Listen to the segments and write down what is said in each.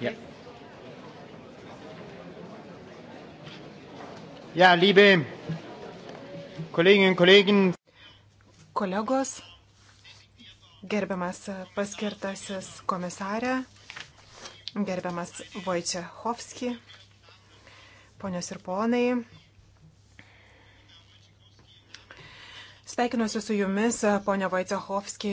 Ja. ja, liebe Kolleginnen und Kollegen. Kolegos, gerbiamas paskirtasis komisarė, gerbiamas Vojčiachovski, ponios ir ponai, Sveikinuosi su jumis, e, ponia Vaicehovski,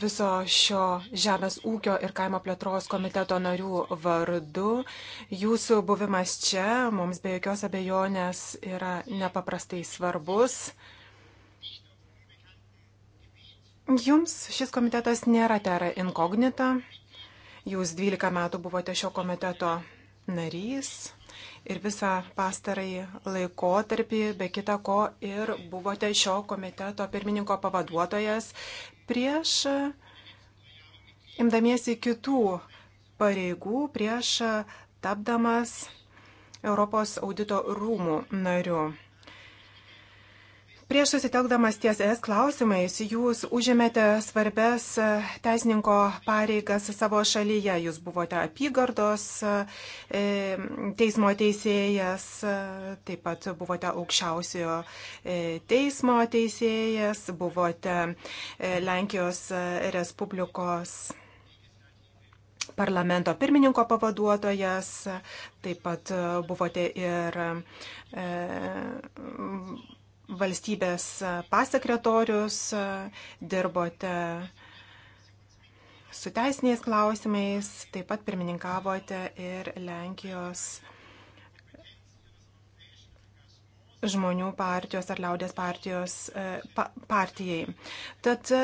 viso šio Žemės ūkio ir kaimo plėtros komiteto narių vardu. Jūsų buvimas čia mums be jokios abejonės yra nepaprastai svarbus. Jums šis komitetas nėra terra inkognita. Jūs 12 metų buvote šio komiteto narys ir visą pastarąjį laikotarpį, be kita ko, ir buvote šio komiteto pirmininko pavaduotojas prieš imdamiesi kitų pareigų, prieš tapdamas Europos audito rūmų nariu. Prieš susitelkdamas ties es klausimais, jūs užėmėte svarbes e, teisininko pareigas savo šalyje. Jūs buvote apygardos e, teismo teisėjas, e, taip pat buvote aukščiausiojo teismo teisėjas, buvote Lenkijos Respublikos parlamento pirmininko pavaduotojas, taip pat buvote ir valstybės pasekretorius, dirbote su teisiniais klausimais, taip pat pirmininkavote ir Lenkijos žmonių partijos ar liaudės partijos e, pa, partijai. Tad e,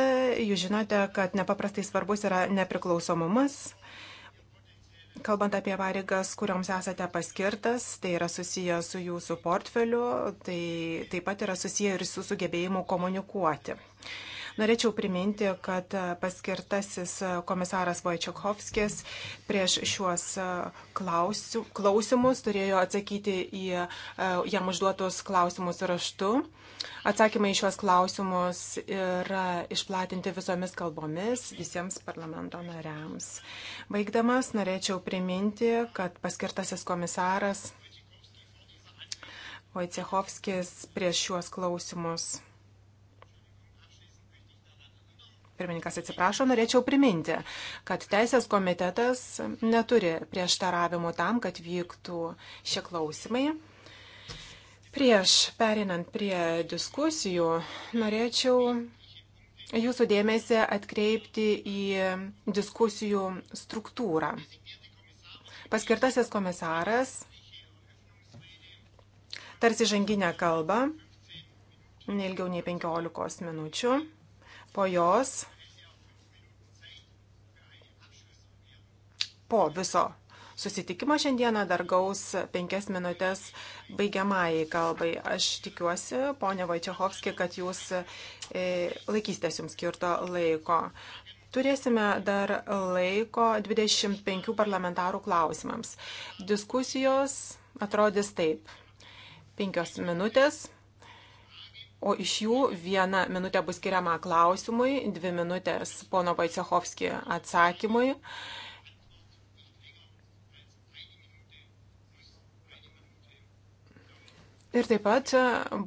jūs žinote, kad nepaprastai svarbus yra nepriklausomumas Kalbant apie pareigas, kurioms esate paskirtas, tai yra susiję su jūsų portfeliu, tai taip pat yra susiję ir su sugebėjimu komunikuoti. Norėčiau priminti, kad paskirtasis komisaras Vojčiakovskis prieš šiuos e, klausimus turėjo atsakyti į e, jam užduotus klausimus raštu. Atsakymai į šiuos klausimus yra išplatinti visomis kalbomis visiems parlamento nariams. Baigdamas, norėčiau priminti, kad paskirtasis komisaras Vojcehovskis prieš šiuos klausimus. Pirmininkas atsiprašo, norėčiau priminti, kad Teisės komitetas neturi prieštaravimų tam, kad vyktų šie klausimai. Prieš perinant prie diskusijų, norėčiau jūsų dėmesį atkreipti į diskusijų struktūrą. Paskirtasis komisaras tarsi žanginę kalbą, neilgiau nei 15 minučių. Po jos, po viso susitikimo šiandieną dar gaus penkias minutės baigiamai kalbai. Aš tikiuosi, ponia Vaičiachovski, kad jūs e, laikysitės jums skirto laiko. Turėsime dar laiko 25 parlamentarų klausimams. Diskusijos atrodys taip. Penkios minutės o iš jų viena minutė bus skiriama klausimui, dvi minutės pono Vaicehovskį atsakymui. Ir taip pat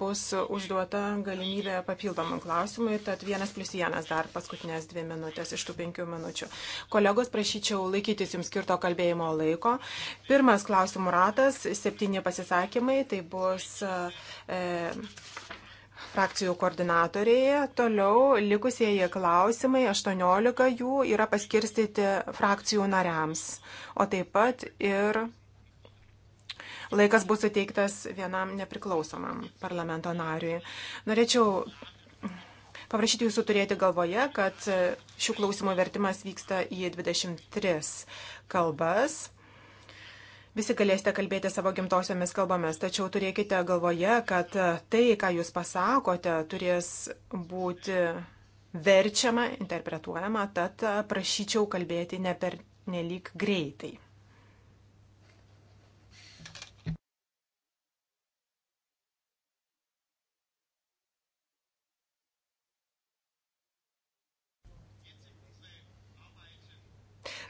bus užduota galimybė papildomų klausimų, tad vienas plus vienas dar paskutinės dvi minutės iš tų penkių minučių. Kolegos, prašyčiau laikytis jums skirto kalbėjimo laiko. Pirmas klausimų ratas, septyni pasisakymai, tai bus. E, frakcijų koordinatoriai. Toliau likusieji klausimai, 18 jų yra paskirstyti frakcijų nariams, o taip pat ir laikas bus suteiktas vienam nepriklausomam parlamento nariui. Norėčiau paprašyti jūsų turėti galvoje, kad šių klausimų vertimas vyksta į 23 kalbas. Visi galėsite kalbėti savo gimtosiomis kalbomis, tačiau turėkite galvoje, kad tai, ką jūs pasakote, turės būti verčiama, interpretuojama, tad prašyčiau kalbėti ne per nelik greitai.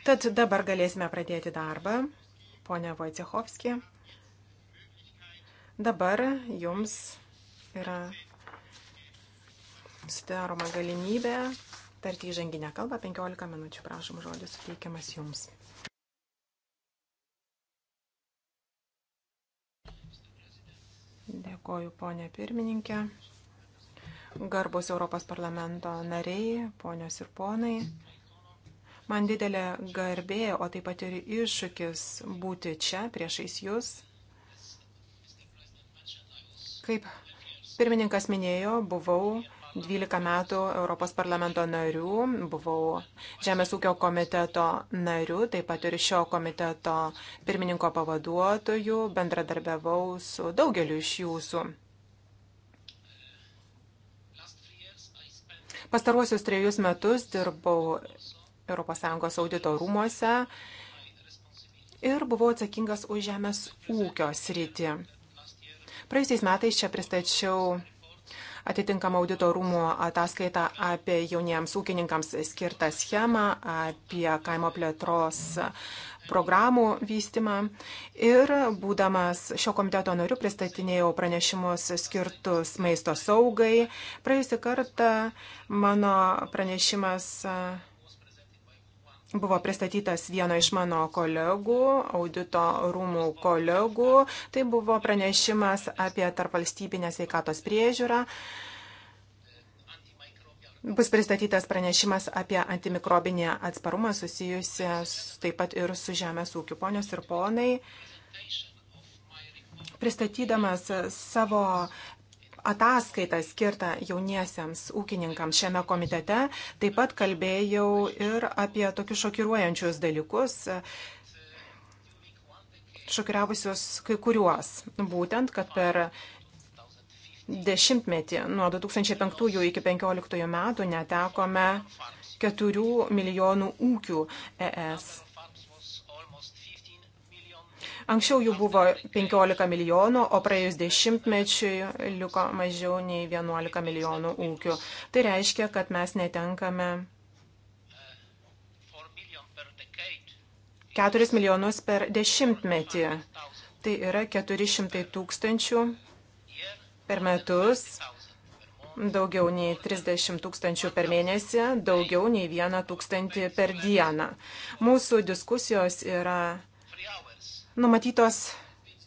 Tad dabar galėsime pradėti darbą, ponia Vojcechovski. Dabar jums yra sudaroma galimybė tarti įžanginę kalbą 15 minučių, prašom, žodis suteikiamas jums. Dėkoju, ponė pirmininkė, garbus Europos parlamento nariai, ponios ir ponai. Man didelė garbė, o taip pat ir iššūkis būti čia priešais jūs. Kaip pirmininkas minėjo, buvau 12 metų Europos parlamento narių, buvau Žemės ūkio komiteto narių, taip pat ir šio komiteto pirmininko pavaduotojų, bendradarbiavau su daugeliu iš jūsų. Pastaruosius trejus metus dirbau ES audito rūmose ir buvau atsakingas už žemės ūkio sritį. Praėjusiais metais čia pristačiau atitinkamą audito rūmų ataskaitą apie jauniems ūkininkams skirtą schemą, apie kaimo plėtros programų vystimą. Ir būdamas šio komiteto noriu pristatinėjau pranešimus skirtus maisto saugai. Praėjusį kartą mano pranešimas buvo pristatytas vieno iš mano kolegų, audito rūmų kolegų. Tai buvo pranešimas apie tarpvalstybinę sveikatos priežiūrą. Bus pristatytas pranešimas apie antimikrobinį atsparumą susijusi taip pat ir su žemės ūkiu. Ponios ir ponai, pristatydamas savo ataskaitą skirtą jauniesiems ūkininkams šiame komitete. Taip pat kalbėjau ir apie tokius šokiruojančius dalykus, šokiravusius kai kuriuos. Būtent, kad per dešimtmetį nuo 2005 iki 2015 metų netekome 4 milijonų ūkių ES. Anksčiau jų buvo 15 milijonų, o praėjus dešimtmečiui liko mažiau nei 11 milijonų ūkių. Tai reiškia, kad mes netenkame 4 milijonus per dešimtmetį. Tai yra 400 tūkstančių per metus, daugiau nei 30 tūkstančių per mėnesį, daugiau nei 1 tūkstantį per dieną. Mūsų diskusijos yra numatytos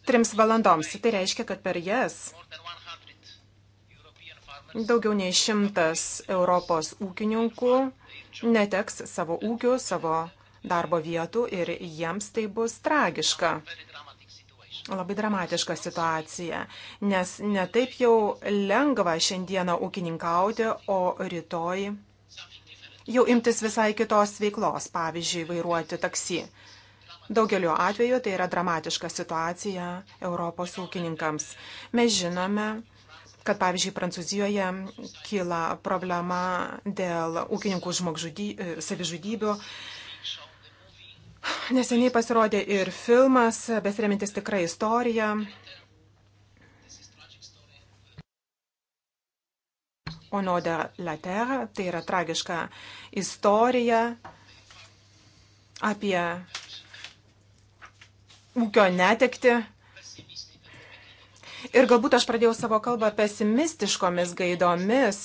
trims valandoms. Tai reiškia, kad per jas daugiau nei šimtas Europos ūkininkų neteks savo ūkių, savo darbo vietų ir jiems tai bus tragiška. Labai dramatiška situacija, nes netaip jau lengva šiandieną ūkininkauti, o rytoj jau imtis visai kitos veiklos, pavyzdžiui, vairuoti taksi. Daugeliu atveju tai yra dramatiška situacija Europos ūkininkams. Mes žinome, kad pavyzdžiui Prancūzijoje kyla problema dėl ūkininkų žmogžudy... E, savižudybių. Neseniai pasirodė ir filmas, besiremintis tikrą istoriją. Ono de la Terre, tai yra tragiška istorija apie ūkio netekti. Ir galbūt aš pradėjau savo kalbą pesimistiškomis gaidomis,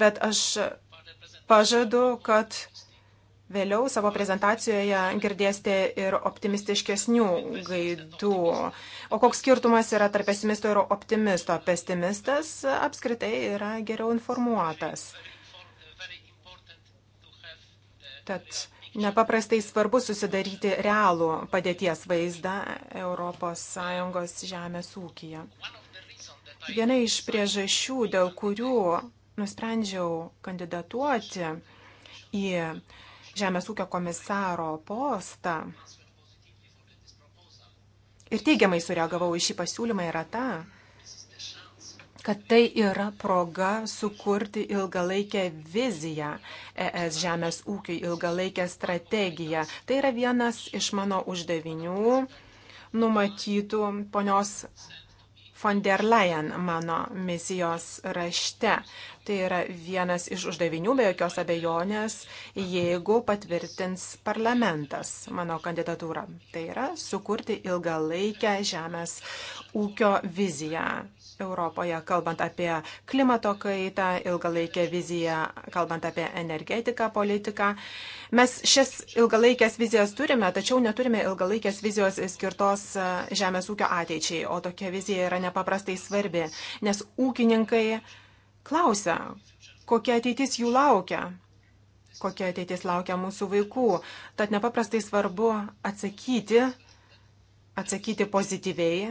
bet aš pažadu, kad vėliau savo prezentacijoje girdėsite ir optimistiškesnių gaidų. O koks skirtumas yra tarp pesimisto ir optimisto? Pesimistas apskritai yra geriau informuotas. Tad Nepaprastai svarbu susidaryti realų padėties vaizdą ES žemės ūkija. Viena iš priežasčių, dėl kurių nusprendžiau kandidatuoti į žemės ūkio komisaro postą ir teigiamai sureagavau į šį pasiūlymą yra ta, kad tai yra proga sukurti ilgalaikę viziją ES žemės ūkiui, ilgalaikę strategiją. Tai yra vienas iš mano uždavinių numatytų ponios von der Leyen mano misijos rašte. Tai yra vienas iš uždavinių, be jokios abejonės, jeigu patvirtins parlamentas mano kandidatūrą. Tai yra sukurti ilgalaikę žemės ūkio viziją Europoje, kalbant apie klimato kaitą, ilgalaikę viziją, kalbant apie energetiką, politiką. Mes šias ilgalaikės vizijas turime, tačiau neturime ilgalaikės vizijos skirtos e, žemės ūkio ateičiai, o tokia vizija yra nepaprastai svarbi, nes ūkininkai klausia, kokia ateitis jų laukia kokia ateitis laukia mūsų vaikų. Tad nepaprastai svarbu atsakyti, atsakyti pozityviai,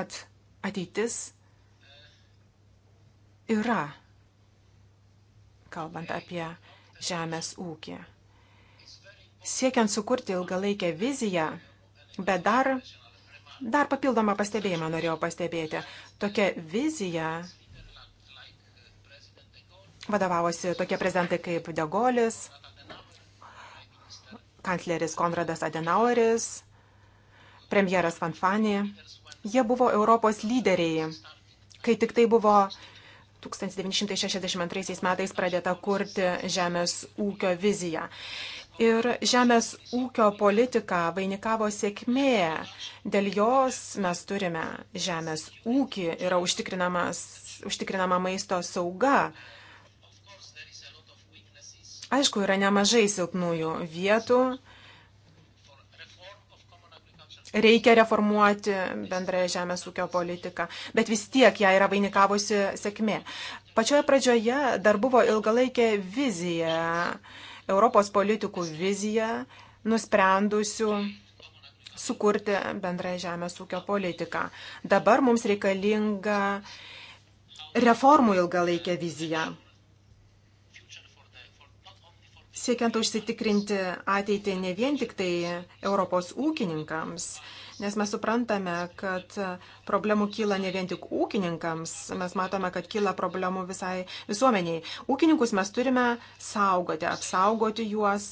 kad ateitis yra, kalbant apie žemės ūkį. Siekiant sukurti ilgalaikę viziją, bet dar, dar papildomą pastebėjimą norėjau pastebėti. Tokia vizija vadovavosi tokie prezidentai kaip Degolis, kancleris Konradas Adenaueris, premjeras Fanfani Jie buvo Europos lyderiai, kai tik tai buvo 1962 metais pradėta kurti žemės ūkio viziją. Ir žemės ūkio politika vainikavo sėkmė. Dėl jos mes turime žemės ūkį, yra užtikrinama maisto sauga. Aišku, yra nemažai silpnųjų vietų, reikia reformuoti bendrąją žemės ūkio politiką, bet vis tiek ją yra vainikavusi sėkmė. Pačioje pradžioje dar buvo ilgalaikė vizija, Europos politikų vizija, nusprendusių sukurti bendrąją žemės ūkio politiką. Dabar mums reikalinga reformų ilgalaikė vizija siekiant užsitikrinti ateitį ne vien tik tai Europos ūkininkams, nes mes suprantame, kad problemų kyla ne vien tik ūkininkams, mes matome, kad kyla problemų visai visuomeniai. Ūkininkus mes turime saugoti, apsaugoti juos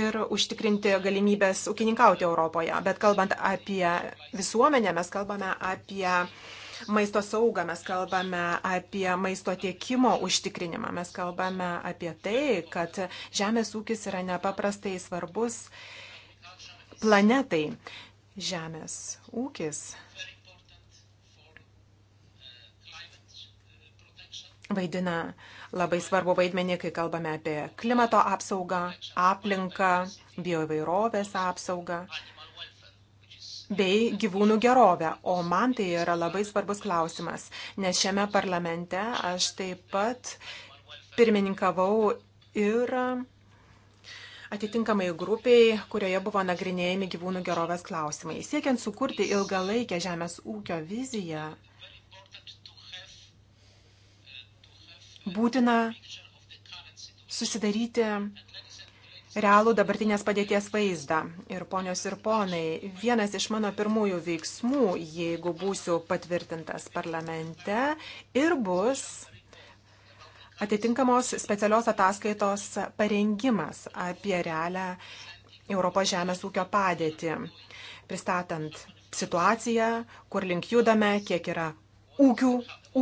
ir užtikrinti galimybės ūkininkauti Europoje. Bet kalbant apie visuomenę, mes kalbame apie maisto saugą, mes kalbame apie maisto tiekimo užtikrinimą, mes kalbame apie tai, kad žemės ūkis yra nepaprastai svarbus planetai. Žemės ūkis vaidina labai svarbu vaidmenį, kai kalbame apie klimato apsaugą, aplinką, bioįvairovės apsaugą. apsaugą bei gyvūnų gerovę. O man tai yra labai svarbus klausimas, nes šiame parlamente aš taip pat pirmininkavau ir atitinkamai grupiai, kurioje buvo nagrinėjami gyvūnų gerovės klausimai. Siekiant sukurti ilgalaikę žemės ūkio viziją, būtina susidaryti realų dabartinės padėties vaizdą. Ir ponios ir ponai, vienas iš mano pirmųjų veiksmų, jeigu būsiu patvirtintas parlamente, ir bus atitinkamos specialios ataskaitos parengimas apie realią Europos žemės ūkio padėtį, pristatant situaciją, kur link judame, kiek yra ūkių,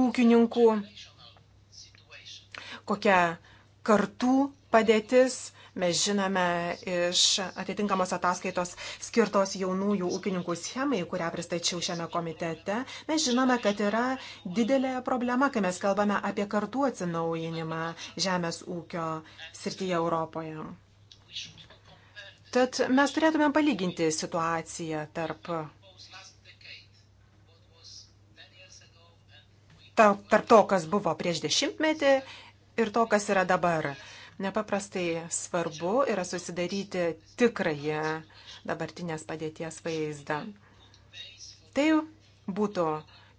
ūkininkų, kokia kartų padėtis Mes žinome iš atitinkamos ataskaitos skirtos jaunųjų ūkininkų schemai, kurią pristačiau šiame komitete, mes žinome, kad yra didelė problema, kai mes kalbame apie kartų atsinaujinimą žemės ūkio srityje Europoje. Tad mes turėtume palyginti situaciją tarp tarp, tarp to, kas buvo prieš dešimtmetį ir to, kas yra dabar. Nepaprastai svarbu yra susidaryti tikrąją dabartinės padėties vaizdą. Tai būtų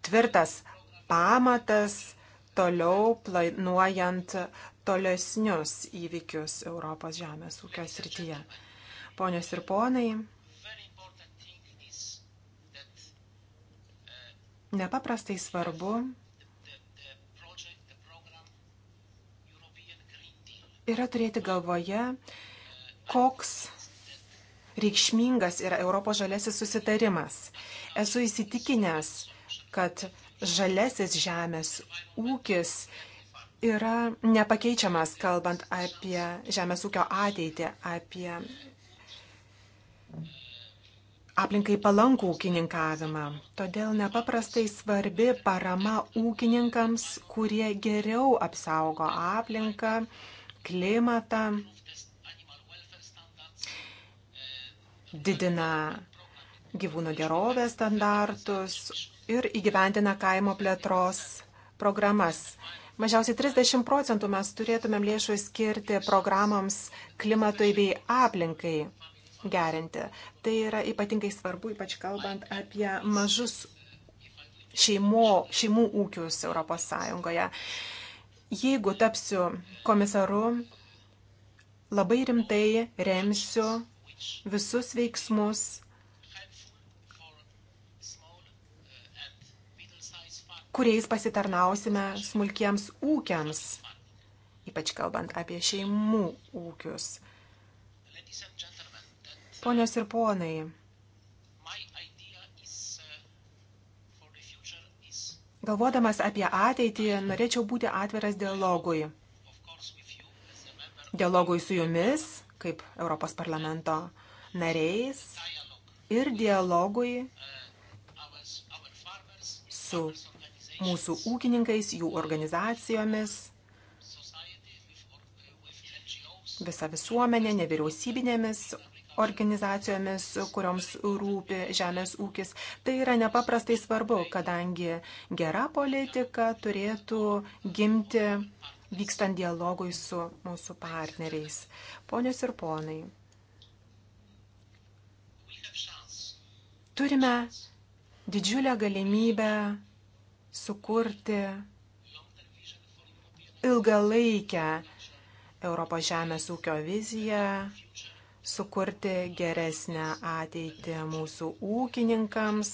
tvirtas pamatas toliau planuojant tolesnius įvykius Europos žemės ūkio srityje. Ponios ir ponai, nepaprastai svarbu yra turėti galvoje, koks reikšmingas yra Europos žalesis susitarimas. Esu įsitikinęs, kad žalesis žemės ūkis yra nepakeičiamas, kalbant apie žemės ūkio ateitį, apie aplinkai palankų ūkininkavimą. Todėl nepaprastai svarbi parama ūkininkams, kurie geriau apsaugo aplinką, klimatą, didina gyvūnų gerovės standartus ir įgyvendina kaimo plėtros programas. Mažiausiai 30 procentų mes turėtumėm lėšų skirti programams klimatui bei aplinkai gerinti. Tai yra ypatingai svarbu, ypač kalbant apie mažus šeimo, šeimų ūkius Europos Sąjungoje. Jeigu tapsiu komisaru, labai rimtai remsiu visus veiksmus, kuriais pasitarnausime smulkiems ūkiams, ypač kalbant apie šeimų ūkius. Ponios ir ponai, Galvodamas apie ateitį, norėčiau būti atviras dialogui. Dialogui su jumis, kaip Europos parlamento nariais, ir dialogui su mūsų ūkininkais, jų organizacijomis, visa visuomenė, nevyriausybinėmis organizacijomis, kurioms rūpi žemės ūkis. Tai yra nepaprastai svarbu, kadangi gera politika turėtų gimti vykstant dialogui su mūsų partneriais. Ponios ir ponai, turime didžiulę galimybę sukurti ilgalaikę Europos žemės ūkio viziją sukurti geresnę ateitį mūsų ūkininkams,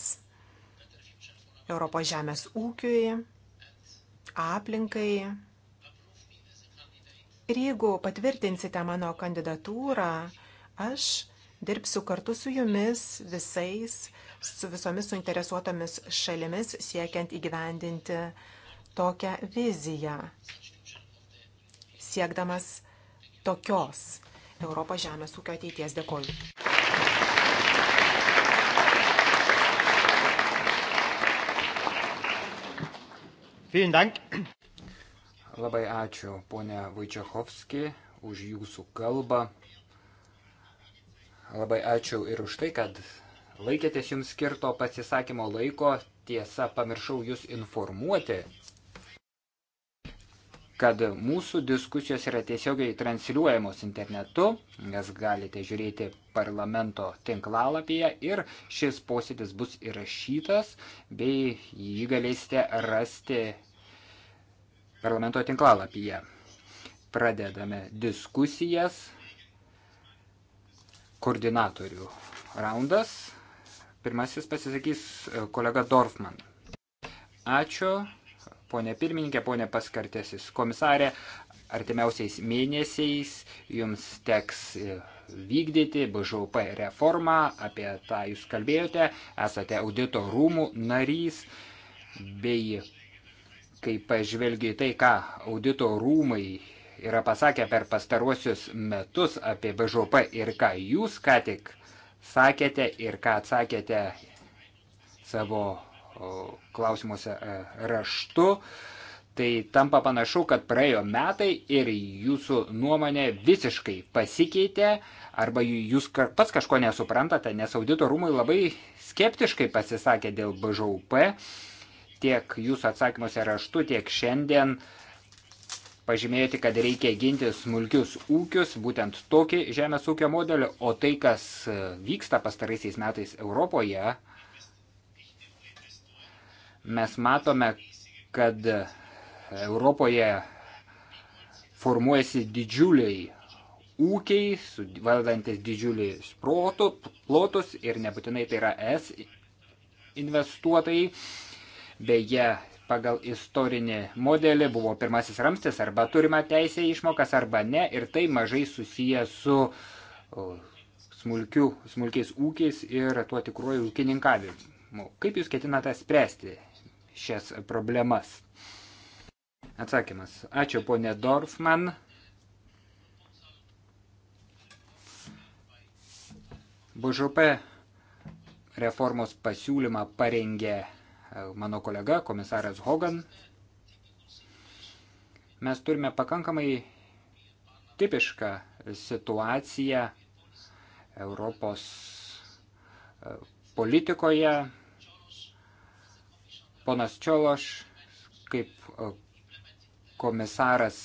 Europos žemės ūkiui, aplinkai. Ir jeigu patvirtinsite mano kandidatūrą, aš dirbsiu kartu su jumis visais, su visomis suinteresuotomis šalimis, siekiant įgyvendinti tokią viziją, siekdamas tokios Europos žemės ūkio ateities. Dėkoju. Vielen Dank. Labai ačiū, ponė Vaičiachovski, už jūsų kalbą. Labai ačiū ir už tai, kad laikėtės jums skirto pasisakymo laiko. Tiesa, pamiršau jūs informuoti, kad mūsų diskusijos yra tiesiogiai transliuojamos internetu, nes galite žiūrėti parlamento tinklalapyje ir šis posėdis bus įrašytas, bei jį galėsite rasti parlamento tinklalapyje. Pradedame diskusijas. Koordinatorių raundas. Pirmasis pasisakys kolega Dorfman. Ačiū. Pone pirmininkė, pone paskartėsis komisarė, artimiausiais mėnesiais jums teks e, vykdyti BŽUP reformą, apie tą jūs kalbėjote, esate audito rūmų narys, bei kai pažvelgiai tai, ką audito rūmai yra pasakę per pastaruosius metus apie BŽUP ir ką jūs ką tik sakėte ir ką atsakėte savo klausimuose e, raštu. Tai tampa panašu, kad praėjo metai ir jūsų nuomonė visiškai pasikeitė, arba jūs pats kažko nesuprantate, nes audito rūmai labai skeptiškai pasisakė dėl BŽUP, tiek jūsų atsakymuose raštu, tiek šiandien pažymėjote, kad reikia ginti smulkius ūkius, būtent tokį žemės ūkio modelį, o tai, kas vyksta pastaraisiais metais Europoje, Mes matome, kad Europoje formuojasi didžiuliai ūkiai, valdantis didžiulius plotus ir nebūtinai tai yra es investuotojai. Beje, pagal istorinį modelį buvo pirmasis ramstis arba turima teisė išmokas arba ne ir tai mažai susiję su smulkiu, smulkiais ūkiais ir tuo tikruoju ūkininkavimu. Kaip jūs ketinate spręsti šias problemas? Atsakymas. Ačiū ponė Dorfman. BŽP reformos pasiūlymą parengė e, mano kolega, komisaras Hogan. Mes turime pakankamai tipišką situaciją Europos e, politikoje, Ponas Čiološ, kaip e, komisaras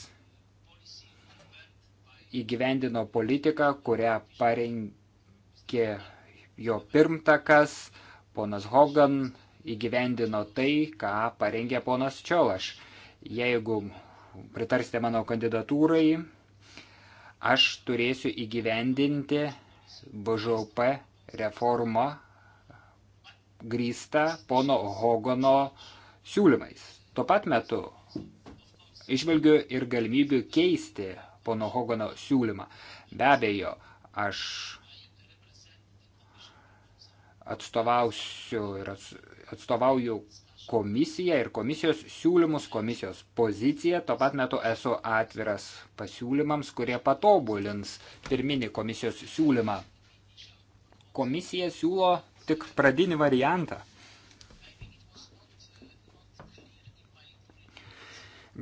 įgyvendino politiką, kurią parengė jo pirmtakas, ponas Hogan įgyvendino tai, ką parengė ponas Čiolaš. Jeigu pritarsite mano kandidatūrai, aš turėsiu įgyvendinti BŽP reformą grįsta pono Hogono siūlymais. Tuo pat metu išvelgiu ir galimybių keisti pono Hogono siūlymą. Be abejo, aš atstovausiu ir atstovauju komisiją ir komisijos siūlymus, komisijos poziciją. Tuo pat metu esu atviras pasiūlymams, kurie patobulins pirminį komisijos siūlymą. Komisija siūlo tik pradinį variantą.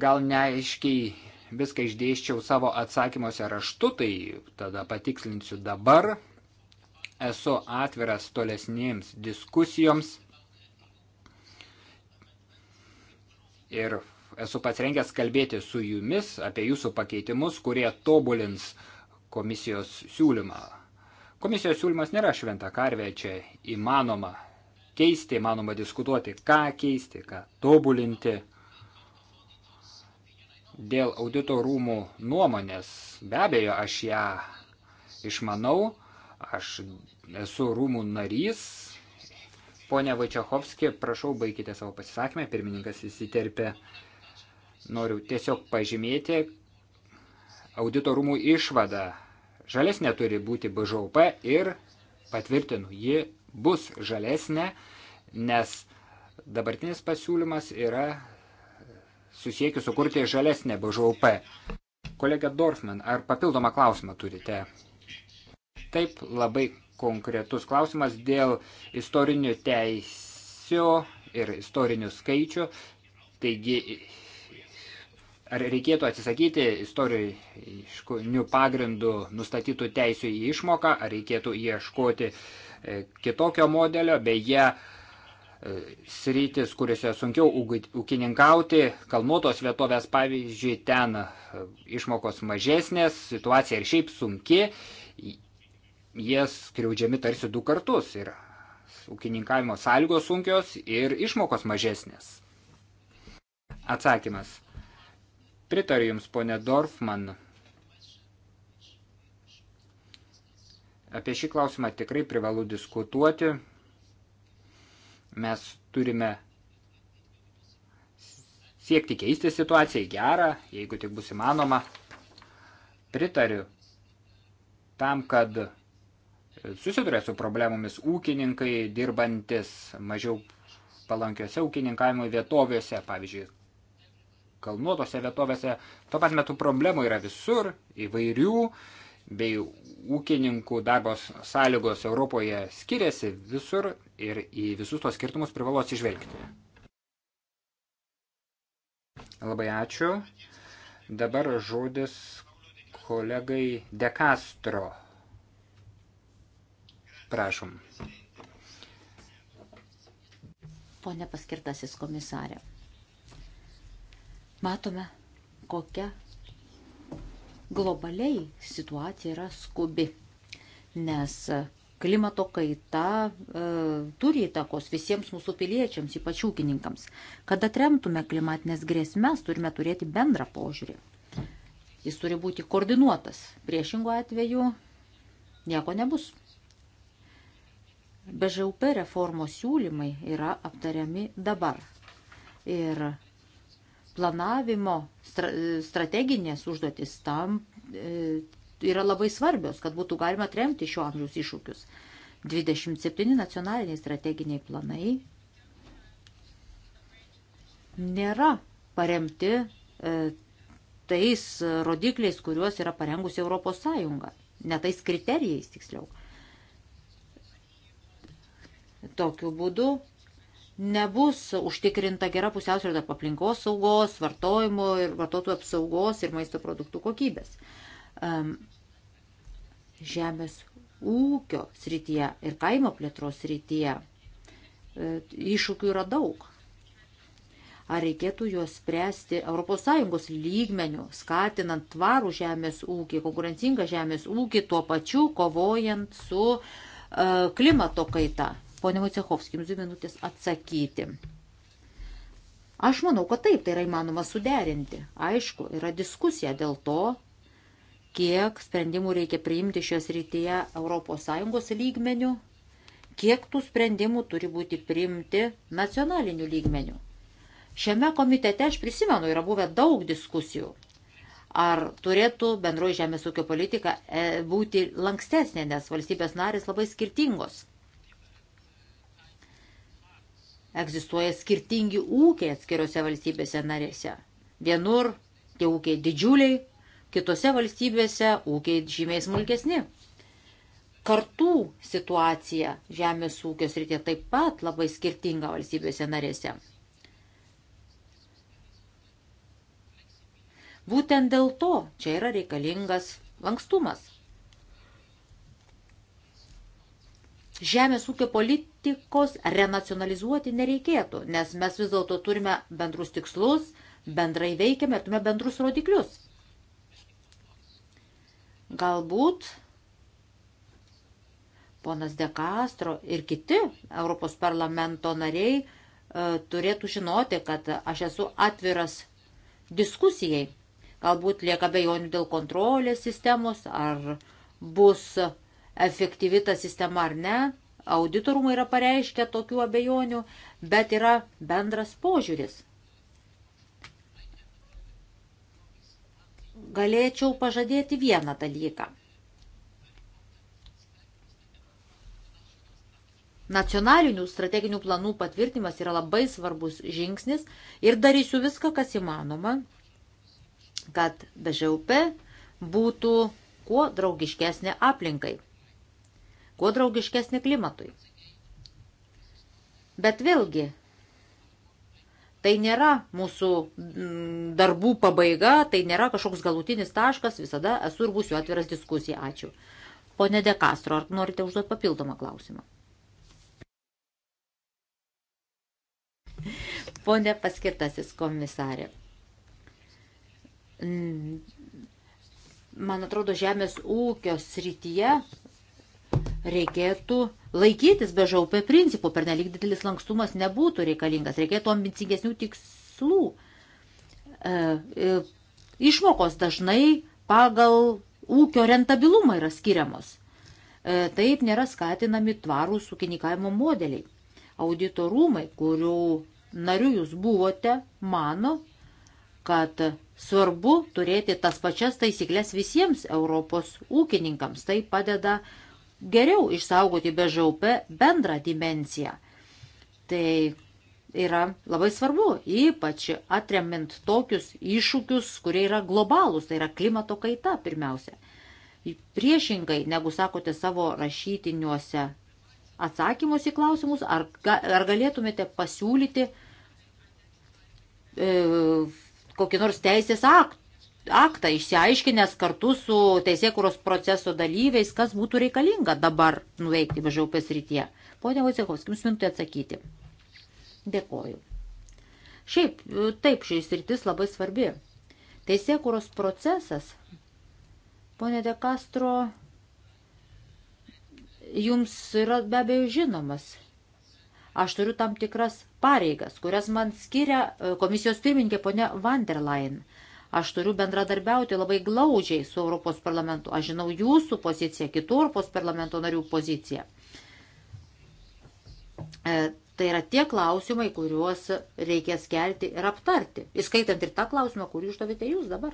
Gal neaiškiai viską išdėščiau savo atsakymuose raštu, tai tada patikslinsiu dabar. Esu atviras tolesnėms diskusijoms ir esu pasirengęs kalbėti su jumis apie jūsų pakeitimus, kurie tobulins komisijos siūlymą. Komisijos siūlymas nėra šventa karvė, čia įmanoma keisti, įmanoma diskutuoti, ką keisti, ką tobulinti. Dėl audito rūmų nuomonės, be abejo, aš ją išmanau, aš esu rūmų narys. Pone Vačiachovski, prašau, baikite savo pasisakymę, pirmininkas įsiterpė. Noriu tiesiog pažymėti audito rūmų išvadą žalesnė turi būti BŽUP ir patvirtinu, ji bus žalesnė, nes dabartinis pasiūlymas yra susiekiu sukurti žalesnę BŽUP. Kolega Dorfman, ar papildomą klausimą turite? Taip, labai konkretus klausimas dėl istorinių teisio ir istorinių skaičių. Taigi ar reikėtų atsisakyti istoriškų pagrindų nustatytų teisių į išmoką, ar reikėtų ieškoti e, kitokio modelio, beje, e, sritis, kuriuose sunkiau ūkininkauti, kalnuotos vietovės, pavyzdžiui, ten e, išmokos mažesnės, situacija ir šiaip sunki, jie skriaudžiami tarsi du kartus ir ūkininkavimo sąlygos sunkios ir išmokos mažesnės. Atsakymas. Pritariu Jums, ponė Dorfman. Apie šį klausimą tikrai privalu diskutuoti. Mes turime siekti keisti situaciją į gerą, jeigu tik bus įmanoma. Pritariu tam, kad susiduria su problemomis ūkininkai, dirbantis mažiau palankiose ūkininkavimo vietovėse, pavyzdžiui, kalnuotose vietovėse. Tuo pat metu problemų yra visur, įvairių, bei ūkininkų darbo sąlygos Europoje skiriasi visur ir į visus tos skirtumus privalo atsižvelgti. Labai ačiū. Dabar žodis kolegai De Castro. Prašom. Pone paskirtasis komisarė matome, kokia globaliai situacija yra skubi, nes klimato kaita e, turi įtakos visiems mūsų piliečiams, ypač ūkininkams. Kad atremtume klimatinės grėsmės, turime turėti bendrą požiūrį. Jis turi būti koordinuotas. Priešingų atveju nieko nebus. BŽUP reformos siūlymai yra aptariami dabar. Ir planavimo strateginės užduotis tam e, yra labai svarbios, kad būtų galima atremti šio amžiaus iššūkius. 27 nacionaliniai strateginiai planai nėra paremti e, tais rodikliais, kuriuos yra parengusi Europos Sąjunga, ne tais kriterijais tiksliau. Tokiu būdu nebus užtikrinta gera pusiausvyrė tarp aplinkos saugos, vartojimo ir vartotojų apsaugos ir maisto produktų kokybės. Žemės ūkio srityje ir kaimo plėtros srityje e, iššūkių yra daug. Ar reikėtų juos spręsti ES lygmenių, skatinant tvarų žemės ūkį, konkurencingą žemės ūkį, tuo pačiu kovojant su e, klimato kaita Pone Vojcehovski, jums dvi minutės atsakyti. Aš manau, kad taip, tai yra įmanoma suderinti. Aišku, yra diskusija dėl to, kiek sprendimų reikia priimti šios rytyje ES lygmenių, kiek tų sprendimų turi būti priimti nacionaliniu lygmeniu. Šiame komitete, aš prisimenu, yra buvę daug diskusijų, ar turėtų bendroji žemės ūkio politika e, būti lankstesnė, nes valstybės narės labai skirtingos egzistuoja skirtingi ūkiai atskiriuose valstybėse narėse. Vienur tie ūkiai didžiuliai, kitose valstybėse ūkiai žymiai smulkesni. Kartų situacija žemės ūkio srityje taip pat labai skirtinga valstybėse narėse. Būtent dėl to čia yra reikalingas lankstumas. Žemės ūkio politikos renacionalizuoti nereikėtų, nes mes vis dėlto turime bendrus tikslus, bendrai veikiame ir turime bendrus rodiklius. Galbūt ponas De Castro ir kiti Europos parlamento nariai e, turėtų žinoti, kad aš esu atviras diskusijai. Galbūt lieka bejonių dėl kontrolės sistemos, ar bus efektyvi ta sistema ar ne. Auditorumai yra pareiškę tokių abejonių, bet yra bendras požiūris. Galėčiau pažadėti vieną dalyką. Nacionalinių strateginių planų patvirtinimas yra labai svarbus žingsnis ir darysiu viską, kas įmanoma, kad BŽUP būtų kuo draugiškesnė aplinkai kuo draugiškesnį klimatui. Bet vėlgi, tai nėra mūsų mm, darbų pabaiga, tai nėra kažkoks galutinis taškas, visada esu ir būsiu atviras diskusijai. Ačiū. Pone Dekastro, ar norite užduoti papildomą klausimą? Pone paskirtasis komisarė. Mm, man atrodo, žemės ūkio srityje reikėtų laikytis be žaupė principų, per nelik didelis lankstumas nebūtų reikalingas, reikėtų ambicingesnių tikslų. E, e, išmokos dažnai pagal ūkio rentabilumą yra skiriamos. E, taip nėra skatinami tvarūs ūkininkavimo modeliai. Auditorumai, kurių nariu jūs buvote, mano, kad svarbu turėti tas pačias taisyklės visiems Europos ūkininkams. Tai padeda uh, geriau išsaugoti BŽUP bendrą dimenciją. Tai yra labai svarbu, ypač atremint tokius iššūkius, kurie yra globalūs, tai yra klimato kaita pirmiausia. Priešingai, negu sakote savo rašytiniuose atsakymus į klausimus, ar, ar galėtumėte pasiūlyti e, kokį nors teisės aktą, aktą, išsiaiškinęs kartu su teisėkuros proceso dalyviais, kas būtų reikalinga dabar nuveikti BŽUP srityje. Pone Vaisekovskis, jums minutė atsakyti. Dėkoju. Šiaip, taip, šis rytis labai svarbi. Teisėkuros procesas, ponė De Castro, jums yra be abejo žinomas. Aš turiu tam tikras pareigas, kurias man skiria e, komisijos pirmininkė ponė Vanderlein. Aš turiu bendradarbiauti labai glaudžiai su Europos parlamentu. Aš žinau jūsų poziciją, kitų Europos parlamento narių poziciją. E, tai yra tie klausimai, kuriuos reikės kelti ir aptarti, įskaitant ir tą klausimą, kurį uždavėte jūs dabar.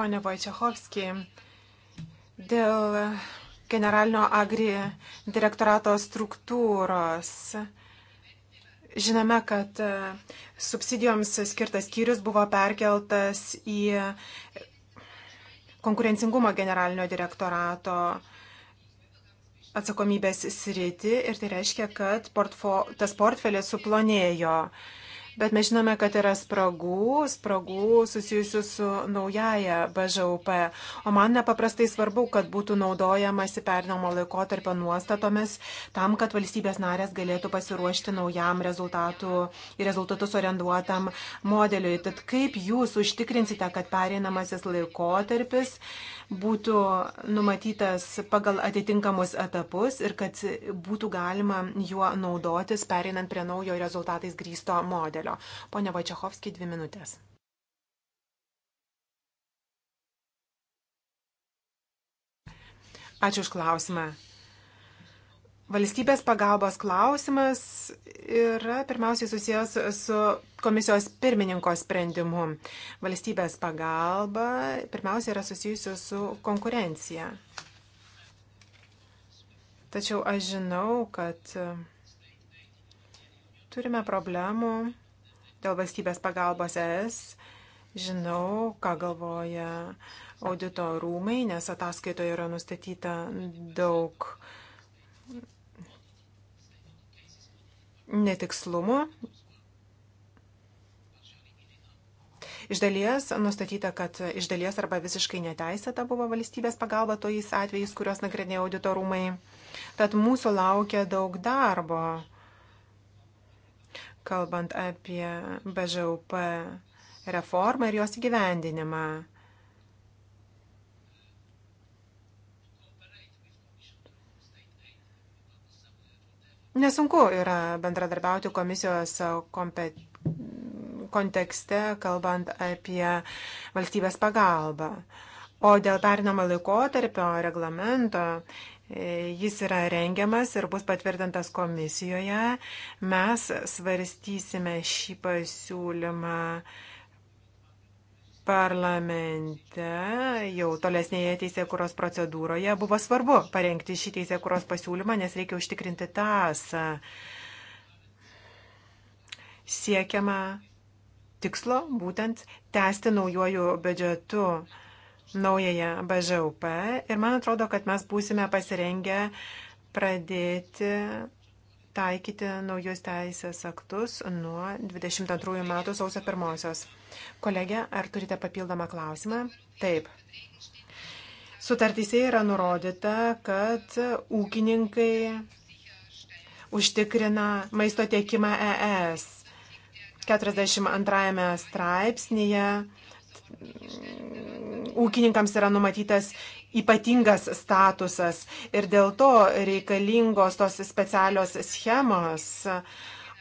Pane Vojčiachovskiai, dėl generalinio agri direktorato struktūros. Žinome, kad e, subsidijoms skirtas skyrius buvo perkeltas į konkurencingumo generalinio direktorato atsakomybės sritį ir tai reiškia, kad portfo, tas portfelis suplonėjo. Bet mes žinome, kad yra spragų, spragų susijusių su naujaja BŽUP. O man nepaprastai svarbu, kad būtų naudojamasi pernamo laikotarpio nuostatomis tam, kad valstybės narės galėtų pasiruošti naujam rezultatų ir rezultatus orientuotam modeliui. Tad kaip jūs užtikrinsite, kad pereinamasis laikotarpis būtų numatytas pagal atitinkamus etapus ir kad būtų galima juo naudotis, pereinant prie naujo rezultatais grįsto modelio? modelio. Pone Vačiachovskiai, dvi minutės. Ačiū už klausimą. Valstybės pagalbos klausimas yra pirmiausiai susijęs su komisijos pirmininko sprendimu. Valstybės pagalba pirmiausiai yra susijusi su konkurencija. Tačiau aš žinau, kad turime problemų dėl valstybės pagalbos ES. Žinau, ką galvoja audito rūmai, nes ataskaitoje yra nustatyta daug netikslumų. Iš dalies nustatyta, kad iš dalies arba visiškai neteisėta buvo valstybės pagalba tojais atvejais, kuriuos nagrinėjo auditorumai. Tad mūsų laukia daug darbo kalbant apie BŽUP reformą ir jos įgyvendinimą. Nesunku yra bendradarbiauti komisijos kompet... kontekste, kalbant apie valstybės pagalbą. O dėl perinamo laikotarpio reglamento E, jis yra rengiamas ir bus patvirtintas komisijoje. Mes svarstysime šį pasiūlymą parlamente jau tolesnėje teisėkuros procedūroje. Buvo svarbu parengti šį teisėkuros pasiūlymą, nes reikia užtikrinti tasą. Siekiama tikslo būtent tęsti naujojų biudžetu naująją BŽUP ir man atrodo, kad mes būsime pasirengę pradėti taikyti naujus teisės aktus nuo 22 metų sausio pirmosios. Kolegė, ar turite papildomą klausimą? Taip. Sutartysiai yra nurodyta, kad ūkininkai užtikrina maisto tiekimą ES. 42 straipsnėje ūkininkams yra numatytas ypatingas statusas ir dėl to reikalingos tos specialios schemos.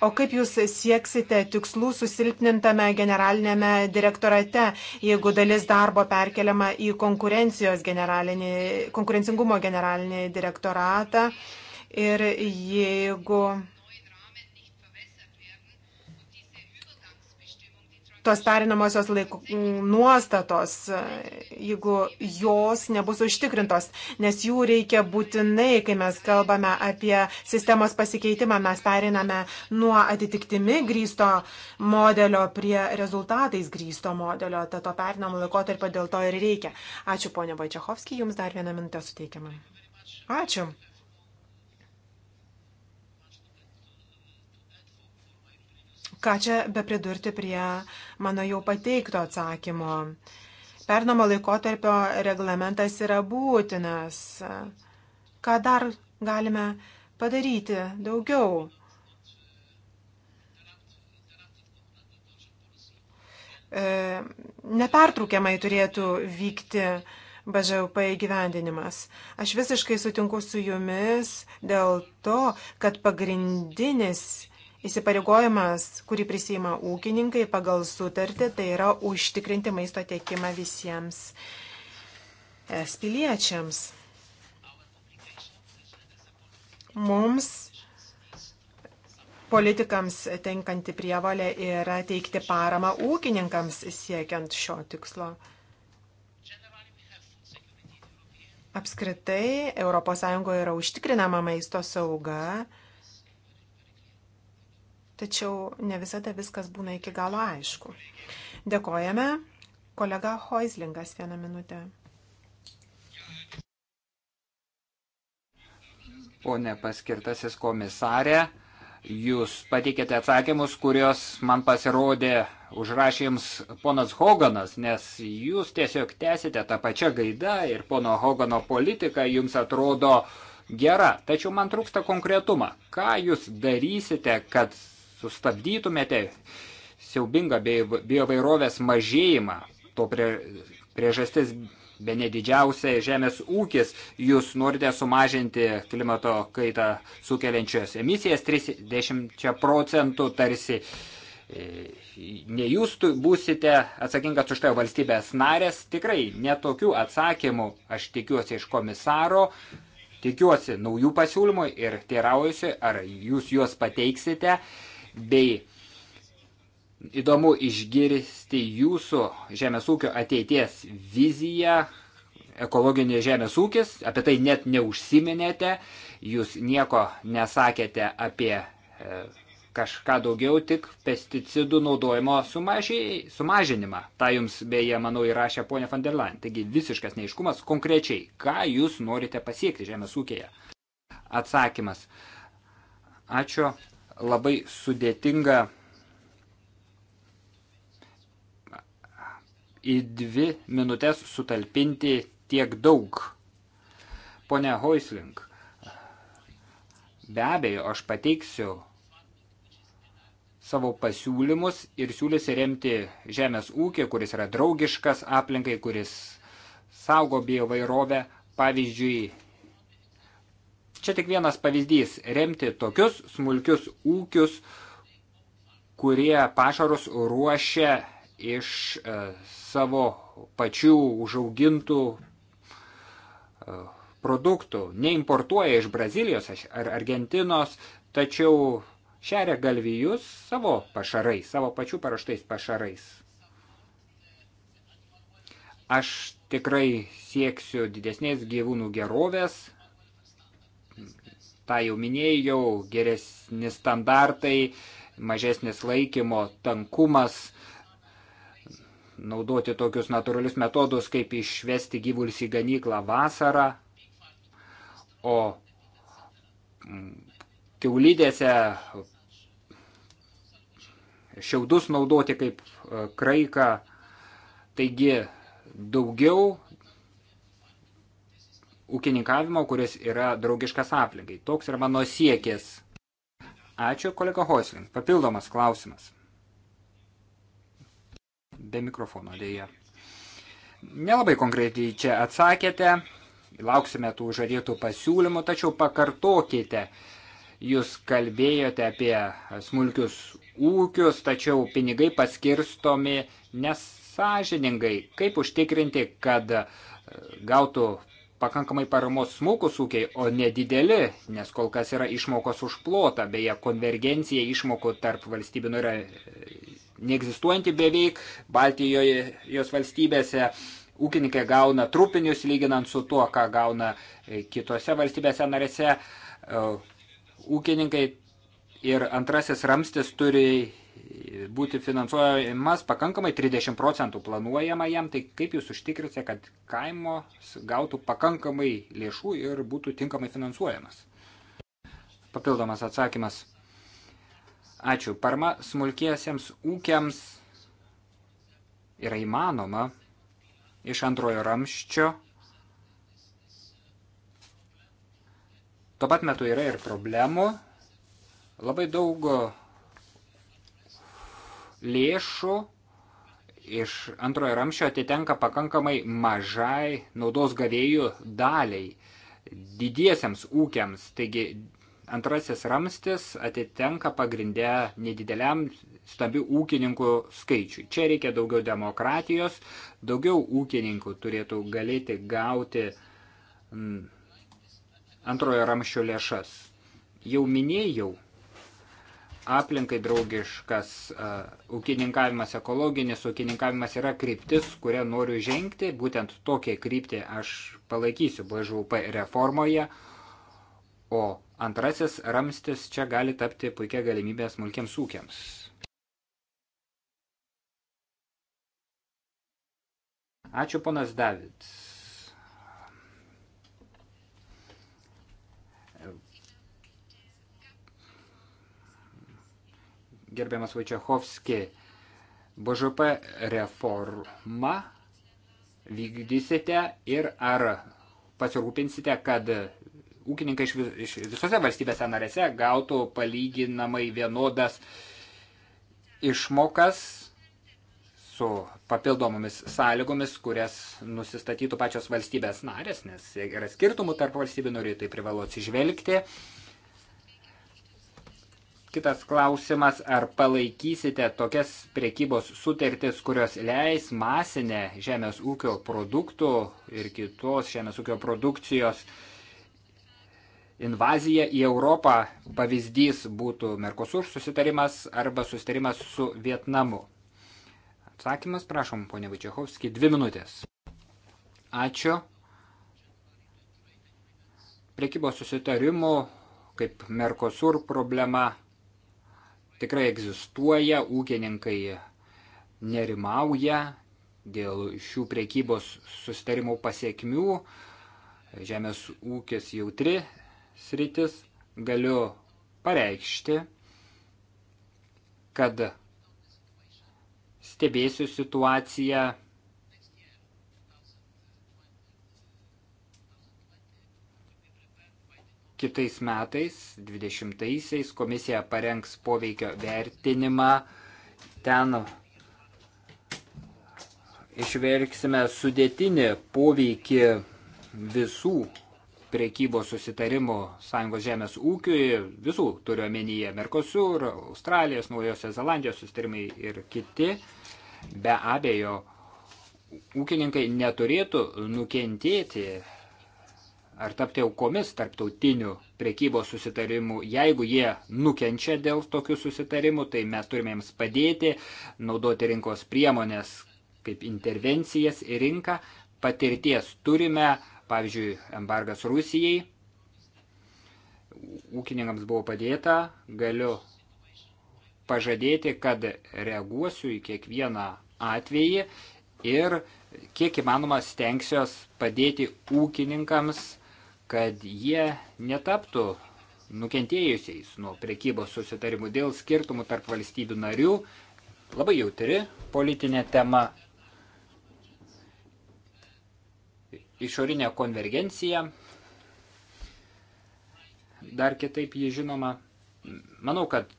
O kaip jūs sieksite tikslų susilpnintame generalinėme direktorate, jeigu dalis darbo perkeliama į konkurencijos generalinį, konkurencingumo generalinį direktoratą ir jeigu tos perinamosios laiko mm, nuostatos, jeigu jos nebus užtikrintos, nes jų reikia būtinai, kai mes kalbame apie sistemos pasikeitimą, mes periname nuo atitiktimi grįsto modelio prie rezultatais grįsto modelio, tad to perinamo laikotarpio dėl to ir reikia. Ačiū ponia Vaičiachovskija, jums dar vieną minutę suteikiamai. Ačiū. Ką čia be pridurti prie mano jau pateikto atsakymo? Pernamo laikotarpio reglamentas yra būtinas. Ką dar galime padaryti daugiau? E, nepertraukiamai turėtų vykti BŽUP įgyvendinimas. Aš visiškai sutinku su jumis dėl to, kad pagrindinis Įsipareigojimas, kurį prisima ūkininkai pagal sutartį, tai yra užtikrinti maisto tiekimą visiems es piliečiams. Mums politikams tenkanti prievalė yra teikti paramą ūkininkams siekiant šio tikslo. Apskritai, ES yra užtikrinama maisto sauga tačiau ne visada viskas būna iki galo aišku. Dėkojame. Kolega Hoislingas vieną minutę. Pone paskirtasis komisarė, jūs pateikėte atsakymus, kurios man pasirodė užrašyms ponas Hoganas, nes jūs tiesiog tęsite tą pačią gaidą ir pono Hogano politika jums atrodo gera, tačiau man trūksta konkretuma. Ką jūs darysite, kad sustabdytumėte siaubingą biovairovės mažėjimą. To prie, priežastis be nedidžiausia žemės ūkis. Jūs norite sumažinti klimato kaitą sukeliančios emisijas 30 procentų tarsi. E, ne jūs būsite atsakingas už tai valstybės narės, tikrai netokių atsakymų aš tikiuosi iš komisaro, tikiuosi naujų pasiūlymų ir teiraujusi, ar jūs juos pateiksite bei įdomu išgirsti jūsų žemės ūkio ateities viziją, ekologinė žemės ūkis, apie tai net neužsiminėte, jūs nieko nesakėte apie e, kažką daugiau, tik pesticidų naudojimo sumažiai, sumažinimą. Ta jums beje, manau, įrašė ponė van der Leyen. Taigi visiškas neiškumas konkrečiai, ką jūs norite pasiekti žemės ūkėje. Atsakymas. Ačiū labai sudėtinga į dvi minutės sutalpinti tiek daug. Pone Hoisling, be abejo, aš pateiksiu savo pasiūlymus ir siūlysi remti žemės ūkį, kuris yra draugiškas aplinkai, kuris saugo biovairovę. Pavyzdžiui, Čia tik vienas pavyzdys - remti tokius smulkius ūkius, kurie pašarus ruošia iš e, savo pačių užaugintų e, produktų, neimportuoja iš Brazilijos ar Argentinos, tačiau šeria galvijus savo pašarais, savo pačių paraštais pašarais. Aš tikrai sieksiu didesnės gyvūnų gerovės, tą jau minėjau, geresni standartai, mažesnis laikymo tankumas, naudoti tokius natūralius metodus, kaip išvesti gyvulius į ganyklą vasarą, o mm, kiaulydėse šiaudus naudoti kaip e, kraiką, taigi daugiau ūkininkavimo, kuris yra draugiškas aplinkai. Toks yra mano siekis. Ačiū, kolega Hoisling. Papildomas klausimas. Be mikrofono dėja. Nelabai konkretiai čia atsakėte, lauksime tų žadėtų pasiūlymų, tačiau pakartokite, jūs kalbėjote apie smulkius ūkius, tačiau pinigai paskirstomi nesažiningai. Kaip užtikrinti, kad gautų pakankamai paramos smulkus ūkiai, o nedideli, nes kol kas yra išmokos už plotą, beje, konvergencija išmokų tarp valstybių nu, yra e, neegzistuojanti beveik, Baltijoje jos valstybėse ūkininkai gauna trupinius lyginant su tuo, ką gauna e, kitose valstybėse narėse. E, ūkininkai ir antrasis ramstis turi būti finansuojamas pakankamai 30 procentų planuojama jam, tai kaip jūs užtikrite, kad kaimo gautų pakankamai lėšų ir būtų tinkamai finansuojamas? Papildomas atsakymas. Ačiū. Parma smulkiesiems ūkiams yra įmanoma iš antrojo ramščio. Tuo pat metu yra ir problemų. Labai daug lėšų iš antrojo ramščio atitenka pakankamai mažai naudos gavėjų daliai didiesiems ūkiams. Taigi antrasis ramstis atitenka pagrindę nedideliam stabių ūkininkų skaičiui. Čia reikia daugiau demokratijos, daugiau ūkininkų turėtų galėti gauti mm, antrojo ramščio lėšas. Jau minėjau, aplinkai draugiškas e, ūkininkavimas, ekologinis ūkininkavimas yra kryptis, kurią noriu žengti. Būtent tokią kryptį aš palaikysiu BŽUP reformoje. O antrasis ramstis čia gali tapti puikia galimybė smulkiems ūkiams. Ačiū ponas Davids. gerbiamas Vaičiachovski, BŽP reformą vykdysite ir ar pasirūpinsite, kad ūkininkai iš, iš visose valstybėse narėse gautų palyginamai vienodas išmokas su papildomomis sąlygomis, kurias nusistatytų pačios valstybės narės, nes yra skirtumų tarp valstybių narių, tai privalo atsižvelgti. Kitas klausimas, ar palaikysite tokias priekybos sutartis, kurios leis masinę žemės ūkio produktų ir kitos žemės ūkio produkcijos invaziją į Europą. Pavyzdys būtų Merkosur susitarimas arba susitarimas su Vietnamu. Atsakymas, prašom, ponia Vačiachovski, dvi minutės. Ačiū. Priekybos susitarimų kaip Merkosur problema tikrai egzistuoja, ūkininkai nerimauja dėl šių priekybos sustarimų pasiekmių. Žemės ūkis jautri sritis, galiu pareikšti, kad stebėsiu situaciją kitais metais, 20-aisiais, komisija parengs poveikio vertinimą. Ten išvelgsime sudėtinį poveikį visų priekybos susitarimų Sąjungos žemės ūkiui, visų turiuomenyje Merkosur, Australijos, Naujosios Zelandijos susitarimai ir kiti. Be abejo, ūkininkai neturėtų nukentėti ar tapti aukomis tarptautinių prekybos susitarimų. Jeigu jie nukenčia dėl tokių susitarimų, tai mes turime jiems padėti, naudoti rinkos priemonės kaip intervencijas į rinką. Patirties turime, pavyzdžiui, embargas Rusijai. Ūkininkams buvo padėta, galiu pažadėti, kad reaguosiu į kiekvieną atvejį ir kiek įmanoma stengsiuos padėti ūkininkams kad jie netaptų nukentėjusiais nuo prekybos susitarimų dėl skirtumų tarp valstybių narių. Labai jautri politinė tema. Išorinė konvergencija. Dar kitaip jį žinoma. Manau, kad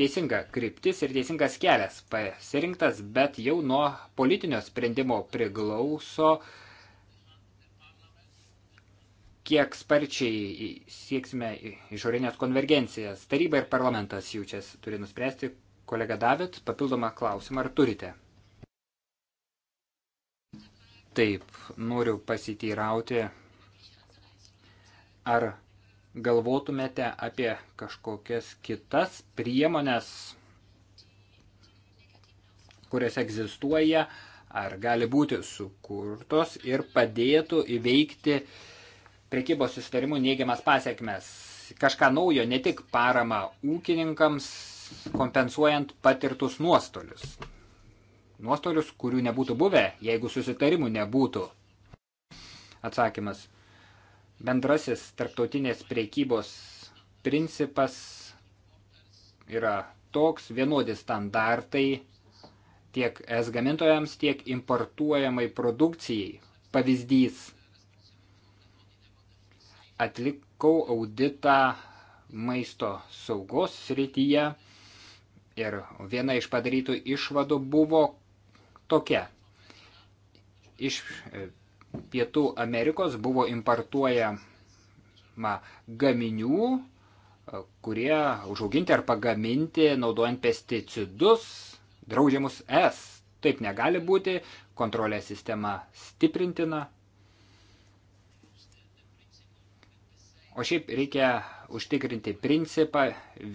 teisinga kryptis ir teisingas kelias pasirinktas, bet jau nuo politinio sprendimo priglauso uh, kiek sparčiai sieksime išorinės konvergencijas. Taryba ir parlamentas jų čia turi nuspręsti. Kolega David, papildomą klausimą ar turite? Taip, noriu pasiteirauti, ar galvotumėte apie kažkokias kitas priemonės, kurias egzistuoja, ar gali būti sukurtos ir padėtų įveikti uh, prekybos susitarimų neigiamas pasiekmes. Kažką naujo, ne tik parama ūkininkams, kompensuojant patirtus nuostolius. Nuostolius, kurių nebūtų buvę, jeigu susitarimų nebūtų. Atsakymas. Bendrasis tarptautinės priekybos principas yra toks vienodi standartai tiek es gamintojams, tiek importuojamai produkcijai. Pavyzdys atlikau auditą maisto saugos srityje ir viena iš padarytų išvadų buvo tokia. Iš e, Pietų Amerikos buvo importuojama gaminių, e, kurie užauginti ar pagaminti naudojant pesticidus draudžiamus S. Taip negali būti, kontrolės sistema stiprintina, O šiaip reikia užtikrinti principą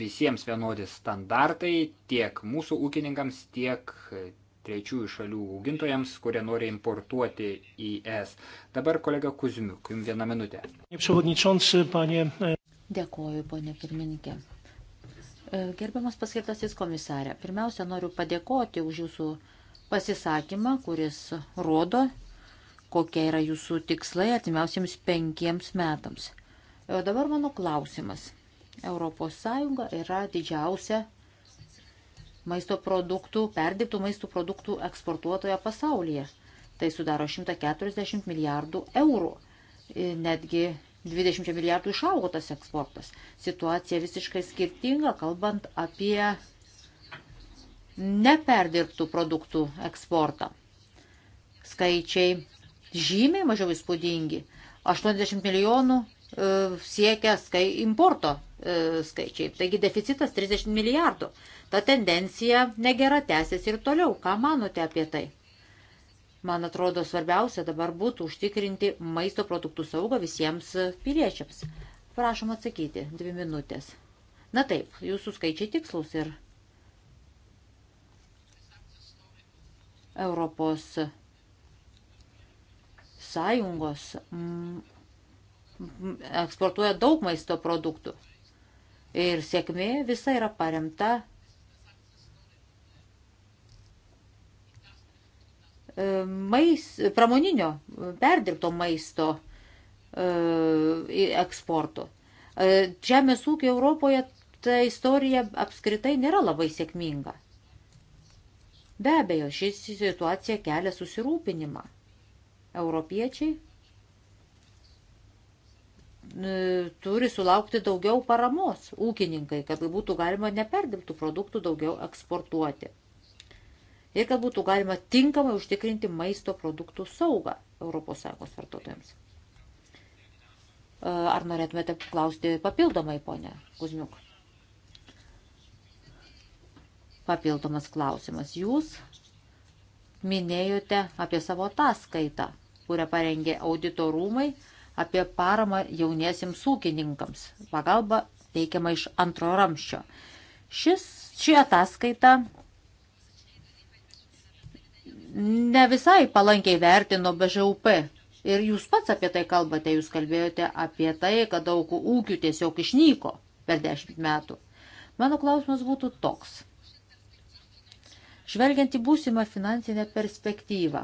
visiems vienodi standartai tiek mūsų ūkininkams, tiek trečiųjų šalių augintojams, kurie nori importuoti į ES. Dabar kolega Kuzmiuk, jums vieną minutę. E, Dėkuoju, ponė pirmininkė. E, gerbiamas paskirtasis komisarė, pirmiausia, noriu padėkoti už jūsų pasisakymą, kuris rodo, kokie yra jūsų tikslai atimiausiams penkiems metams. O e, dabar mano klausimas. Europos Sąjunga yra didžiausia maisto produktų, perdirbtų maisto produktų eksportuotoja pasaulyje. Tai sudaro 140 milijardų eurų. E, netgi 20 milijardų išaugo tas eksportas. Situacija visiškai skirtinga, kalbant apie neperdirbtų produktų eksportą. Skaičiai žymiai mažiau įspūdingi. 80 milijonų E, siekia skai, importo e, skaičiai. Taigi deficitas 30 milijardų. Ta tendencija negera tęsiasi ir toliau. Ką manote apie tai? Man atrodo, svarbiausia dabar būtų užtikrinti maisto produktų saugą visiems piliečiams. Prašom atsakyti, dvi minutės. Na taip, jūsų skaičiai tikslus ir Europos Sąjungos eksportuoja daug maisto produktų. Ir sėkmė visa yra paremta e, mais, pramoninio perdirbto maisto e, eksportu. E, žemės ūkio Europoje ta istorija apskritai nėra labai sėkminga. Be abejo, ši situacija kelia susirūpinimą. Europiečiai E, turi sulaukti daugiau paramos ūkininkai, kad būtų galima neperdirbtų produktų daugiau eksportuoti. Ir kad būtų galima tinkamai užtikrinti maisto produktų saugą ES vartotojams. E, ar norėtumėte klausti papildomai, ponė Kuzmiuk? Papildomas klausimas. Jūs minėjote apie savo ataskaitą, kurią parengė auditorumai rūmai apie paramą jauniesiems ūkininkams. Pagalba teikiama iš antro ramščio. Šis, ši ataskaita ne visai palankiai vertino BŽUP. Ir jūs pats apie tai kalbate, jūs kalbėjote apie tai, kad daug ūkių tiesiog išnyko per dešimt metų. Mano klausimas būtų toks. Žvelgiant į būsimą finansinę perspektyvą,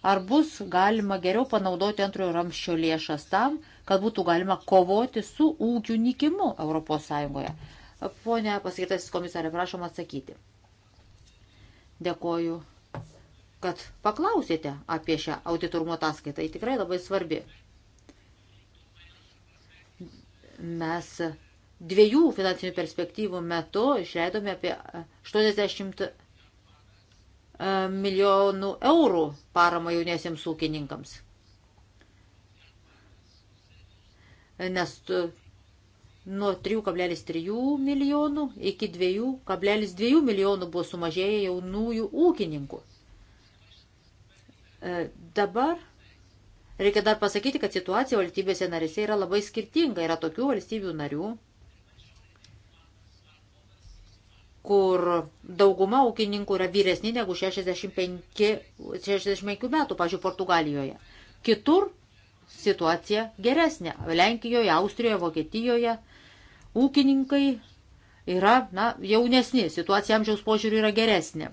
ar bus galima geriau panaudoti antrojo ramščio lėšas tam, kad būtų galima kovoti su ūkių nikimu ES. Pone pasakytasis komisarė, prašom atsakyti. Dėkoju, kad paklausėte apie šią auditorumo ataskaitą. Ji tikrai labai svarbi. Mes dviejų finansinių perspektyvų metu išleidome apie 80 E, milijonų eurų paramą jauniesiems ūkininkams. Nes nuo 3,3 milijonų iki 2,2 milijonų buvo sumažėję jaunųjų ūkininkų. E, dabar reikia dar pasakyti, kad situacija valstybėse narėse yra labai skirtinga. Yra tokių valstybių narių, kur dauguma ūkininkų yra vyresni negu 65, 65 metų, pažiūrėjau, Portugalijoje. Kitur situacija geresnė. Lenkijoje, Austrijoje, Vokietijoje ūkininkai yra na, jaunesni, situacija amžiaus požiūrių yra geresnė.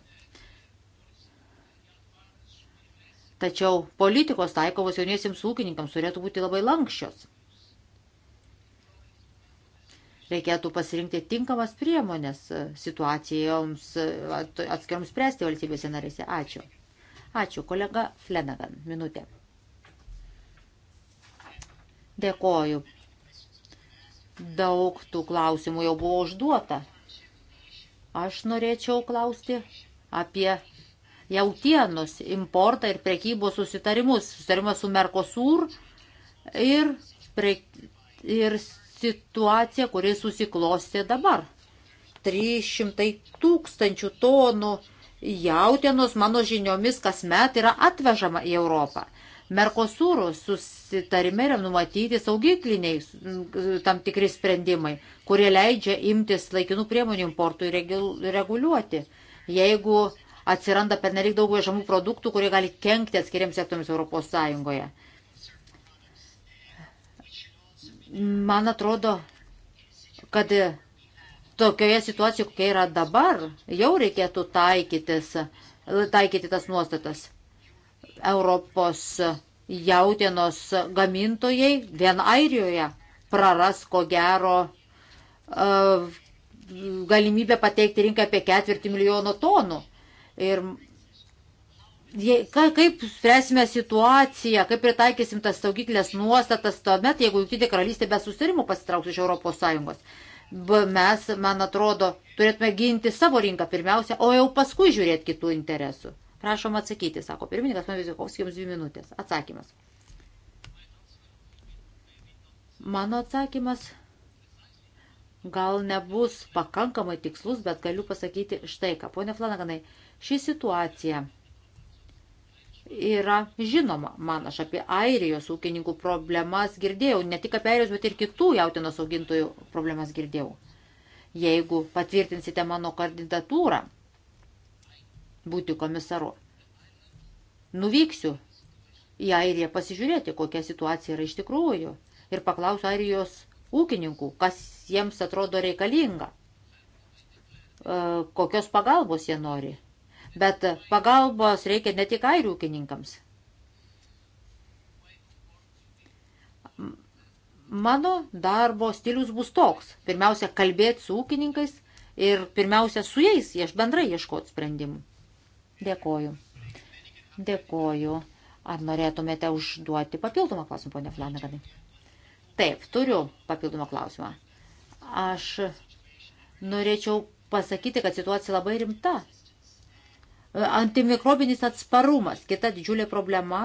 Tačiau politikos taikomos jauniesiems ūkininkams turėtų būti labai lankščios. Reikėtų pasirinkti tinkamas priemonės situacijoms atskiroms spręsti valstybėse narėse. Ačiū. Ačiū, kolega Flanagan. Minutė. Dėkoju. Daug tų klausimų jau buvo užduota. Aš norėčiau klausti apie jautienos importą ir prekybos susitarimus. Susitarimas su Mercosur ir, pre, ir situacija, kuri susiklostė dabar. 300 tūkstančių tonų jautienos, mano žiniomis, kasmet yra atvežama į Europą. Merkosūro susitarime yra numatyti saugikliniai mm, tam tikri sprendimai, kurie leidžia imtis laikinų priemonių importui reguliuoti. Jeigu atsiranda pernelik daug vežamų produktų, kurie gali kenkti atskiriams sektoriams Europos Sąjungoje. Man atrodo, kad tokioje situacijoje, kokia yra dabar, jau reikėtų taikytis, taikyti tas nuostatas. Europos jautienos gamintojai vien Airijoje praras ko gero e, galimybę pateikti rinką apie ketvirtį milijono tonų. Ir kaip spręsime situaciją, kaip pritaikysim tas saugiklės nuostatas tuomet, jeigu Junktinė karalystė be susitarimų pasitrauks iš ES. Mes, man atrodo, turėtume ginti savo rinką pirmiausia, o jau paskui žiūrėti kitų interesų. Prašom atsakyti, sako pirmininkas Novizikovskis, jums dvi minutės. Atsakymas. Mano atsakymas gal nebus pakankamai tikslus, bet galiu pasakyti štai ką. Pone Flanaganai, ši situacija – yra žinoma. Man aš apie airijos ūkininkų problemas girdėjau, ne tik apie airijos, bet ir kitų jautinos augintojų problemas girdėjau. Jeigu patvirtinsite mano kandidatūrą būti komisaru, nuvyksiu į airiją pasižiūrėti, kokia situacija yra iš tikrųjų ir paklausiu airijos ūkininkų, kas jiems atrodo reikalinga, e, kokios pagalbos jie nori. Bet pagalbos reikia ne tik airių ūkininkams. Mano darbo stilius bus toks. Pirmiausia, kalbėti su ūkininkais ir pirmiausia, su jais ieš bendrai ieškoti sprendimų. Dėkoju. Dėkoju. Ar norėtumėte užduoti papildomą klausimą, ponia Flanaganai? Taip, turiu papildomą klausimą. Aš norėčiau pasakyti, kad situacija labai rimta. E, antimikrobinis atsparumas, kita didžiulė problema,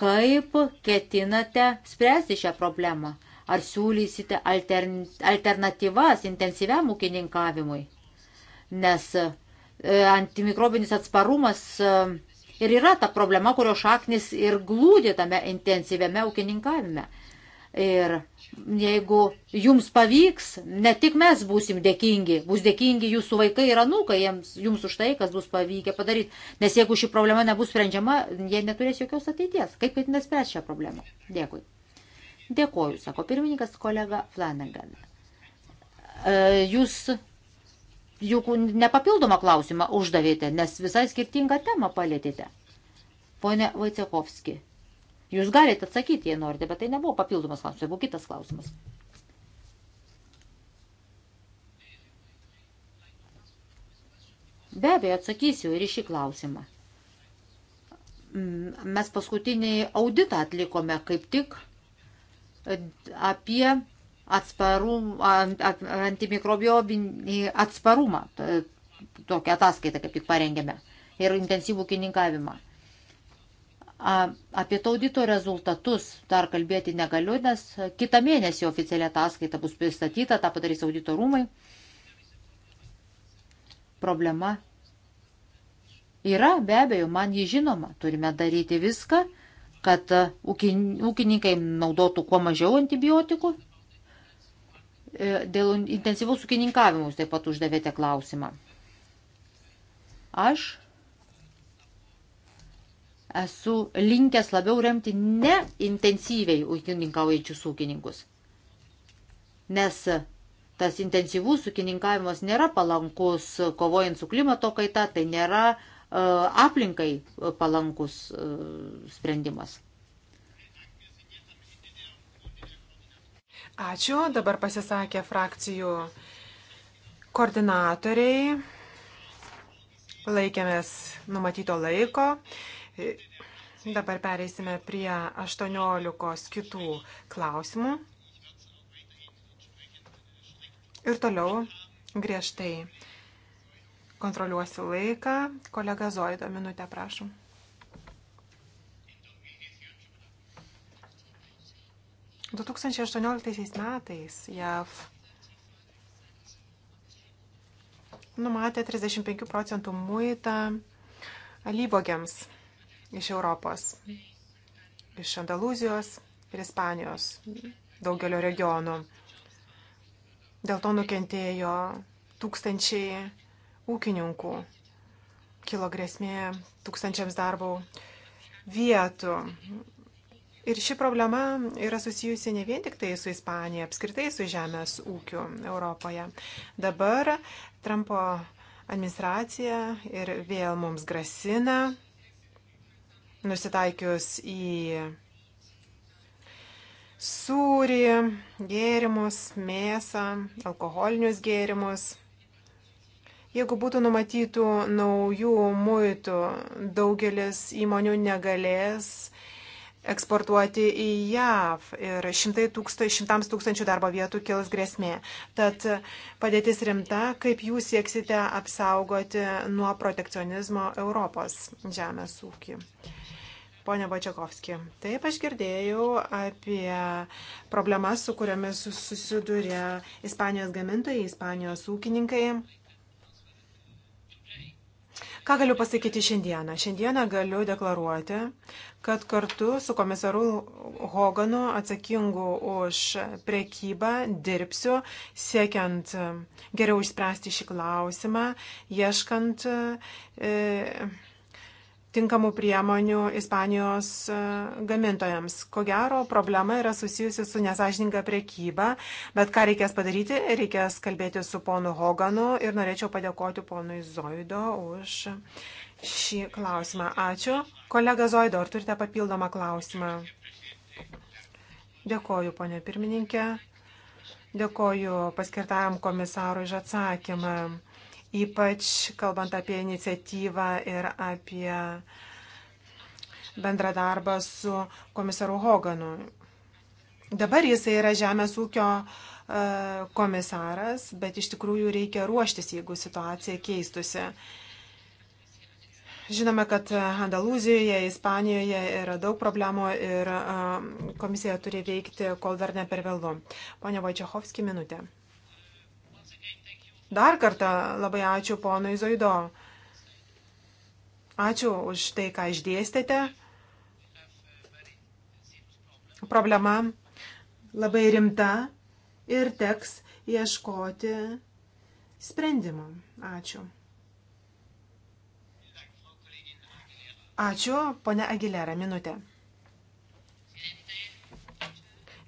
kaip ketinate spręsti šią problemą. Ar siūlysite altern, alternatyvas intensyviam ūkininkavimui? Nes e, antimikrobinis atsparumas e, ir yra ta problema, kurio šaknis ir glūdė tame intensyviame ūkininkavime. Ir jeigu jums pavyks, ne tik mes būsim dėkingi, bus dėkingi jūsų vaikai ir anūkai jiems, jums už tai, kas bus pavykę padaryti. Nes jeigu ši problema nebus sprendžiama, jie neturės jokios ateities. Kaip ketinate spręsti šią problemą? Dėkui. Dėkoju, sako pirmininkas kolega Flanagan. E, jūs juk nepapildomą klausimą uždavėte, nes visai skirtingą temą palėtėte. Pone Vaicekovski, Jūs galite atsakyti, jei norite, bet tai nebuvo papildomas klausimas, tai buvo kitas klausimas. Be abejo, atsakysiu ir į šį klausimą. Mm, mes paskutinį auditą atlikome kaip tik e, apie atsparum, antimikrobiobinį atsparumą. Tokią ataskaitą kaip tik parengėme ir intensyvų kininkavimą. Apie to audito rezultatus dar kalbėti negaliu, nes kitą mėnesį oficialiai ataskaita bus pristatyta, tą padarys audito rūmai. Problema yra, be abejo, man jį žinoma. Turime daryti viską, kad ūkininkai naudotų kuo mažiau antibiotikų. E, dėl intensyvaus ūkininkavimus taip pat uždavėte klausimą. Aš esu linkęs labiau remti ne intensyviai ūkininkaujančius ūkininkus. Nes tas intensyvus ūkininkavimas nėra palankus kovojant su klimato kaita, tai nėra uh, aplinkai palankus uh, sprendimas. Ačiū, dabar pasisakė frakcijų koordinatoriai. Laikėmės numatyto laiko. Dabar pereisime prie 18 kitų klausimų. Ir toliau griežtai kontroliuosiu laiką. Kolega Zoido, minutę prašom. Du 2018 metais JAV numatė 35 procentų muitą alyvogiams iš Europos, iš Andalūzijos ir Ispanijos daugelio regionų. Dėl to nukentėjo tūkstančiai ūkininkų, kilo grėsmė tūkstančiams darbų vietų. Ir ši problema yra susijusi ne vien tik tai su Ispanija, apskritai su žemės ūkiu Europoje. Dabar Trumpo administracija ir vėl mums grasina nusitaikius į sūrį, gėrimus, mėsą, alkoholinius gėrimus. Jeigu būtų numatytų naujų muitų, daugelis įmonių negalės eksportuoti į JAV ir tūksta, šimtams tūkstančių darbo vietų kils grėsmė. Tad padėtis rimta, kaip jūs sieksite apsaugoti nuo protekcionizmo Europos žemės ūkį. Pone Vačiakovski, taip aš girdėjau apie problemas, su kuriamis susiduria Ispanijos gamintojai, Ispanijos ūkininkai. Ką galiu pasakyti šiandieną? Šiandieną galiu deklaruoti, kad kartu su komisaru Hoganu atsakingu už priekybą dirbsiu, siekiant e, geriau išspręsti šį klausimą, ieškant. E, tinkamų priemonių Ispanijos e, gamintojams. Ko gero, problema yra susijusi su nesažininga priekyba, bet ką reikės padaryti, reikės kalbėti su ponu Hoganu ir norėčiau padėkoti ponui Zoido už šį klausimą. Ačiū. Kolega Zoido, ar turite papildomą klausimą? Dėkoju, ponė pirmininkė. Dėkoju paskirtajam komisarui už atsakymą ypač kalbant apie iniciatyvą ir apie bendrą darbą su komisaru Hoganu. Dabar jisai yra žemės ūkio e, komisaras, bet iš tikrųjų reikia ruoštis, jeigu situacija keistusi. Žinome, kad Andalūzijoje, Ispanijoje yra daug problemų ir e, komisija turi veikti, kol dar ne per vėlų. Pone Vojčiachovski, minutė. Dar kartą labai ačiū ponui Zoido. Ačiū už tai, ką išdėstėte. Problema labai rimta ir teks ieškoti sprendimų. Ačiū. Ačiū, ponia Agilera, minutė.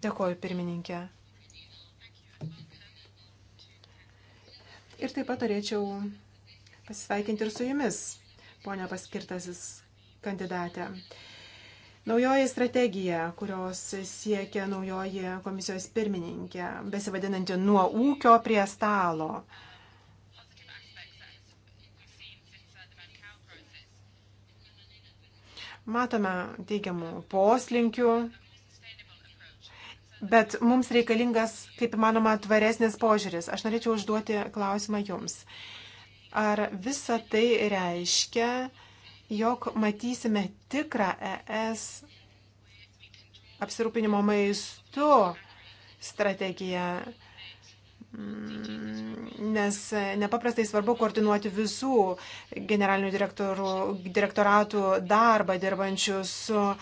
Dėkuoju, pirmininkė. Ir taip pat norėčiau pasisveikinti ir su jumis, ponia paskirtasis kandidatė. Naujoji strategija, kurios siekia naujoji komisijos pirmininkė, besivadinanti nuo ūkio prie stalo. Matome teigiamų poslinkių Bet mums reikalingas, kaip įmanoma, tvaresnis požiūris. Aš norėčiau užduoti klausimą jums. Ar visa tai reiškia, jog matysime tikrą ES apsirūpinimo maistu strategiją? Mm, nes e, nepaprastai svarbu koordinuoti visų generalinių direktoratų darbą dirbančių su e,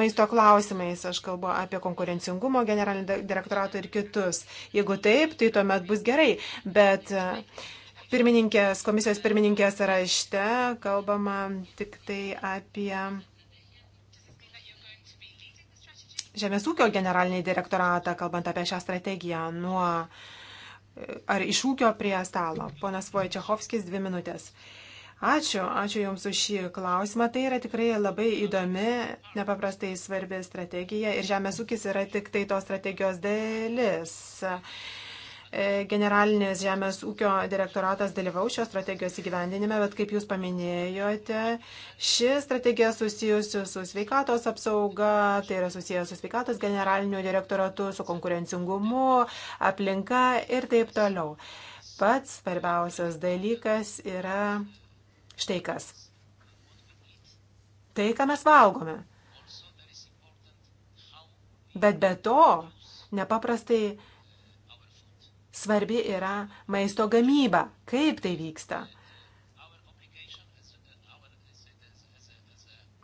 maisto klausimais. Aš kalbu apie konkurencingumo generalinį direktoratą ir kitus. Jeigu taip, tai tuomet bus gerai. Bet e, pirmininkės, komisijos pirmininkės rašte kalbama tik tai apie. Žemės ūkio generalinį direktoratą, kalbant apie šią strategiją nuo uh, ar iš ūkio prie stalo. Ponas Vojčiachovskis, dvi minutės. Ačiū, ačiū Jums už šį klausimą. Tai yra tikrai labai įdomi, nepaprastai svarbi strategija ir žemės ūkis yra tik tai tos strategijos dalis. E, generalinės žemės ūkio direktoratas dalyvau šios strategijos įgyvendinime, bet kaip jūs paminėjote, ši strategija susijusi su sveikatos apsauga, tai yra susijęs su sveikatos generaliniu direktoratu, su konkurencingumu, aplinka ir taip toliau. Pats svarbiausias dalykas yra štai kas. Tai, ką mes valgome. Bet be to, nepaprastai svarbi yra maisto gamyba, kaip tai vyksta.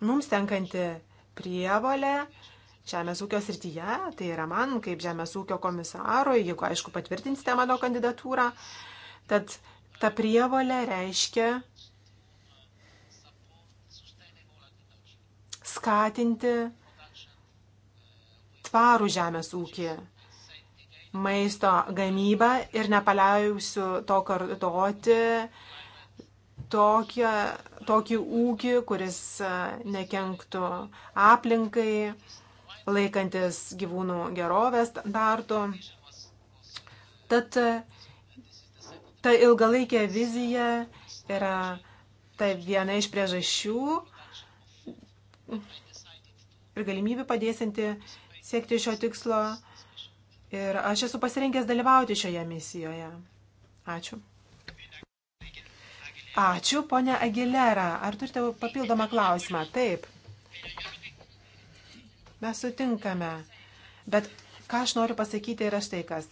Mums tenkanti prievalė žemės ūkio srityje, tai yra man kaip žemės ūkio komisarui, jeigu aišku patvirtinsite mano kandidatūrą, tad ta prievalė reiškia skatinti tvarų žemės ūkį maisto gamybą ir nepaliausiu to kartoti, tokią, tokį ūkį, kuris e, nekenktų aplinkai, laikantis gyvūnų gerovės standartų. Tad e, ta ilgalaikė vizija yra ta viena iš priežasčių ir galimybių padėsinti siekti šio tikslo Ir aš esu pasirengęs dalyvauti šioje misijoje. Ačiū. Ačiū, ponia Aguilera. Ar turite papildomą klausimą? Taip. Mes sutinkame. Bet ką aš noriu pasakyti yra štai kas.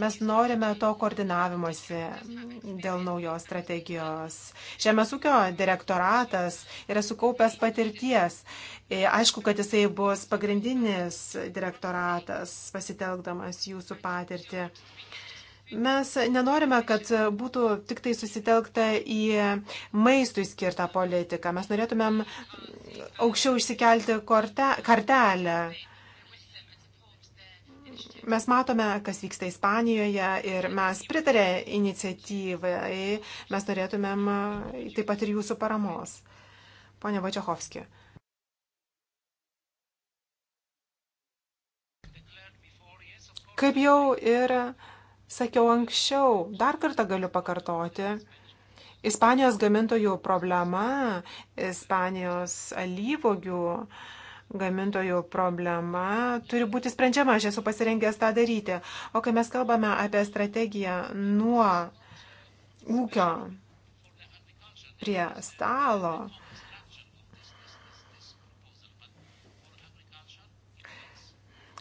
Mes norime to koordinavimuose dėl naujos strategijos. Žemės ūkio direktoratas yra sukaupęs patirties. E, aišku, kad jisai bus pagrindinis direktoratas, pasitelkdamas jūsų patirtį. Mes nenorime, kad būtų tik tai susitelkta į maistui skirtą politiką. Mes norėtumėm aukščiau išsikelti korte, kartelę. Mes matome, kas vyksta Ispanijoje ir mes pritarė iniciatyvai, mes norėtumėm e, taip pat ir jūsų paramos. Pone Vačiachovski. Kaip jau ir sakiau anksčiau, dar kartą galiu pakartoti, Ispanijos gamintojų problema, Ispanijos alyvogių uh, gamintojų problema turi būti sprendžiama, aš esu pasirengęs tą daryti. O kai mes kalbame apie strategiją nuo ūkio prie stalo,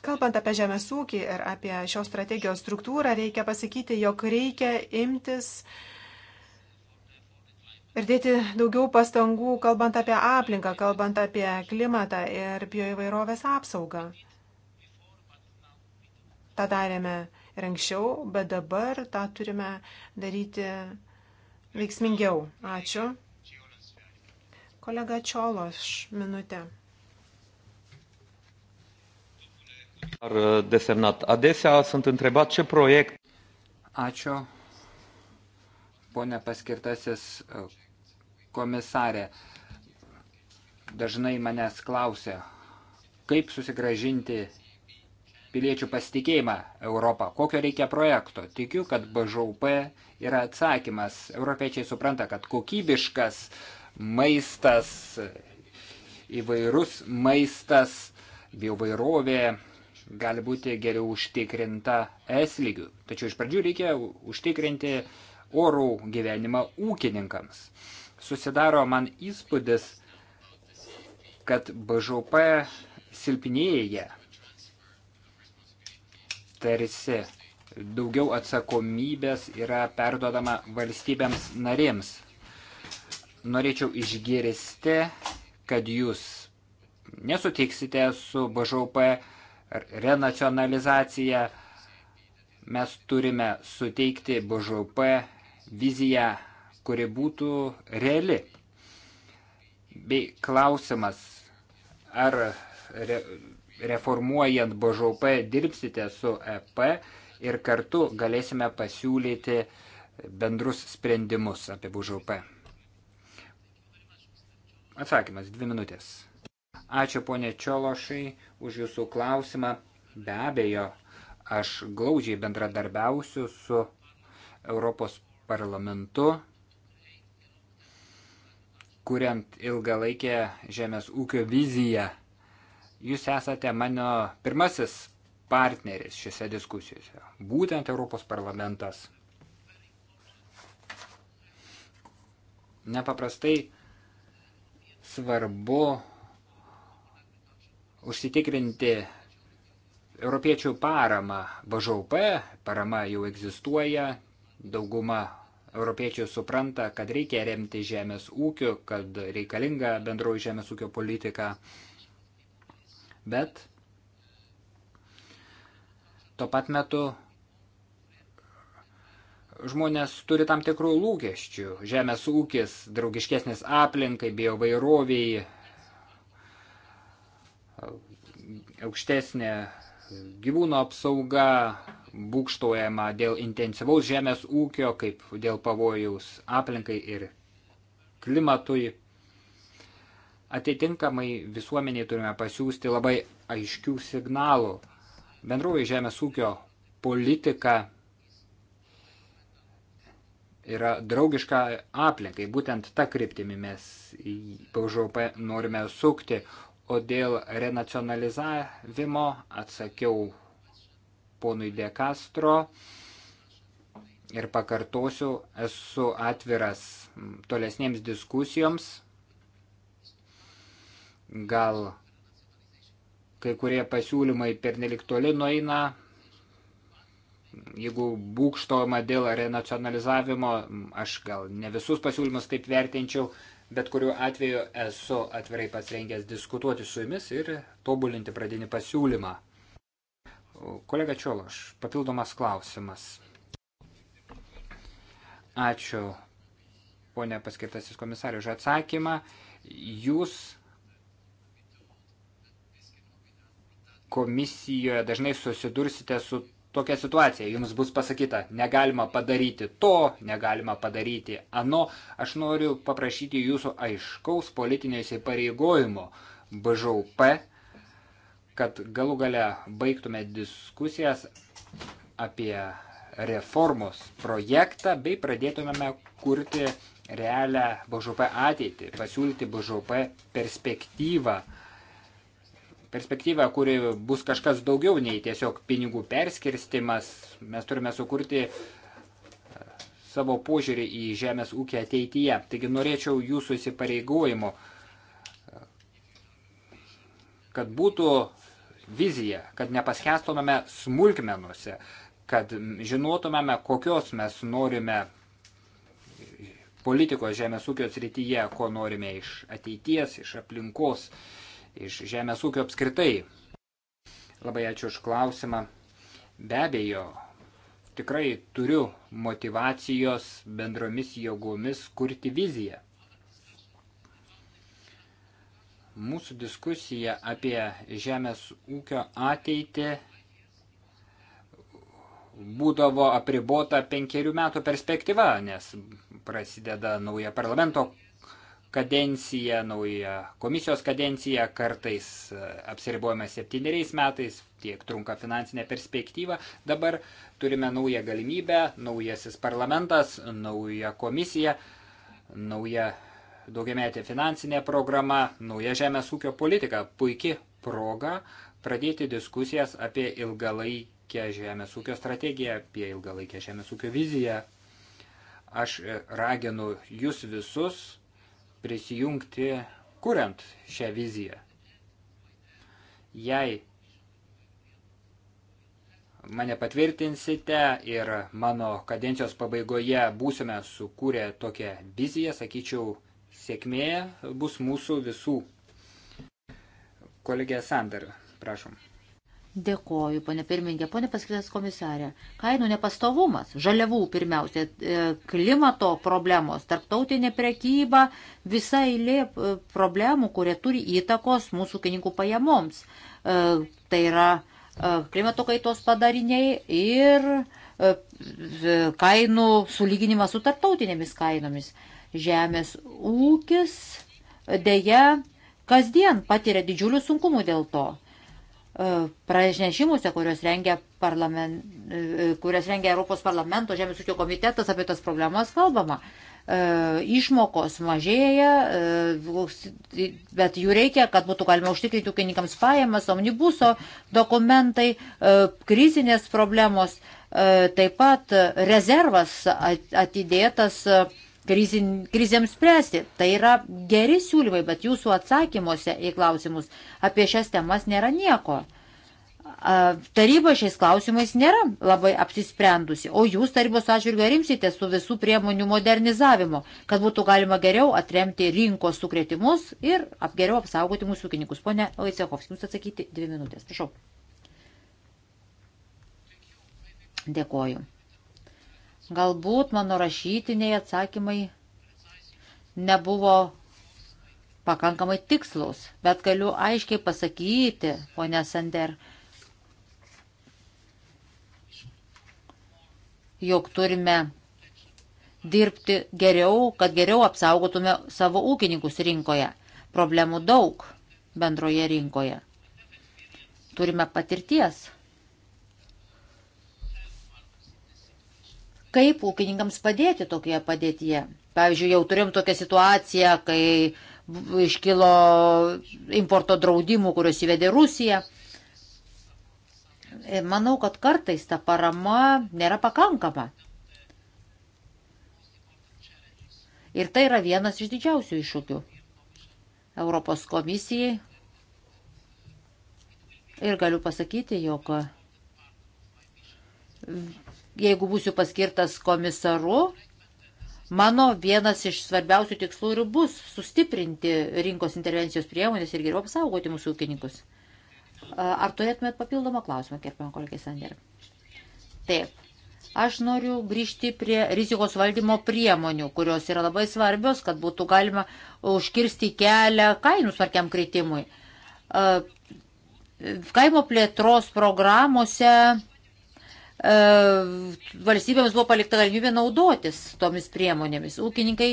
Kalbant apie žemės ūkį ir apie šios strategijos struktūrą, reikia pasakyti, jog reikia imtis uh, ir dėti daugiau pastangų, kalbant apie aplinką, kalbant apie klimatą ir bioįvairovės apsaugą. Ta darėme ir anksčiau, bet dabar tą turime daryti veiksmingiau. Ačiū. Kolega Čiološ, minutė. Ar e, desemnat. Adesea sunt întrebat ce proiect. Ačiū. Pone paskirtasis e, komisarė. Dažnai manęs klausia, kaip susigražinti piliečių pasitikėjimą Europą, kokio reikia projekto. Tikiu, kad BŽUP yra atsakymas. Europiečiai supranta, kad kokybiškas maistas, įvairus maistas, biovairovė gali būti geriau užtikrinta es lygių. Tačiau iš pradžių reikia užtikrinti orų gyvenimą ūkininkams susidaro man įspūdis, kad BŽP silpnėja. Tarsi daugiau atsakomybės yra perdodama valstybėms narėms. Norėčiau išgirsti, kad jūs nesutiksite su BŽP renacionalizacija. Mes turime suteikti BŽP viziją kuri būtų reali. Bei klausimas, ar re, reformuojant BŽP dirbsite su EP ir kartu galėsime pasiūlyti bendrus sprendimus apie BŽP. Atsakymas - dvi minutės. Ačiū ponė Čiološai už jūsų klausimą. Be abejo, aš glaudžiai bendradarbiausiu su Europos parlamentu kuriant ilgalaikę žemės ūkio viziją. Jūs esate mano pirmasis partneris šiuose diskusijose, būtent Europos parlamentas. Nepaprastai svarbu užsitikrinti europiečių paramą. BŽP parama jau egzistuoja, dauguma Europiečiai supranta, kad reikia remti žemės ūkiu, kad reikalinga bendroji žemės ūkio politika. Bet tuo pat metu žmonės turi tam tikrų lūkesčių. Žemės ūkis, draugiškesnis aplinkai, biovairoviai, aukštesnė gyvūnų apsauga, būkštojama dėl intensyvaus žemės ūkio, kaip dėl pavojaus aplinkai ir klimatui. Atitinkamai visuomeniai turime pasiūsti labai aiškių signalų. Bendroji žemės ūkio politika yra draugiška aplinkai. Būtent tą kryptimį mes į BŽP norime sukti. O dėl renacionalizavimo atsakiau ponui De Castro ir pakartosiu, esu atviras tolesnėms diskusijoms. Gal kai kurie pasiūlymai pernelik toli nueina, jeigu būkštojama dėl renacionalizavimo, aš gal ne visus pasiūlymus taip vertinčiau, bet kuriuo atveju esu atvirai pasirengęs diskutuoti su jumis ir tobulinti pradinį pasiūlymą. Kolega Čiolaš, papildomas klausimas. Ačiū, ponė paskirtasis komisarius, už atsakymą. Jūs komisijoje dažnai susidursite su tokia situacija. Jums bus pasakyta, negalima padaryti to, negalima padaryti ano. Aš noriu paprašyti jūsų aiškaus politinio įsipareigojimo BŽUP kad galų gale baigtume diskusijas apie reformos projektą bei pradėtumėme kurti realią BŽP ateitį, pasiūlyti BŽP perspektyvą. Perspektyvą, kuri bus kažkas daugiau nei tiesiog pinigų perskirstimas. Mes turime sukurti e, savo požiūrį į žemės ūkį ateityje. Taigi norėčiau jūsų įsipareigojimo, e, kad būtų viziją, kad nepaskestumėme smulkmenuose, kad žinotumėme, kokios mes norime politikos žemės ūkio srityje, ko norime iš ateities, iš aplinkos, iš žemės ūkio apskritai. Labai ačiū už klausimą. Be abejo, tikrai turiu motivacijos bendromis jėgomis kurti viziją. Mūsų diskusija apie žemės ūkio ateitį būdavo apribota penkerių metų perspektyva, nes prasideda nauja parlamento kadencija, nauja komisijos kadencija, kartais apsiribuojame septyneriais metais, tiek trunka finansinė perspektyva. Dabar turime naują galimybę, naujasis parlamentas, nauja komisija, nauja daugiametė finansinė programa, nauja žemės ūkio politika - puikia proga pradėti diskusijas apie ilgalaikę žemės ūkio strategiją, apie ilgalaikę žemės ūkio viziją. Aš e, raginu jūs visus prisijungti, kuriant šią viziją. Jei mane patvirtinsite ir mano kadencijos pabaigoje būsime sukūrę tokią viziją, sakyčiau, sėkmė bus mūsų visų. Kolegė Sandar, prašom. Dėkoju, ponė pirmininkė, ponė paskirtas komisarė. Kainų nepastovumas, žaliavų pirmiausia, e, klimato problemos, tarptautinė prekyba, visa eilė e, problemų, kurie turi įtakos mūsų kininkų pajamoms. E, tai yra klimato kaitos padariniai ir kainų sulyginimas su tarptautinėmis kainomis. Žemės ūkis dėja kasdien patiria didžiulių sunkumų dėl to. E, pranešimuose, kurios rengia, e, kurios rengia Europos parlamento Žemės ūkio komitetas apie tas problemas kalbama e, išmokos mažėja, bet jų reikia, kad būtų galima užtikrinti ūkininkams pajamas, omnibuso dokumentai, krizinės problemos, taip pat rezervas atidėtas krizin, krizėms spręsti. Tai yra geri siūlymai, bet jūsų atsakymuose į klausimus apie šias temas nėra nieko. Taryba šiais klausimais nėra labai apsisprendusi, o jūs tarybos atžvilgiu rimsite su visų priemonių modernizavimu, kad būtų galima geriau atremti rinkos sukretimus ir geriau apsaugoti mūsų ūkininkus. Pone Oisekovskis, jums atsakyti dvi minutės. Prašau. Dėkoju. Galbūt mano rašytiniai atsakymai nebuvo pakankamai tikslus, bet galiu aiškiai pasakyti, ponė Sander, jog turime dirbti geriau, kad geriau apsaugotume savo ūkininkus rinkoje. Problemų daug bendroje rinkoje. Turime patirties kaip ūkininkams padėti tokioje padėtyje. Pavyzdžiui, jau turėjom tokią situaciją, kai iškilo importo draudimų, kuriuos įvedė Rusija. Manau, kad kartais ta parama nėra pakankama. Ir tai yra vienas iš didžiausių iššūkių Europos komisijai. Ir galiu pasakyti, jog jeigu būsiu paskirtas komisaru, mano vienas iš svarbiausių tikslų ir bus sustiprinti rinkos intervencijos priemonės ir geriau apsaugoti mūsų ūkininkus. Ar turėtumėt papildomą klausimą, gerbama kolegė Sander? Taip. Aš noriu grįžti prie rizikos valdymo priemonių, kurios yra labai svarbios, kad būtų galima užkirsti kelią kainų svarkiam kritimui. Kaimo plėtros programuose E, valstybėms buvo palikta galimybė naudotis tomis priemonėmis. Ūkininkai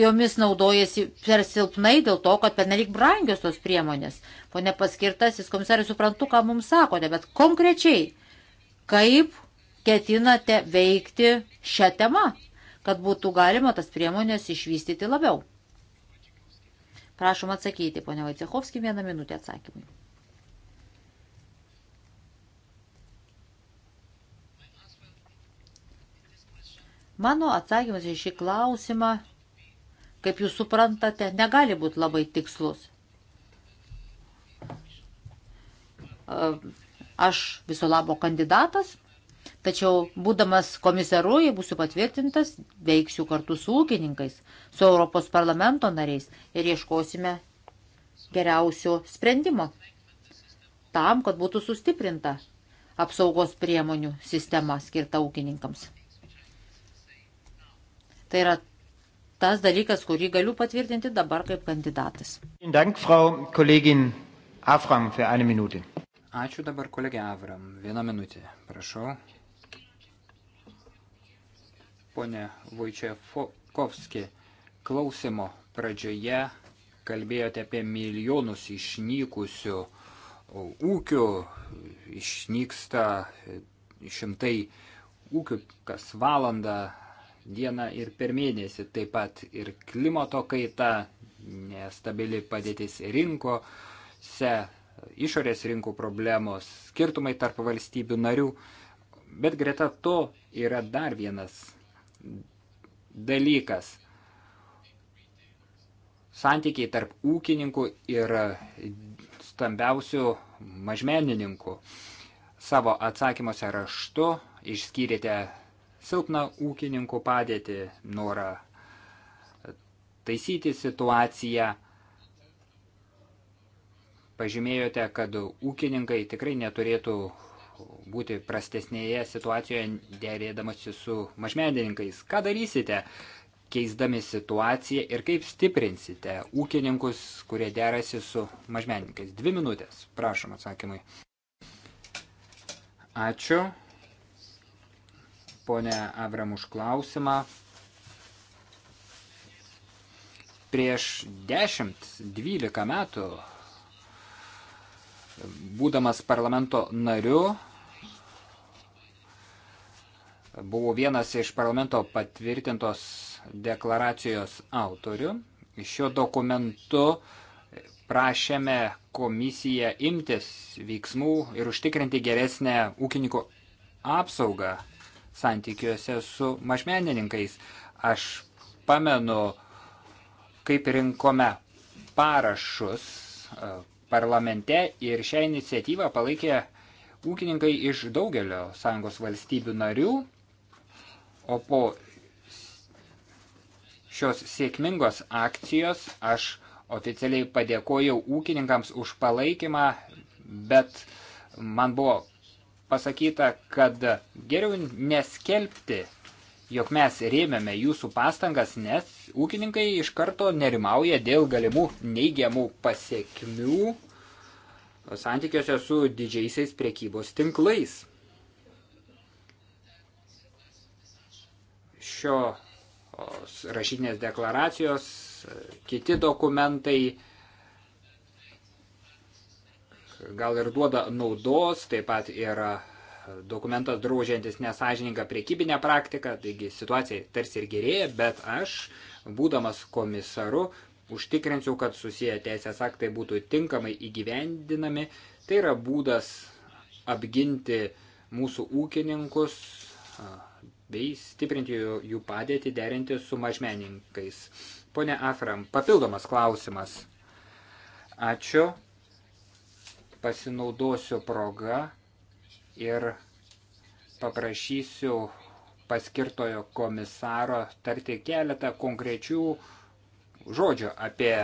jomis naudojasi per silpnai dėl to, kad pernelik brangios tos priemonės. Pone paskirtasis komisarai, suprantu, ką mums sakote, bet konkrečiai, kaip ketinate veikti šią temą, kad būtų galima tas priemonės išvystyti labiau. Prašom atsakyti, ponia Vaicechovski, vieną minutę atsakymui. Mano atsakymas į šį klausimą, kaip jūs suprantate, negali būti labai tikslus. Aš viso labo kandidatas, tačiau būdamas komisaru, jei būsiu patvirtintas, veiksiu kartu su ūkininkais, su Europos parlamento nariais ir ieškosime geriausio sprendimo tam, kad būtų sustiprinta apsaugos priemonių sistema skirta ūkininkams. Tai yra tas dalykas, kurį galiu patvirtinti dabar kaip kandidatas. Dank, Frau kolegin Afram, für eine Minute. Ačiū dabar kolegė Avram. Vieną minutę, prašau. Pone Vojčiakovski, klausimo pradžioje kalbėjote apie milijonus išnykusių ūkių, išnyksta šimtai ūkių kas valandą, dieną ir per mėnesį. Taip pat ir klimato kaita, nestabili padėtis rinkose, išorės rinkų problemos, skirtumai tarp valstybių narių. Bet greta to yra dar vienas dalykas. Santykiai tarp ūkininkų ir stambiausių mažmenininkų. Savo atsakymuose raštu išskyrėte silpną ūkininkų padėtį, norą taisyti situaciją. Pažymėjote, kad ūkininkai tikrai neturėtų būti prastesnėje situacijoje dėrėdamasi su mažmedininkais. Ką darysite, keisdami situaciją ir kaip stiprinsite ūkininkus, kurie derasi su mažmedininkais? Dvi minutės, prašom atsakymai. Ačiū ponė Avram už klausimą. Prieš 10-12 metų, būdamas parlamento nariu, buvo vienas iš parlamento patvirtintos deklaracijos autorių. Šiuo dokumentu prašėme komisiją imtis veiksmų ir užtikrinti geresnę ūkininkų apsaugą santykiuose su mažmenininkais. Aš pamenu, kaip rinkome parašus e, parlamente ir šią iniciatyvą palaikė ūkininkai iš daugelio sąjungos valstybių narių, o po šios sėkmingos akcijos aš oficialiai padėkojau ūkininkams už palaikymą, bet man buvo pasakyta, kad geriau neskelbti, jog mes rėmėme jūsų pastangas, nes ūkininkai iš karto nerimauja dėl galimų neigiamų pasiekmių santykiuose su didžiaisiais priekybos tinklais. Šio rašytinės deklaracijos, kiti dokumentai, gal ir duoda naudos, taip pat yra e, dokumentas draužiantis nesažininką priekybinę praktiką, taigi situacija tarsi ir gerėja, bet aš, būdamas komisaru, užtikrinsiu, kad susiję teisės aktai būtų tinkamai įgyvendinami. Tai yra būdas apginti mūsų ūkininkus e, bei stiprinti jų padėtį, derinti su mažmeninkais. Pone Afram, papildomas klausimas. Ačiū. Pasinaudosiu progą ir paprašysiu paskirtojo komisaro tarti keletą konkrečių žodžių apie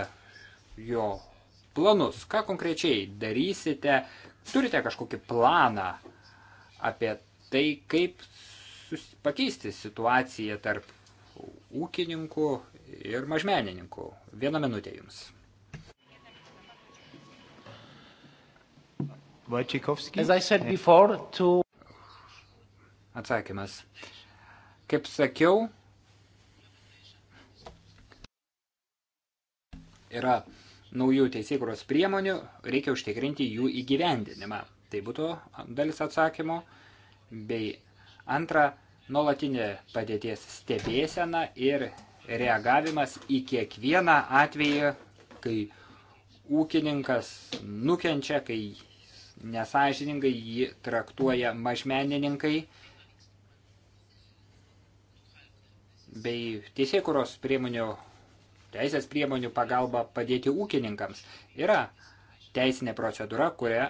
jo planus. Ką konkrečiai darysite? Turite kažkokį planą apie tai, kaip pakeisti situaciją tarp ūkininkų ir mažmenininkų. Vieną minutę jums. Before, to... Atsakymas. Kaip sakiau, yra naujų teisėkuros priemonių, reikia užtikrinti jų įgyvendinimą. Tai būtų dalis atsakymo. Bei antra, nuolatinė padėties stebėsena ir reagavimas į kiekvieną atvejį, kai ūkininkas nukenčia, kai nesažiningai jį traktuoja mažmenininkai bei teisėkuros priemonių, teisės priemonių pagalba padėti ūkininkams. Yra teisinė procedūra, kurią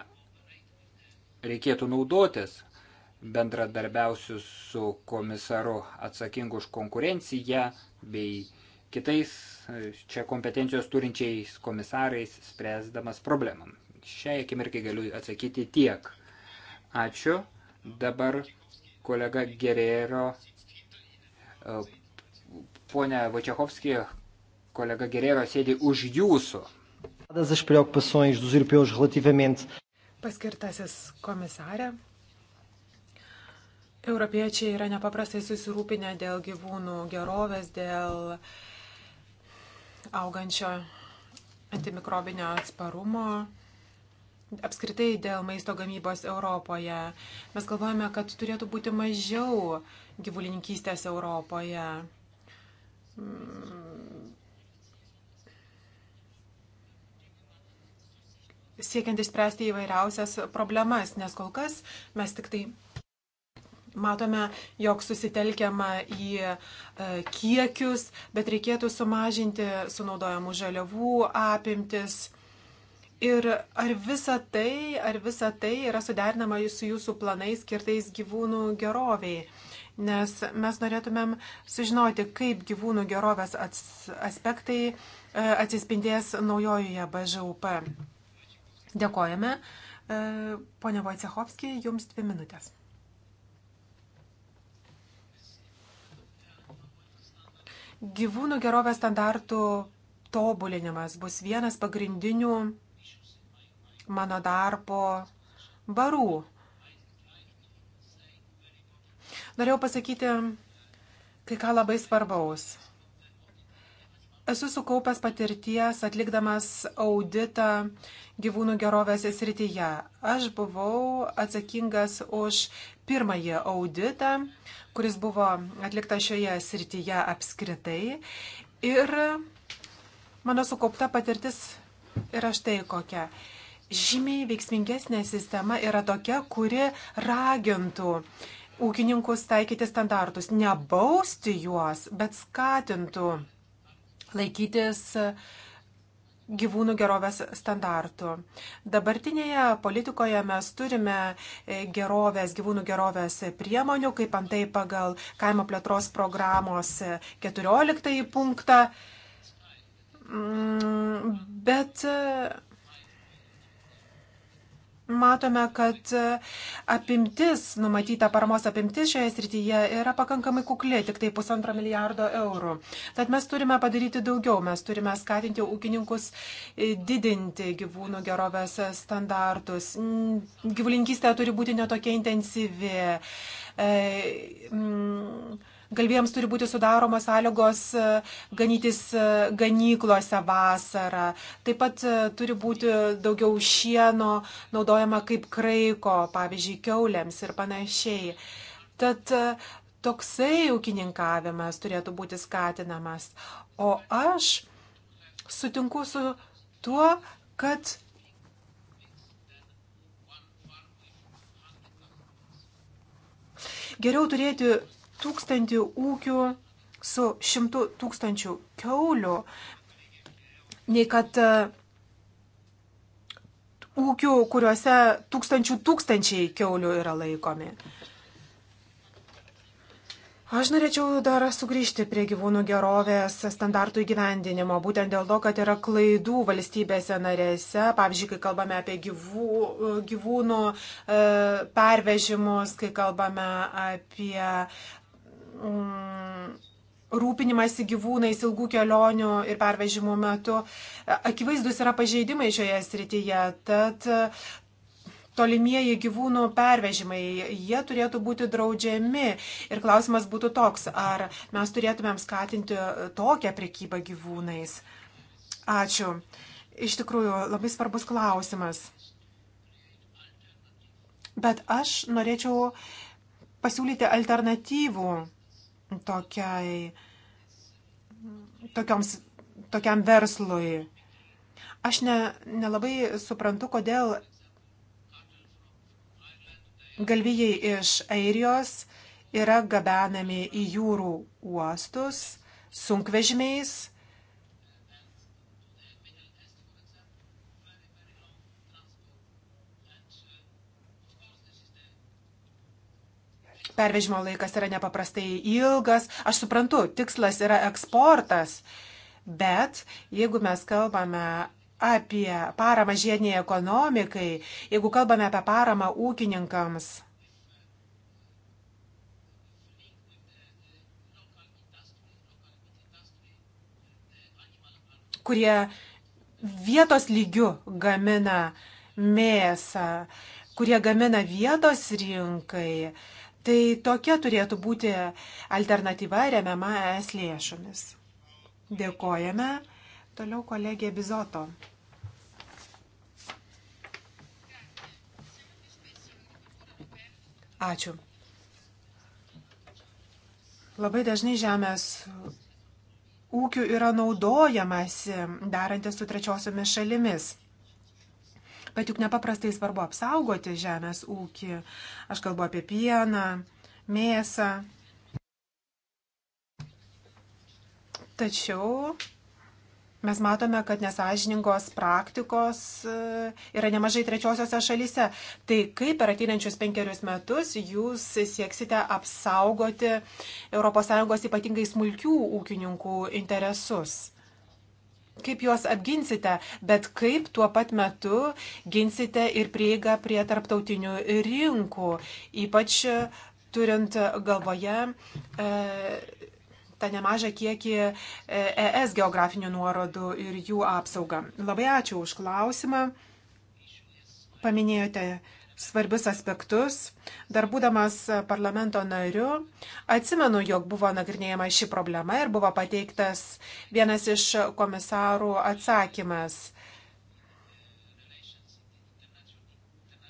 reikėtų naudotis. Bendradarbiausiu su komisaru atsakingu už konkurenciją bei kitais e, čia kompetencijos turinčiais komisarais spręsdamas problemam šiai akimirkai galiu atsakyti tiek. Ačiū. Dabar kolega Gerero, e, ponia Vačiachovskija, kolega Gerero sėdi už jūsų. Paskirtasis komisarė. Europiečiai yra nepaprastai susirūpinę dėl gyvūnų gerovės, dėl augančio antimikrobinio atsparumo apskritai dėl maisto gamybos Europoje. Mes galvojame, kad turėtų būti mažiau gyvulininkystės Europoje. Siekiant išspręsti įvairiausias problemas, nes kol kas mes tik tai matome, jog susitelkiama į e, kiekius, bet reikėtų sumažinti sunaudojamų žaliavų apimtis Ir ar visa tai, ar visa tai yra suderinama su jūsų planais skirtais gyvūnų geroviai? Nes mes norėtumėm sužinoti, kaip gyvūnų gerovės aspektai e, atsispindės naujojoje BŽUP. Dėkojame. E, pone Vojcehovski, jums dvi minutės. Gyvūnų gerovės standartų tobulinimas bus vienas pagrindinių mano darbo barų. Norėjau pasakyti kai ką labai svarbaus. Esu sukaupęs patirties atlikdamas auditą gyvūnų gerovės srityje. Aš buvau atsakingas už pirmąjį auditą, kuris buvo atliktas šioje srityje apskritai. Ir mano sukaupta patirtis yra štai kokia. Žymiai veiksmingesnė sistema yra tokia, kuri ragintų ūkininkus taikyti standartus, nebausti juos, bet skatintų laikytis gyvūnų gerovės standartų. Dabartinėje politikoje mes turime e, gerovės, gyvūnų gerovės priemonių, kaip antai pagal kaimo plėtros programos 14 punktą. Mm, bet e, matome, kad e, apimtis, numatyta paramos apimtis šioje srityje yra pakankamai kukli, tik tai pusantro milijardo eurų. Tad mes turime padaryti daugiau, mes turime skatinti ūkininkus e, didinti gyvūnų gerovės standartus. Gyvulinkystė turi būti netokia intensyvi. E, mm, galvėjams turi būti sudaromos sąlygos e, ganytis e, ganyklose vasarą. Taip pat e, turi būti daugiau šieno naudojama kaip kraiko, pavyzdžiui, keuliams ir panašiai. Tad toksai ūkininkavimas turėtų būti skatinamas. O aš sutinku su tuo, kad geriau turėti tūkstantį ūkių su šimtu tūkstančių keulių, nei kad e, ūkių, kuriuose tūkstančių tūkstančiai keulių yra laikomi. Aš norėčiau dar sugrįžti prie gyvūnų gerovės standartų įgyvendinimo, būtent dėl to, kad yra klaidų valstybėse narėse, pavyzdžiui, kai kalbame apie gyvų, gyvūnų e, pervežimus, kai kalbame apie e, mm, rūpinimąsi gyvūnais ilgų kelionių ir pervežimų metu. Akivaizdus yra pažeidimai šioje srityje, tad e, tolimieji gyvūnų pervežimai, jie turėtų būti draudžiami. Ir klausimas būtų toks, ar mes turėtumėm skatinti e, tokią prekybą gyvūnais. Ačiū. Iš tikrųjų, labai svarbus klausimas. Bet aš norėčiau pasiūlyti alternatyvų tokiai, tokioms, tokiam verslui. Aš ne, nelabai suprantu, kodėl galvijai iš Airijos yra gabenami į jūrų uostus sunkvežimiais pervežimo laikas yra nepaprastai ilgas. Aš suprantu, tikslas yra eksportas, bet jeigu mes kalbame apie paramą žiediniai ekonomikai, jeigu kalbame apie paramą ūkininkams, kurie vietos lygių gamina mėsą, kurie gamina vietos rinkai, Tai tokia turėtų būti alternatyva remiama ES lėšomis. Dėkojame. Toliau kolegė Bizoto. Ačiū. Labai dažnai žemės ūkių yra naudojamasi darantis su trečiosiomis šalimis. Bet juk nepaprastai svarbu apsaugoti žemės ūkį. Aš kalbu apie pieną, mėsą. Tačiau mes matome, kad nesažiningos praktikos e, yra nemažai trečiosiose šalyse. Tai kaip per ateinančius penkerius metus jūs sieksite apsaugoti ES ypatingai smulkių ūkininkų interesus? kaip juos apginsite, bet kaip tuo pat metu ginsite ir prieigą prie tarptautinių rinkų, ypač e, turint galvoje e, tą nemažą kiekį ES e geografinių nuorodų ir jų apsaugą. Labai ačiū už klausimą. Paminėjote svarbius aspektus. Dar būdamas parlamento nariu, atsimenu, jog buvo nagrinėjama ši problema ir buvo pateiktas vienas iš komisarų atsakymas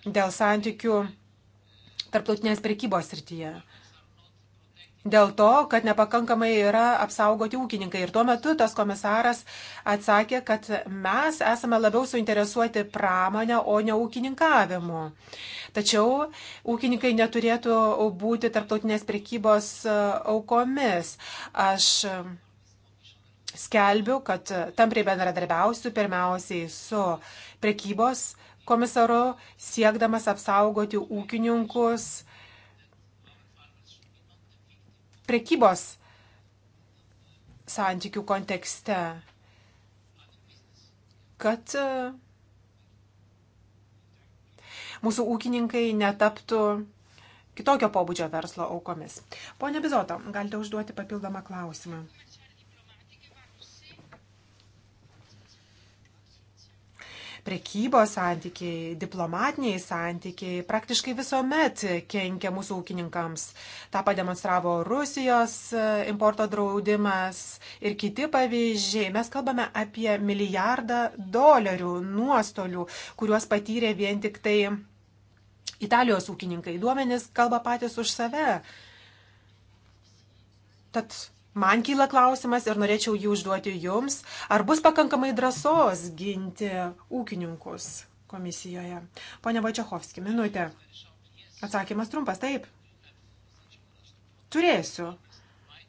dėl santykių tarptautinės prekybos srityje dėl to, kad nepakankamai yra apsaugoti ūkininkai. Ir tuo metu tas komisaras atsakė, kad mes esame labiau suinteresuoti pramonę, o ne ūkininkavimu. Tačiau ūkininkai neturėtų būti tarptautinės prekybos e, aukomis. Aš e, skelbiu, kad tampriai bendradarbiausiu pirmiausiai su prekybos komisaru, siekdamas apsaugoti ūkininkus prekybos santykių kontekste, kad e, mūsų ūkininkai netaptų kitokio pobūdžio verslo aukomis. Pone Bizoto, galite užduoti papildomą klausimą. prekybos santykiai, diplomatiniai santykiai praktiškai visuomet kenkia mūsų ūkininkams. Ta pademonstravo Rusijos e, importo draudimas ir kiti pavyzdžiai. Mes kalbame apie milijardą dolerių nuostolių, kuriuos patyrė vien tik tai Italijos ūkininkai. Duomenys kalba patys už save. Tad man kyla klausimas ir norėčiau jį užduoti jums, ar bus pakankamai drąsos ginti ūkininkus komisijoje. Pone Vačiachovski, minutė. Atsakymas trumpas, taip. Turėsiu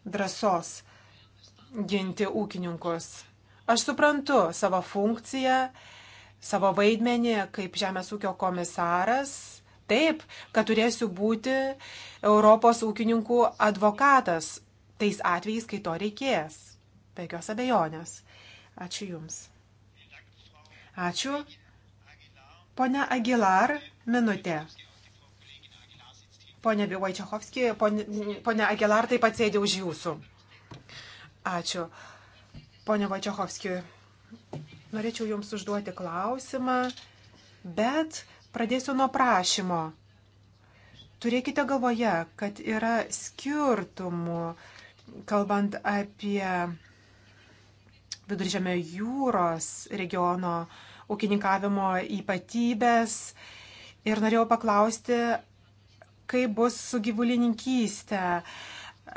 drąsos ginti ūkininkus. Aš suprantu savo funkciją, savo vaidmenį kaip Žemės ūkio komisaras. Taip, kad turėsiu būti Europos ūkininkų advokatas, tais atvejais, kai to reikės. Be jokios abejonės. Ačiū Jums. Ačiū. Pone Agilar, minutė. Pone Bivojčiachovski, pone, pone Agilar taip pat sėdė už Jūsų. Ačiū. Pone Vojčiachovski, norėčiau Jums užduoti klausimą, bet pradėsiu nuo prašymo. Turėkite galvoje, kad yra skirtumų Kalbant apie Viduržėmio jūros regiono ūkininkavimo ypatybės ir norėjau paklausti, kaip bus su gyvulininkystė.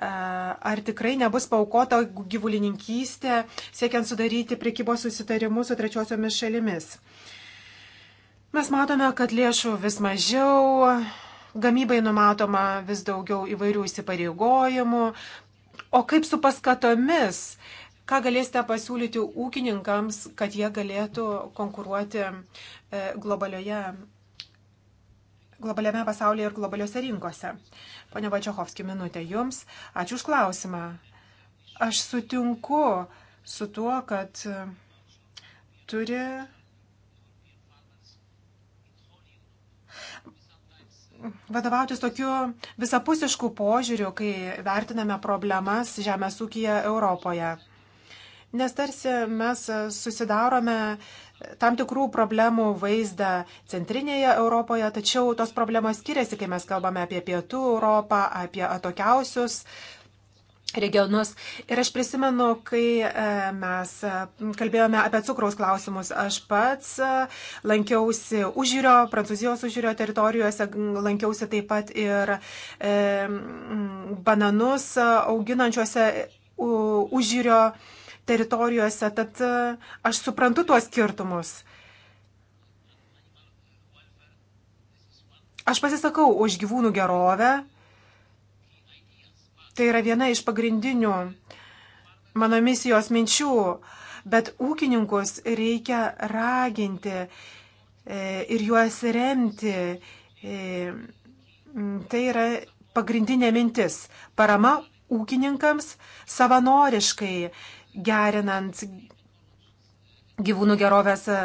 Ar tikrai nebus paukota gyvulininkystė, siekiant sudaryti prekybos susitarimus su trečiosiomis šalimis? Mes matome, kad lėšų vis mažiau, gamybai numatoma vis daugiau įvairių įsipareigojimų, O kaip su paskatomis? Ką galėsite pasiūlyti ūkininkams, kad jie galėtų konkuruoti e, globalioje, globaliame pasaulyje ir globaliuose rinkose? Pone Vačiachovski, minutė jums. Ačiū už klausimą. Aš sutinku su tuo, kad turi vadovautis tokiu visapusišku požiūriu, kai vertiname problemas žemės ūkija Europoje. Nes tarsi mes susidarome tam tikrų problemų vaizdą centrinėje Europoje, tačiau tos problemos skiriasi, kai mes kalbame apie pietų Europą, apie atokiausius regionus. Ir aš prisimenu, kai e, mes e, kalbėjome apie cukraus klausimus, aš pats e, lankiausi užžiūrio, Prancūzijos užžiūrio teritorijuose, lankiausi taip pat ir e, bananus auginančiuose užžiūrio teritorijuose, tad aš suprantu tuos skirtumus. Aš pasisakau už gyvūnų gerovę, Tai yra viena iš pagrindinių mano misijos minčių, bet ūkininkus reikia raginti e, ir juos remti. E, tai yra pagrindinė mintis - parama ūkininkams savanoriškai gerinant gyvūnų gerovės e,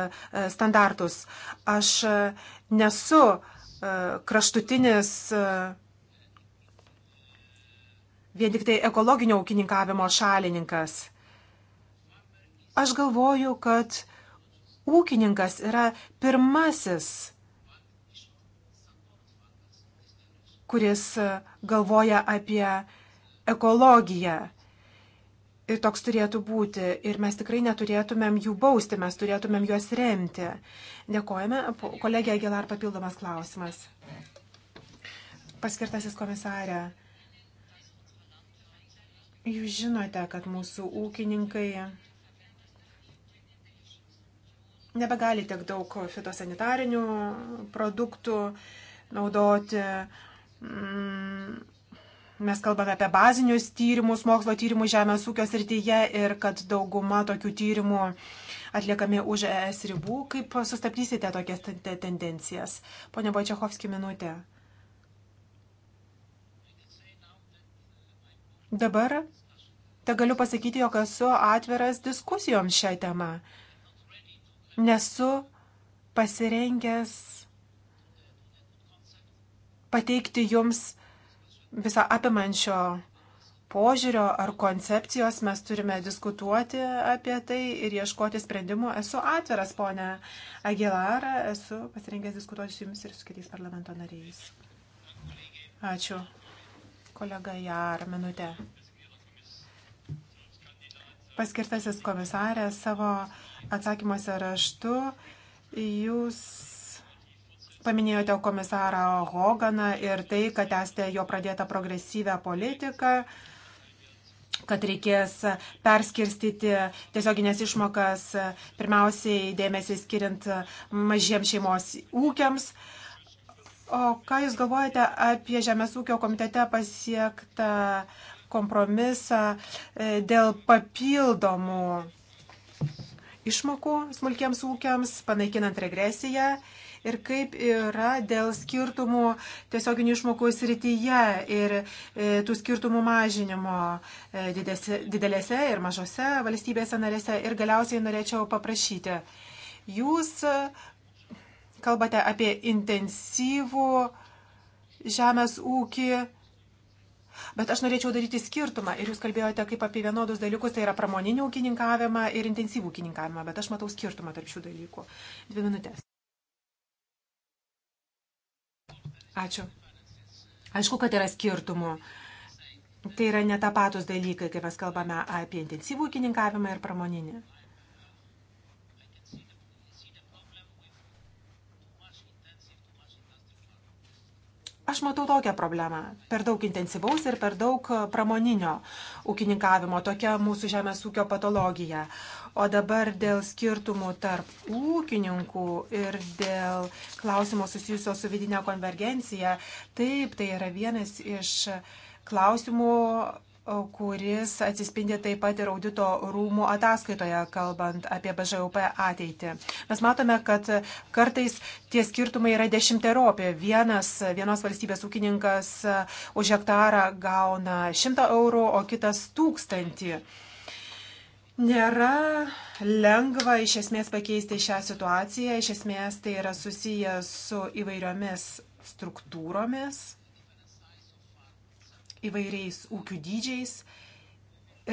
standartus. Aš nesu kraštutinis vien tik tai ekologinio ūkininkavimo šalininkas. Aš galvoju, kad ūkininkas yra pirmasis, kuris galvoja apie ekologiją. Ir toks turėtų būti. Ir mes tikrai neturėtumėm jų bausti, mes turėtumėm juos remti. Dėkojame. Kolegija Gelar papildomas klausimas. Paskirtasis komisarė. Jūs žinote, kad mūsų ūkininkai nebegali tiek daug fitosanitarinių produktų naudoti. Mm, mes kalbame apie bazinius tyrimus, mokslo tyrimus žemės ūkio srityje ir kad dauguma tokių tyrimų atliekami už ES ribų. Kaip sustabdysite tokias tendencijas? Pone Bočiachovski, minutė. Dabar Te galiu pasakyti, jog esu atviras diskusijoms šią temą. Nesu pasirengęs pateikti jums visą apimančio požiūrio ar koncepcijos mes turime diskutuoti apie tai ir ieškoti sprendimų. Esu atviras, ponė Aguilara, esu pasirengęs diskutuoti su jumis ir su kitais parlamento nariais. Ačiū. Kolega Jar, minutė. Paskirtasis komisarė savo atsakymuose raštu jūs paminėjote komisarą Hoganą ir tai, kad esate jo pradėtą progresyvę politiką kad reikės perskirstyti tiesioginės išmokas, pirmiausiai dėmesį skiriant mažiems šeimos ūkiams. O ką Jūs galvojate apie Žemės ūkio komitete pasiektą kompromisą e, dėl papildomų išmokų smulkiems ūkiams, panaikinant regresiją ir kaip yra dėl skirtumų tiesioginių išmokų srityje ir e, tų skirtumų mažinimo e, didelėse ir mažose valstybėse narėse. Ir galiausiai norėčiau paprašyti, jūs kalbate apie intensyvų žemės ūkį Bet aš norėčiau daryti skirtumą. Ir jūs kalbėjote kaip apie vienodus dalykus, tai yra pramoninį ūkininkavimą ir intensyvų ūkininkavimą. Bet aš matau skirtumą tarp šių dalykų. Dvi minutės. Ačiū. Aišku, kad yra skirtumų. Tai yra netapatus dalykai, kai mes kalbame apie intensyvų ūkininkavimą ir pramoninį. Aš matau tokią problemą. Per daug intensyvaus ir per daug e, pramoninio ūkininkavimo. Tokia mūsų žemės ūkio patologija. O dabar dėl skirtumų tarp ūkininkų ir dėl klausimo susijusio su vidinė konvergencija. Taip, tai yra vienas iš klausimų, kuris atsispindi taip pat ir audito rūmų ataskaitoje, kalbant apie BŽUP ateitį. Mes matome, kad kartais tie skirtumai yra dešimteropė. Vienas, vienos valstybės ūkininkas už hektarą gauna 100 eurų, o kitas 1000. Nėra lengva iš esmės pakeisti šią situaciją, iš esmės tai yra susiję su įvairiomis struktūromis įvairiais ūkių dydžiais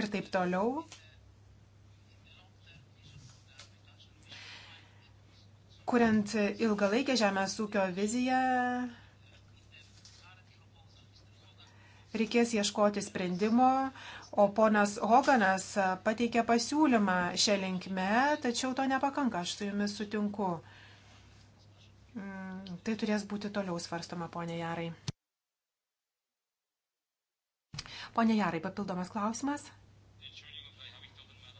ir taip toliau. Kuriant ilgalaikę žemės ūkio viziją, reikės ieškoti sprendimo, o ponas Hoganas pateikė pasiūlymą šią linkme, tačiau to nepakanka, aš su jumis sutinku. Mm, tai turės būti toliau svarstoma, ponė Jarai. Pone Jarai, papildomas klausimas.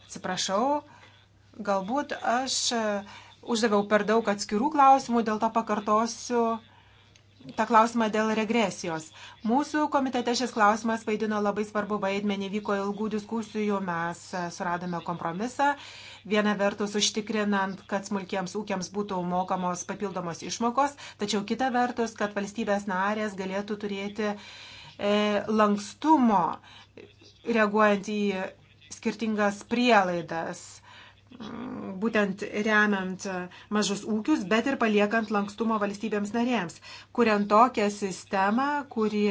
Atsiprašau, galbūt aš e, uždaviau per daug atskirų klausimų, dėl to pakartosiu tą klausimą dėl regresijos. Mūsų komitete šis klausimas vaidino labai svarbu vaidmenį, vyko ilgų diskusijų, mes e, suradome kompromisą. Viena vertus užtikrinant, kad smulkiems ūkiams būtų mokamos papildomos išmokos, tačiau kita vertus, kad valstybės narės galėtų turėti E, lankstumo, reaguojant į skirtingas prielaidas, būtent remiant mažus ūkius, bet ir paliekant lankstumo valstybėms narėms, kuriant tokią sistemą, kuri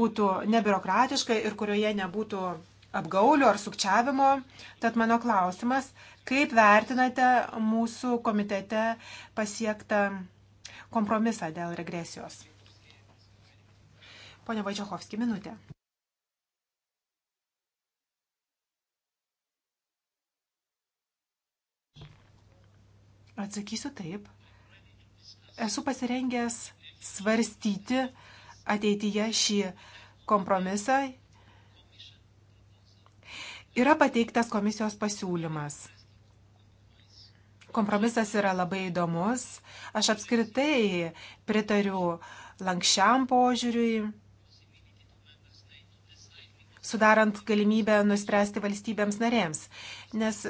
būtų nebiurokratiška ir kurioje nebūtų apgaulių ar sukčiavimo. Tad mano klausimas, kaip vertinate mūsų komitete pasiektą kompromisą dėl regresijos? Pone Vaidžiachovski, minutė. Atsakysiu taip. Esu pasirengęs svarstyti ateityje šį kompromisą. Yra pateiktas komisijos pasiūlymas. Kompromisas yra labai įdomus. Aš apskritai pritariu lankščiam požiūriui sudarant galimybę nuspręsti valstybėms narėms. Nes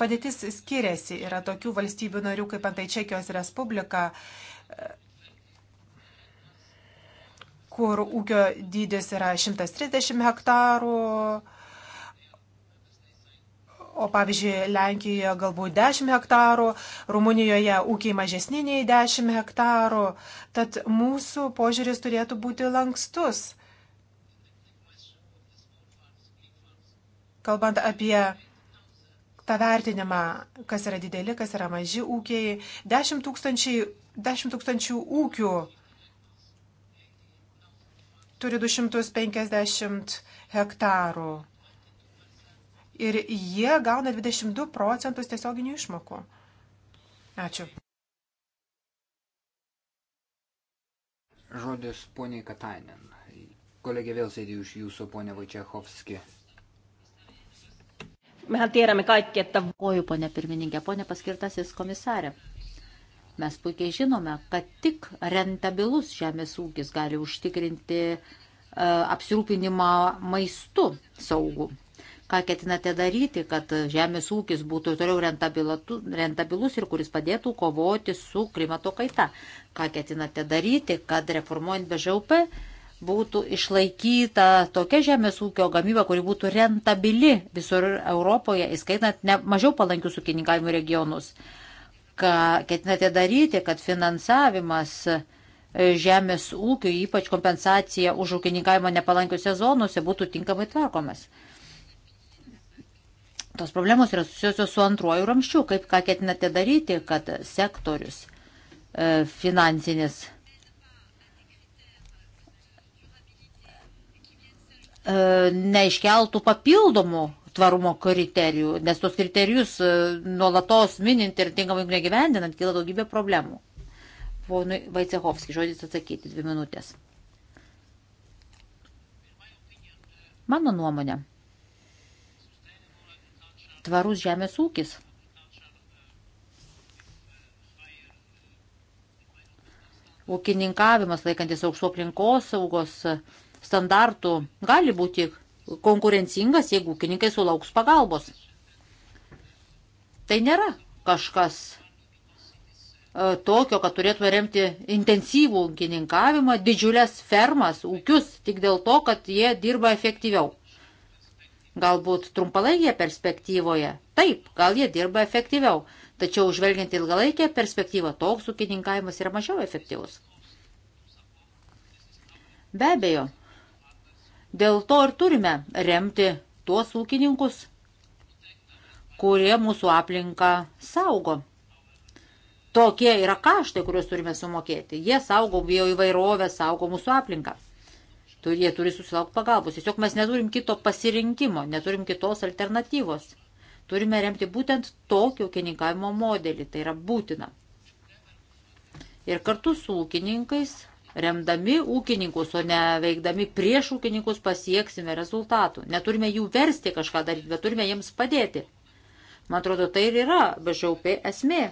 padėtis skiriasi. Yra tokių valstybių narių kaip antai Čekijos Respublika, kur ūkio dydis yra 130 hektarų, o pavyzdžiui, Lenkijoje galbūt 10 hektarų, Rumunijoje ūkiai mažesni nei 10 hektarų. Tad mūsų požiūris turėtų būti lankstus. kalbant apie tą vertinimą, kas yra dideli, kas yra maži ūkiai. 10 tūkstančių, 10 tūkstančių ūkių turi 250 hektarų. Ir jie gauna 22 procentus tiesioginių išmokų. Ačiū. Žodis poniai Katainen. Kolegė vėl sėdi už jūsų, ponė Vaičiachovski mehän tiedämme kaikki, että... Oju, ponė pirmininkė, ponė paskirtasis komisarė. Mes puikiai žinome, kad tik rentabilus žemės ūkis gali užtikrinti uh, apsirūpinimą maistu saugų. Ką ketinate daryti, kad žemės ūkis būtų toliau rentabilus ir kuris padėtų kovoti su klimato kaita? Ką ketinate daryti, kad reformuojant BŽUP būtų išlaikyta tokia žemės ūkio gamyba, kuri būtų rentabili visur Europoje, įskaitant ne mažiau palankius ūkininkavimo regionus. Ką ketinate daryti, kad finansavimas e, žemės ūkio, ypač kompensacija už ūkininkavimo nepalankiuose zonuose, būtų tinkamai tvarkomas. Tos problemos yra susijusios su antruoju ramščiu, kaip ką ketinate daryti, kad sektorius e, finansinis E, neiškeltų papildomų tvarumo kriterijų, nes tos kriterijus e, nuolatos minint ir tinkamai negyvendinant kyla daugybė problemų. Ponui Vaicehovskis, žodis atsakyti, dvi minutės. Mano nuomonė. Tvarus žemės ūkis. Ūkininkavimas laikantis aukštų aplinkos saugos standartų gali būti konkurencingas, jeigu ūkininkai sulauks pagalbos. Tai nėra kažkas e, tokio, kad turėtume remti intensyvų ūkininkavimą, didžiulės fermas, ūkius, tik dėl to, kad jie dirba efektyviau. Galbūt trumpalaikėje perspektyvoje, taip, gal jie dirba efektyviau, tačiau žvelgiant ilgalaikę perspektyvą, toks ūkininkavimas yra mažiau efektyvus. Be abejo, Dėl to ir turime remti tuos ūkininkus, kurie mūsų aplinką saugo. Tokie yra kaštai, kuriuos turime sumokėti. Jie saugo bio įvairovę, saugo mūsų aplinką. Jie turi susilaukti pagalbos. Tiesiog mes neturim kito pasirinkimo, neturim kitos alternatyvos. Turime remti būtent tokį ūkininkavimo modelį. Tai yra būtina. Ir kartu su ūkininkais Remdami ūkininkus, o ne veikdami prieš ūkininkus pasieksime rezultatų. Neturime jų versti kažką daryti, bet turime jiems padėti. Man atrodo, tai ir yra BŽUP esmė.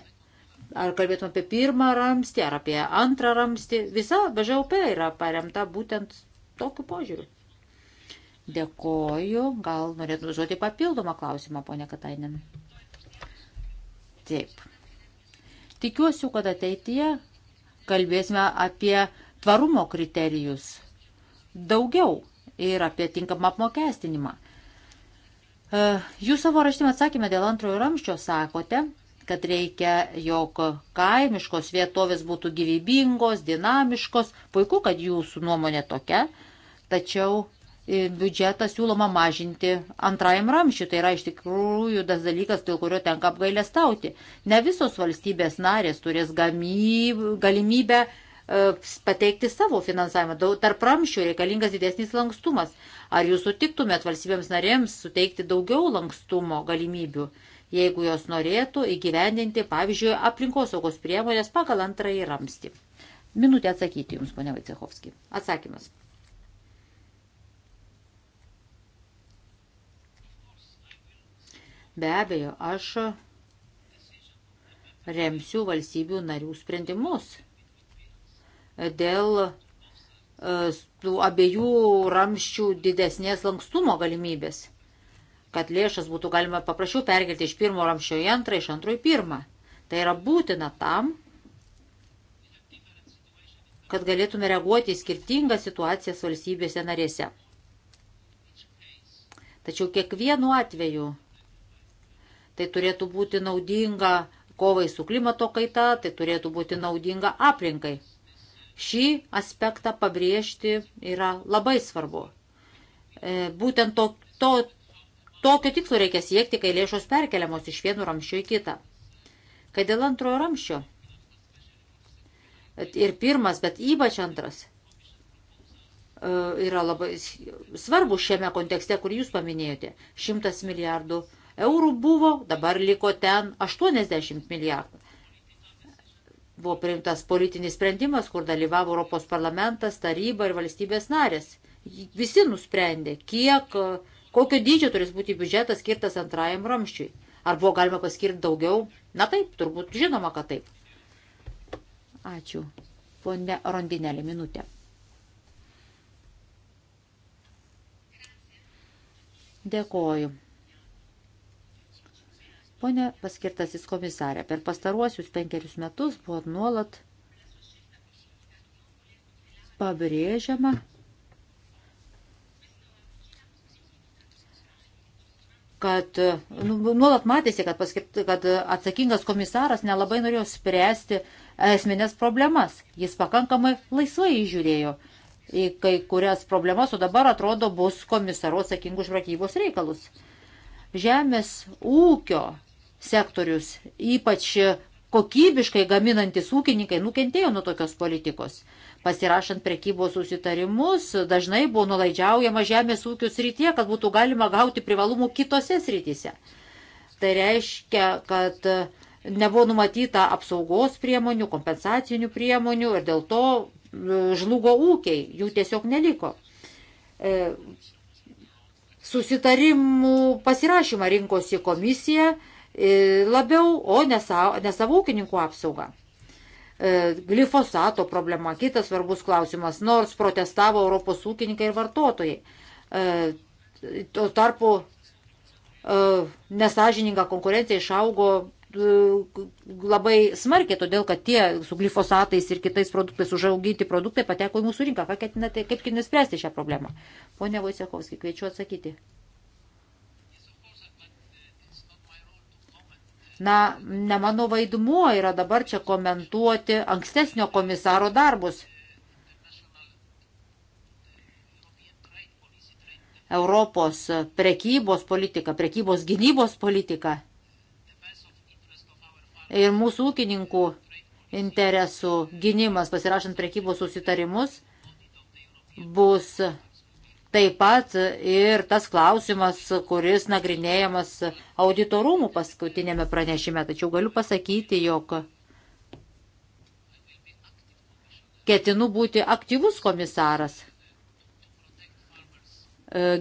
Ar kalbėtume apie pirmą ramstį, ar apie antrą ramstį, visa BŽUP yra paremta būtent tokiu požiūriu. Dėkoju. Gal norėtum užduoti papildomą klausimą, ponė Katainin. Taip. Tikiuosi, kad ateityje kalbėsime apie tvarumo kriterijus daugiau ir apie tinkamą apmokestinimą. E, jūs savo raštymą atsakymę dėl antrojo ramščio sakote, kad reikia, jog kaimiškos vietovės būtų gyvybingos, dinamiškos. Puiku, kad jūsų nuomonė tokia, tačiau e, biudžetą siūloma mažinti antrajam ramščiui. Tai yra iš tikrųjų tas dalykas, dėl kurio tenka apgailestauti. Ne visos valstybės narės turės gamyb, galimybę E, pateikti savo finansavimą. Tarp ramščių reikalingas didesnis lankstumas. Ar jūs sutiktumėt valstybėms narėms suteikti daugiau lankstumo galimybių, jeigu jos norėtų įgyvendinti, pavyzdžiui, aplinkosaugos priemonės pagal antrąjį ramstį? Minutė atsakyti jums, ponia Vaicehovski. Atsakymas. Be abejo, aš remsiu valstybių narių sprendimus dėl e, tų abiejų ramščių didesnės lankstumo galimybės, kad lėšas būtų galima paprasčiau perkelti iš pirmo ramščio į antrą, iš antro į pirmą. Tai yra būtina tam, kad galėtume reaguoti į skirtingas situacijas valstybėse narėse. Tačiau kiekvienu atveju tai turėtų būti naudinga kovai su klimato kaita, tai turėtų būti naudinga aplinkai. Šį aspektą pabrėžti yra labai svarbu. E, būtent to, to, tokio tikslo reikia siekti, kai lėšos perkeliamos iš vienų ramščių į kitą. Kai dėl antrojo ramščio ir pirmas, bet ypač antras e, yra labai svarbu šiame kontekste, kurį jūs paminėjote. 100 milijardų eurų buvo, dabar liko ten 80 milijardų. Buvo priimtas politinis sprendimas, kur dalyvavo Europos parlamentas, taryba ir valstybės narės. Visi nusprendė, kiek, kokio dydžio turės būti biudžetas skirtas antrajam ramščiui. Ar buvo galima paskirti daugiau? Na taip, turbūt žinoma, kad taip. Ačiū. Pone Rondinelė, minutė. Dėkoju. Pone paskirtasis komisarė, per pastaruosius penkerius metus buvo nuolat pabrėžiama, kad nu, nuolat matėsi, kad, paskirt, kad atsakingas komisaras nelabai norėjo spręsti esminės problemas. Jis pakankamai laisvai įžiūrėjo į kai kurias problemas, o dabar atrodo bus komisaro atsakingų už prekybos reikalus. Žemės ūkio sektorius, ypač kokybiškai gaminantis ūkininkai nukentėjo nuo tokios politikos. Pasirašant prekybos susitarimus, dažnai buvo nulaidžiaujama žemės ūkių srityje, kad būtų galima gauti privalumų kitose srityse. Tai reiškia, kad nebuvo numatyta apsaugos priemonių, kompensacinių priemonių ir dėl to e, žlugo ūkiai, jų tiesiog neliko. E, susitarimų pasirašymą rinkosi komisija E, labiau, o ne savo, ne savo ūkininkų apsaugą. E, glifosato problema, kitas svarbus klausimas, nors protestavo Europos ūkininkai ir vartotojai. E, tuo tarpu nesažininga konkurencija išaugo labai smarkiai, todėl kad tie su glifosatais ir kitais produktais užauginti produktai pateko į mūsų rinką. Ką ketinate, kaip ketinate spręsti šią problemą? Pone Vojcekovski, kviečiu atsakyti. Na, ne mano vaidmuo yra dabar čia komentuoti ankstesnio komisaro darbus. Europos prekybos politika, prekybos gynybos politika ir mūsų ūkininkų interesų gynimas pasirašant prekybos susitarimus bus Taip pat ir tas klausimas, kuris nagrinėjamas auditorumų paskutinėme pranešime. Tačiau galiu pasakyti, jog ketinu būti aktyvus komisaras, e,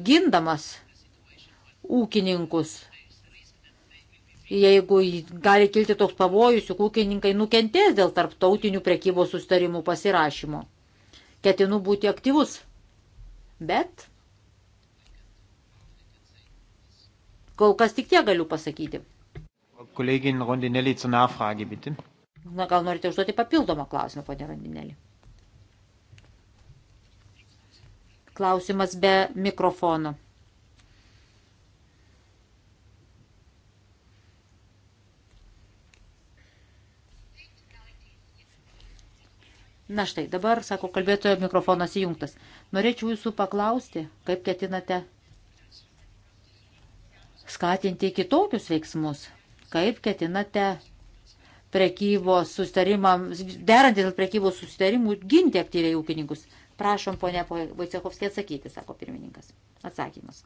gindamas ūkininkus. Jeigu gali kilti toks pavojus, juk ūkininkai nukentės dėl tarptautinių prekybos sustarimų pasirašymo. Ketinu būti aktyvus Bet kol kas tik tiek galiu pasakyti. Kolegin Rondinelį, zur Nachfrage, bitte. Na, gal norite užduoti papildomą klausimą, ponė Rondinelį? Klausimas be mikrofono. Na štai, dabar, sako kalbėtojo, mikrofonas įjungtas. Norėčiau jūsų paklausti, kaip ketinate skatinti kitokius veiksmus, kaip ketinate prekybos sustarimams, derantis dėl prekybos sustarimų, ginti aktyviai ūkininkus. Prašom, ponė Vaicekovskė, atsakyti, sako pirmininkas. Atsakymas.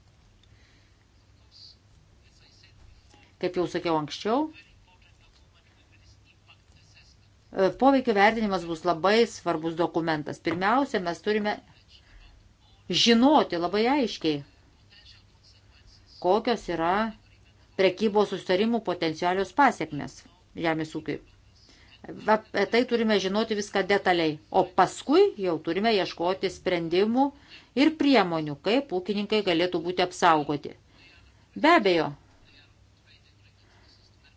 Kaip jau sakiau anksčiau, E, poveikio vertinimas bus labai svarbus dokumentas. Pirmiausia, mes turime žinoti labai aiškiai, kokios yra prekybos sustarimų potencialios pasiekmes žemės ūkiui. Apie tai turime žinoti viską detaliai, o paskui jau turime ieškoti sprendimų ir priemonių, kaip ūkininkai galėtų būti apsaugoti. Be abejo,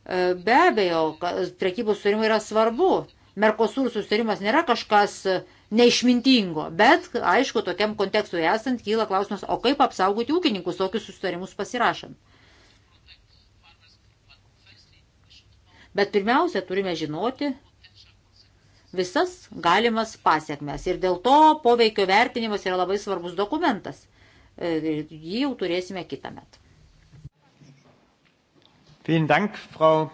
E, be abejo, prekybos sutarimai yra svarbu. Merkosur sustarimas nėra kažkas e, neišmintingo, bet aišku, tokiam kontekstui esant kyla klausimas, o kaip apsaugoti ūkininkus tokius sustarimus pasirašant. Bet pirmiausia, turime žinoti visas galimas pasiekmes ir dėl to poveikio vertinimas yra labai svarbus dokumentas. E, jį jau turėsime kitą metą. Dank, Frau...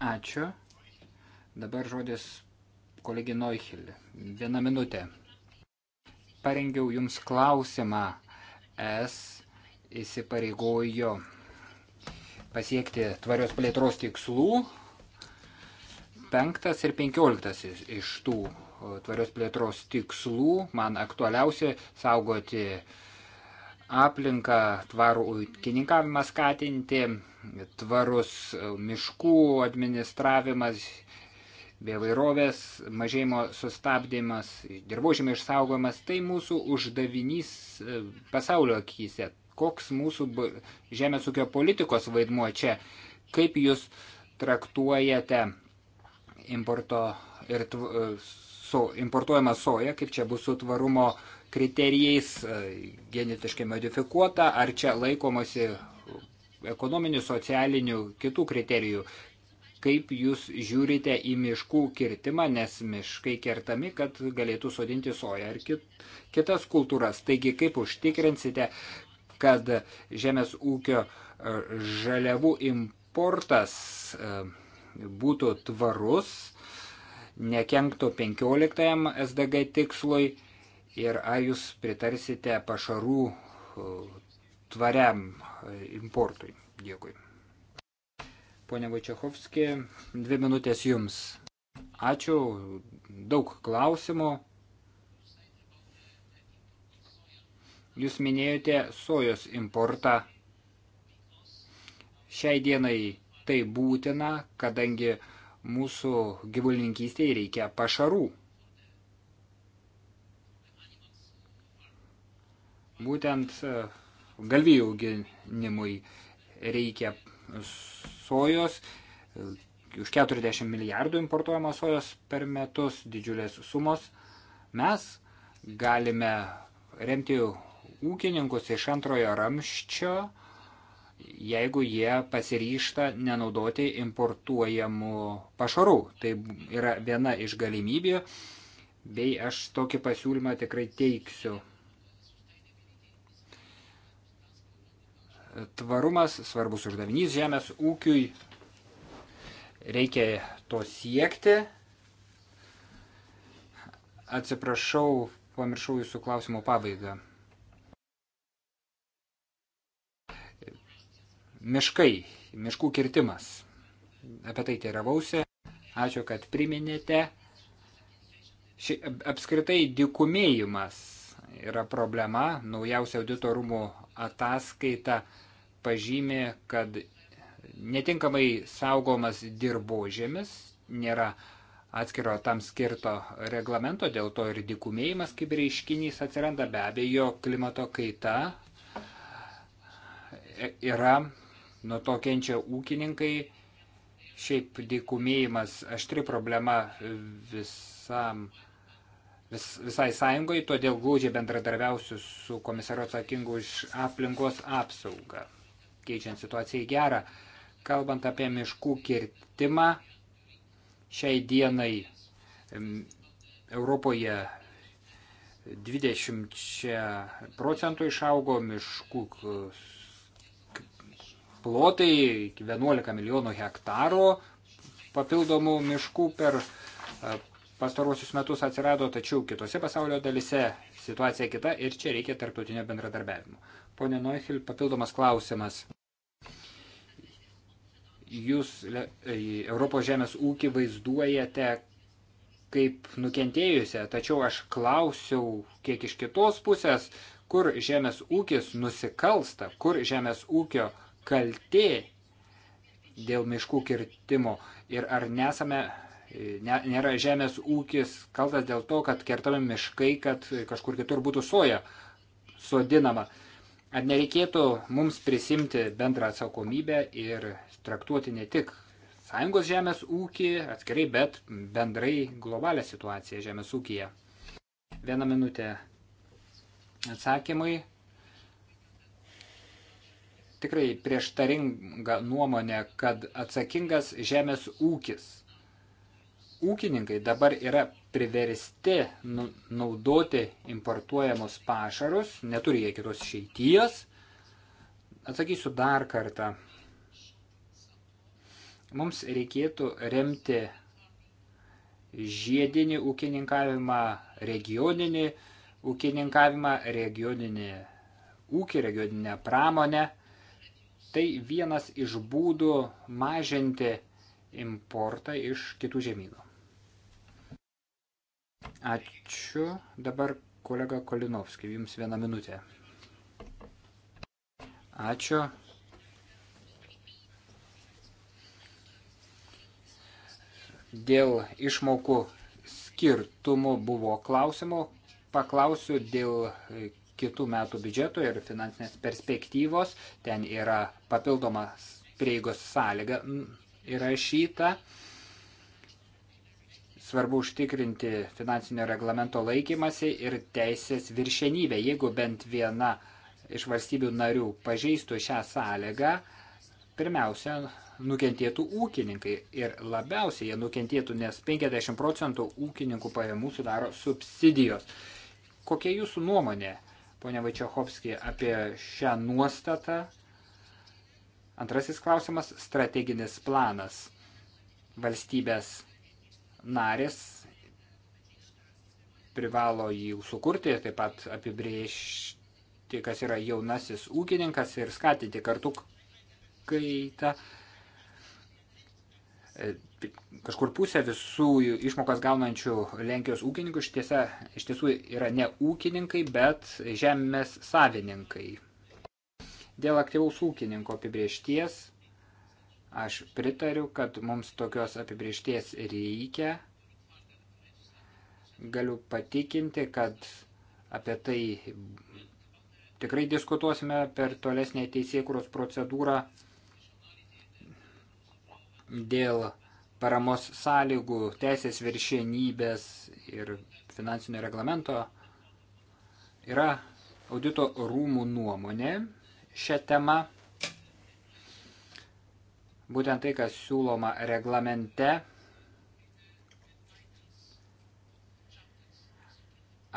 Ačiū. Dabar žodis kolegė Noichil. Vieną minutę. Parengiau Jums klausimą. Es įsipareigojo pasiekti tvarios plėtros tikslų. Penktas ir penkioliktas iš tų tvarios plėtros tikslų man aktualiausia saugoti uh, aplinką, tvarų ūkininkavimą skatinti, tvarus miškų administravimas, bevairovės mažėjimo sustabdymas, dirbožėmio išsaugojimas, tai mūsų uždavinys e, pasaulio akise. Koks mūsų žemės ūkio politikos vaidmuo čia, kaip jūs traktuojate importo ir tv, e, so, importuojamą soją, kaip čia bus su tvarumo uh, kriterijais e, genetiškai modifikuota, ar čia laikomasi ekonominių, socialinių, kitų kriterijų. Kaip jūs žiūrite į miškų kirtimą, nes miškai kertami, kad galėtų sodinti soją ar kit, kitas kultūras. Taigi, kaip užtikrinsite, kad žemės ūkio e, žaliavų importas e, būtų tvarus, nekenktų 15 SDG tikslui ir ar jūs pritarsite pašarų e, tvariam e, importui. Dėkui. Pone Vaičiachovski, dvi minutės jums. Ačiū, daug klausimų. Jūs minėjote sojos importą. Šiai dienai tai būtina, kadangi mūsų gyvulininkystėje reikia pašarų. Būtent e, galvijų auginimui reikia sojos. E, už 40 milijardų importuojamos sojos per metus didžiulės sumos. Mes galime remti ūkininkus iš antrojo ramščio, jeigu jie pasiryšta nenaudoti importuojamų pašarų. Tai yra viena iš galimybių, bei aš tokį pasiūlymą tikrai teiksiu. Tvarumas svarbus uždavinys žemės ūkiui. Reikia to siekti. Atsiprašau, pamiršau jūsų klausimo pabaigą. Miškai, miškų kirtimas. Apie tai teiravausi. Ačiū, kad priminėte. Ši, apskritai dikumėjimas yra problema. Naujausia audito rūmų ataskaita pažymė, kad netinkamai saugomas dirbožėmis, nėra atskiro tam skirto reglamento, dėl to ir dikumėjimas kaip reiškinys atsiranda be abejo klimato kaita e, yra, nuo to kenčia ūkininkai, šiaip dikumėjimas aštri problema visam pasauliu vis, visai sąjungai, todėl glaudžiai bendradarbiausiu su komisaru atsakingu už aplinkos apsaugą, keičiant situaciją į gerą. Kalbant apie miškų kirtimą, šiai dienai Europoje 20 procentų išaugo miškų plotai, 11 milijonų hektarų papildomų miškų per pastarosius metus atsirado, tačiau kitose pasaulio dalise situacija kita ir čia reikia tarptautinio bendradarbiavimo. Pone Noichil, papildomas klausimas. Jūs e, Europos žemės ūkį vaizduojate kaip nukentėjusią, tačiau aš klausiau kiek iš kitos pusės, kur žemės ūkis nusikalsta, kur žemės ūkio kaltė dėl miškų kirtimo ir ar nesame nėra žemės ūkis kaltas dėl to, kad kertami miškai, kad kažkur kitur būtų soja sodinama. Ar nereikėtų mums prisimti bendrą atsakomybę ir traktuoti ne tik sąjungos žemės ūkį atskirai, bet bendrai globalią situaciją žemės ūkyje? Vieną minutę atsakymui. Tikrai prieštaringa nuomonė, kad atsakingas žemės ūkis – ūkininkai dabar yra priversti nu, naudoti importuojamus pašarus, neturi jie kitos šeities. Atsakysiu dar kartą. Mums reikėtų remti žiedinį ūkininkavimą, regioninį ūkininkavimą, regioninį ūkį, regioninę pramonę. Tai vienas iš būdų mažinti importą iš kitų žemynų. Ačiū. Dabar kolega Kolinovskiai, jums vieną minutę. Ačiū. Dėl išmokų skirtumų buvo klausimų. Paklausiu dėl kitų metų biudžeto ir finansinės perspektyvos. Ten yra papildomas prieigos sąlyga įrašyta. E, Svarbu užtikrinti finansinio reglamento laikymasi ir teisės viršenybę. Jeigu bent viena iš valstybių narių pažeistų šią sąlygą, pirmiausia, nukentėtų ūkininkai ir labiausiai jie nukentėtų, nes 50 procentų ūkininkų pajamų sudaro subsidijos. Kokia jūsų nuomonė, ponia Vačiachovski, apie šią nuostatą? Antrasis klausimas - strateginis planas. Valstybės narės privalo jį sukurti, taip pat apibriežti, kas yra jaunasis ūkininkas ir skatinti kartu kaitą. E, kažkur pusė visų išmokas gaunančių Lenkijos ūkininkų štiesa, iš tiesų yra ne ūkininkai, bet žemės savininkai. Dėl aktyvaus ūkininko apibriešties Aš pritariu, kad mums tokios apibriešties reikia. Galiu patikinti, kad apie tai tikrai diskutuosime per tolesnę teisėkūros procedūrą dėl paramos sąlygų, teisės viršienybės ir finansinio reglamento yra audito rūmų nuomonė šią temą. Būtent tai, kas siūloma reglamente,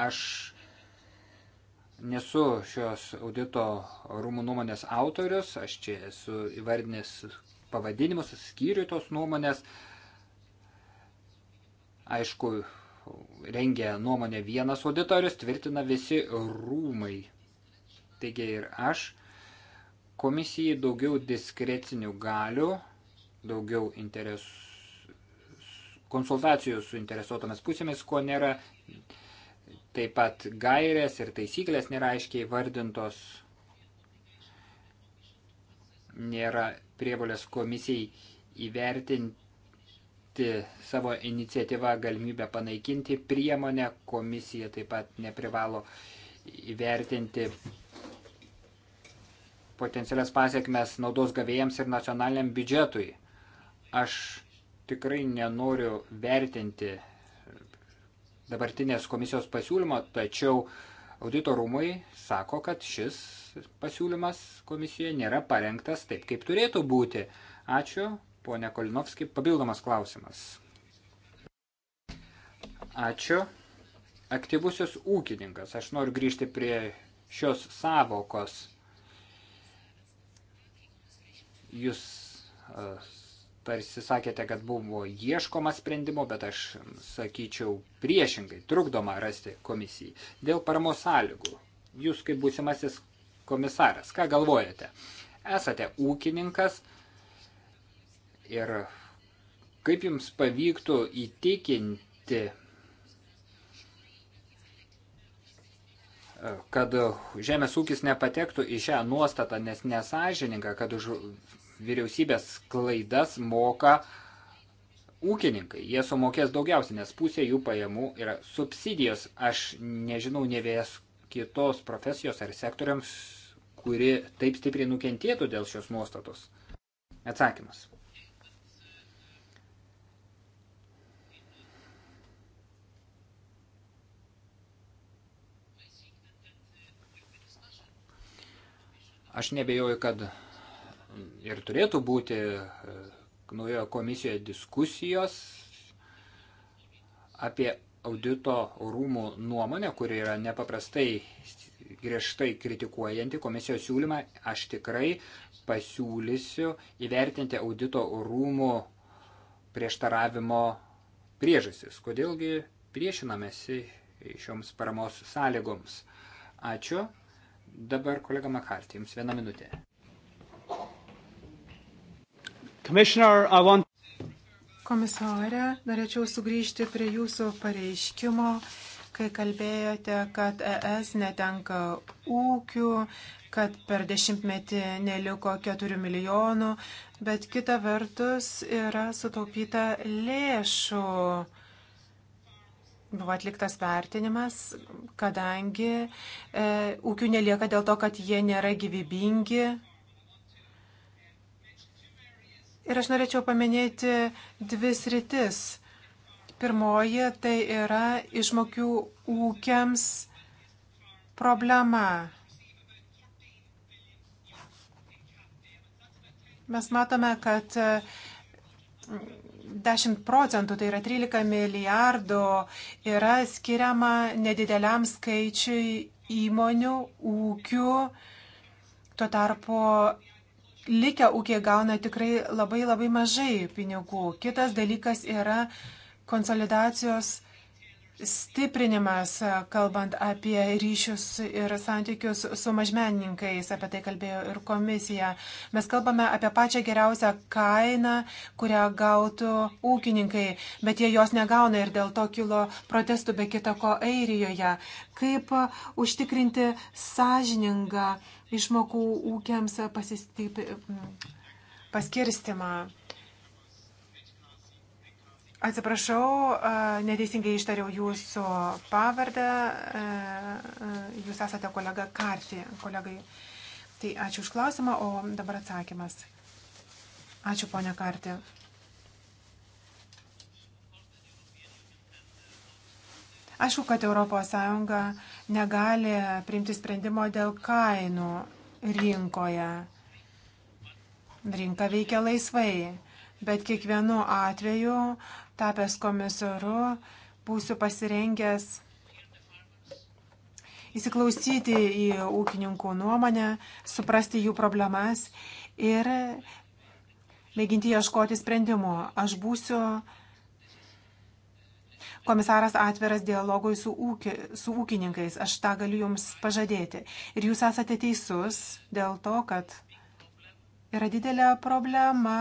aš nesu šios audito rūmų nuomonės autorius, aš čia esu įvardinęs pavadinimus, skyrių tos nuomonės. Aišku, rengia nuomonę vienas auditorius, tvirtina visi rūmai. Taigi ir aš komisijai daugiau diskrecinių galių, daugiau interes, konsultacijų su interesuotomis pusėmis, ko nėra, taip pat gairės ir taisyklės nėra aiškiai vardintos, nėra prievolės komisijai įvertinti savo iniciatyvą galimybę panaikinti priemonę, komisija taip pat neprivalo įvertinti potencialias pasiekmes naudos gavėjams ir nacionaliniam biudžetui. Aš tikrai nenoriu vertinti dabartinės komisijos pasiūlymo, tačiau audito rūmai sako, kad šis pasiūlymas komisijoje nėra parengtas taip, kaip turėtų būti. Ačiū, ponė Kolinovski. Papildomas klausimas. Ačiū. Aktyvusios ūkininkas. Aš noriu grįžti prie šios savokos Jūs e, tarsi sakėte, kad buvo ieškoma sprendimo, bet aš sakyčiau priešingai, trukdoma rasti komisijai. Dėl paramos sąlygų, jūs kaip būsimasis komisaras, ką galvojate? Esate ūkininkas ir kaip jums pavyktų įtikinti, e, kad žemės ūkis nepatektų į šią nuostatą, nes nesažininga, kad už vyriausybės klaidas moka ūkininkai. Jie sumokės daugiausiai, nes pusė jų pajamų yra subsidijos. Aš nežinau ne vėjas kitos profesijos ar sektoriams, kuri taip stipriai nukentėtų dėl šios nuostatos. Atsakymas. Aš nebejoju, kad ir turėtų būti e, naujoje komisijoje diskusijos apie audito rūmų nuomonę, kuri yra nepaprastai griežtai kritikuojanti komisijos siūlymą, aš tikrai pasiūlysiu įvertinti audito rūmų prieštaravimo priežasis. Kodėlgi priešinamėsi šioms paramos sąlygoms. Ačiū. Dabar kolega Makartė, jums viena minutė. Want... Komisarė, norėčiau sugrįžti prie jūsų pareiškimo, kai kalbėjote, kad ES netenka ūkių, kad per dešimtmetį neliko 4 milijonų, bet kita vertus yra sutaupyta lėšų. Buvo atliktas vertinimas, kadangi e, ūkių nelieka dėl to, kad jie nėra gyvybingi, Ir aš norėčiau paminėti dvi sritis. Pirmoji tai yra išmokių ūkiams problema. Mes matome, kad 10 e, procentų, tai yra 13 milijardų, yra skiriama nedideliam skaičiui įmonių, ūkių. Tuo tarpu likę ūkiai gauna tikrai labai labai mažai pinigų. Kitas dalykas yra konsolidacijos stiprinimas, kalbant apie ryšius ir santykius su mažmenininkais, apie tai kalbėjo ir komisija. Mes kalbame apie pačią geriausią kainą, kurią gautų ūkininkai, bet jie jos negauna ir dėl to kilo protestų be kitako Airijoje. Kaip užtikrinti sąžiningą išmokų ūkiams paskirstimą. Atsiprašau, neteisingai ištariau jūsų pavardę. Jūs esate kolega Karti, kolegai. Tai ačiū už klausimą, o dabar atsakymas. Ačiū, ponia Karti. Aišku, kad ES negali priimti sprendimo dėl kainų rinkoje. Rinka veikia laisvai, bet kiekvienu atveju, tapęs komisaru, būsiu pasirengęs įsiklausyti į ūkininkų nuomonę, suprasti jų problemas ir mėginti ieškoti sprendimo. Aš būsiu komisaras atveras dialogui su, ūki, su ūkininkais, aš tą galiu jums pažadėti. Ir jūs esate teisus dėl to, kad yra didelė problema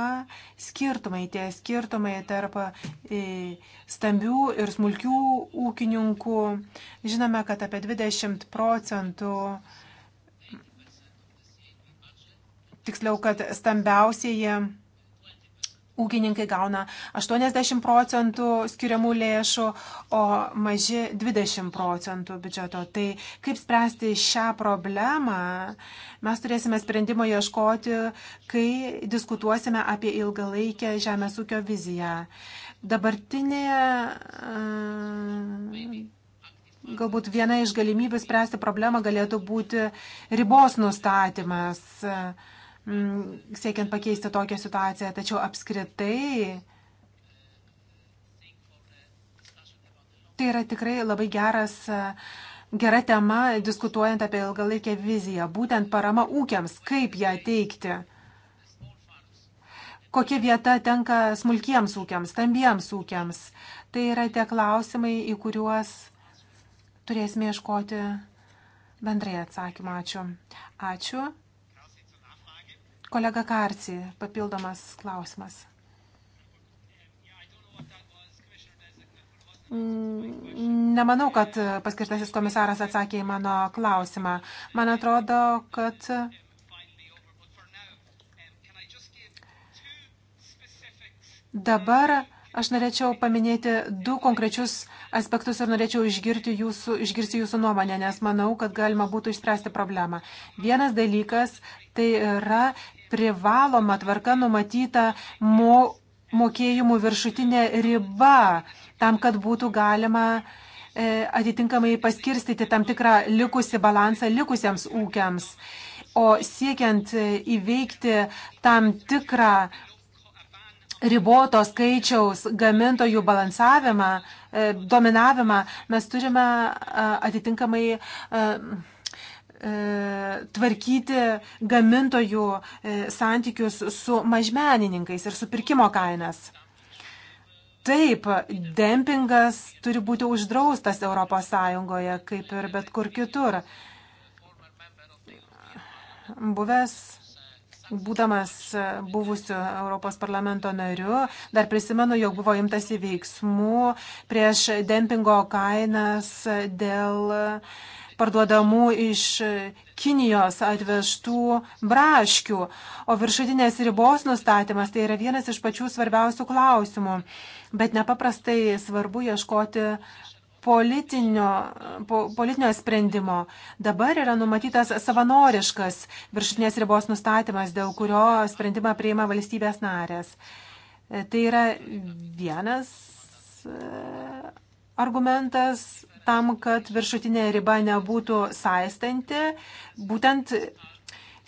skirtumai, tie skirtumai tarp e, stambių ir smulkių ūkininkų. Žinome, kad apie 20 procentų tiksliau, kad stambiausieji ūkininkai gauna 80 procentų skiriamų lėšų, o maži 20 procentų biudžeto. Tai kaip spręsti šią problemą, mes turėsime sprendimo ieškoti, kai diskutuosime apie ilgalaikę žemės ūkio viziją. Dabartinė. E, galbūt viena iš galimybių spręsti problemą galėtų būti ribos nustatymas. Uh, Mm, siekiant pakeisti tokią situaciją. Tačiau apskritai tai yra tikrai labai geras, e, gera tema diskutuojant apie ilgalaikę viziją. Būtent parama ūkiams, kaip ją teikti. Kokia vieta tenka smulkiems ūkiams, stambiems ūkiams. Tai yra tie klausimai, į kuriuos turėsime ieškoti bendrai atsakymą. Ačiū. Ačiū. Kolega Karci, papildomas klausimas. Mm, nemanau, kad paskirtasis komisaras atsakė į mano klausimą. Man atrodo, kad dabar aš norėčiau paminėti du konkrečius aspektus ir norėčiau išgirti jūsų, išgirsti jūsų nuomonę, nes manau, kad galima būtų išspręsti problemą. Vienas dalykas tai yra privaloma tvarka numatyta mo, mokėjimų viršutinė riba, tam, kad būtų galima e, atitinkamai paskirstyti tam tikrą likusi balansą likusiems ūkiams. O siekiant e, įveikti tam tikrą riboto skaičiaus gamintojų balansavimą, e, dominavimą, mes turime atitinkamai E, tvarkyti gamintojų e, santykius su mažmenininkais ir supirkimo kainas. Taip, dempingas turi būti uždraustas ES, kaip ir bet kur kitur. Buvęs, būdamas buvusiu Europos parlamento nariu, dar prisimenu, jog buvo imtasi veiksmų prieš dempingo kainas dėl uh, parduodamų iš Kinijos atvežtų braškių, o viršutinės ribos nustatymas tai yra vienas iš pačių svarbiausių klausimų. Bet nepaprastai svarbu ieškoti politinio, po, politinio sprendimo. Dabar yra numatytas savanoriškas viršutinės ribos nustatymas, dėl kurio sprendimą priima valstybės narės. Tai yra vienas e, argumentas, tam, kad viršutinė riba nebūtų saistanti, būtent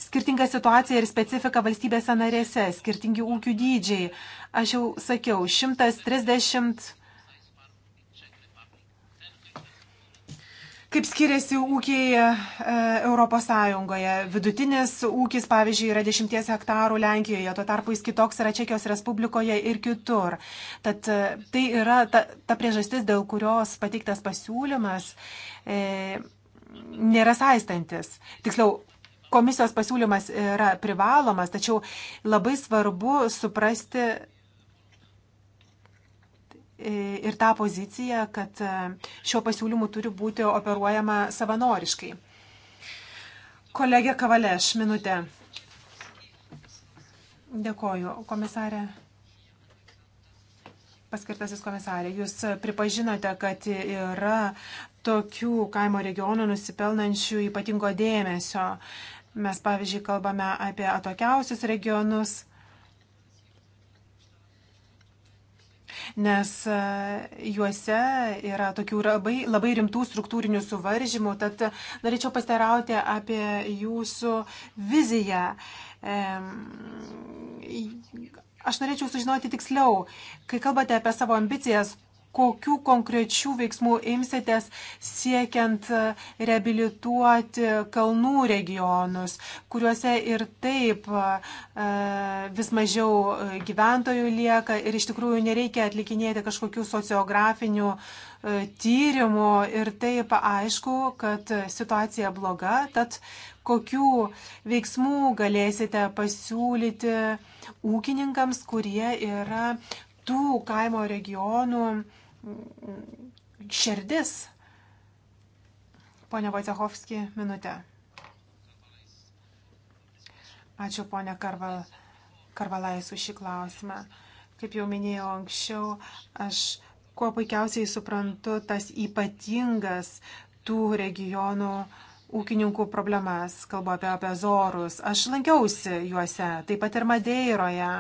skirtinga situacija ir specifika valstybėse narėse, skirtingi ūkių dydžiai. Aš jau sakiau, 130 kaip skiriasi ūkiai e, Europos Sąjungoje. Vidutinis ūkis, pavyzdžiui, yra 10 hektarų Lenkijoje, tuo tarpu jis kitoks yra Čekijos Respublikoje ir kitur. Tad e, tai yra ta, ta priežastis, dėl kurios pateiktas pasiūlymas e, nėra saistantis. Tiksliau, komisijos pasiūlymas yra privalomas, tačiau labai svarbu suprasti E, ir tą poziciją, kad e, šio pasiūlymu turi būti operuojama savanoriškai. Kolegė Kavaleš, minutė. Dėkoju, komisarė. Paskirtasis komisarė, jūs pripažinote, kad yra tokių kaimo regionų nusipelnančių ypatingo dėmesio. Mes, pavyzdžiui, kalbame apie atokiausius regionus nes e, juose yra tokių labai, labai rimtų struktūrinių suvaržymų, tad norėčiau pasteirauti apie jūsų viziją. Aš norėčiau sužinoti tiksliau, kai kalbate apie savo ambicijas, kokių konkrečių veiksmų imsitės siekiant e, reabilituoti kalnų regionus, kuriuose ir taip e, vis mažiau e, gyventojų lieka ir iš tikrųjų nereikia atlikinėti kažkokių sociografinių tyrimų ir taip aišku, kad situacija bloga, tad kokių veiksmų galėsite pasiūlyti ūkininkams, kurie yra tų kaimo regionų uh, širdis. Pone Vojcehovski, minutę. Ačiū, ponė Karval, Karvalai, už šį klausimą. Kaip jau minėjau anksčiau, aš kuo puikiausiai suprantu tas ypatingas tų regionų ūkininkų problemas, kalbu apie, apie zorus. Aš lankiausi juose, taip pat ir Madeiroje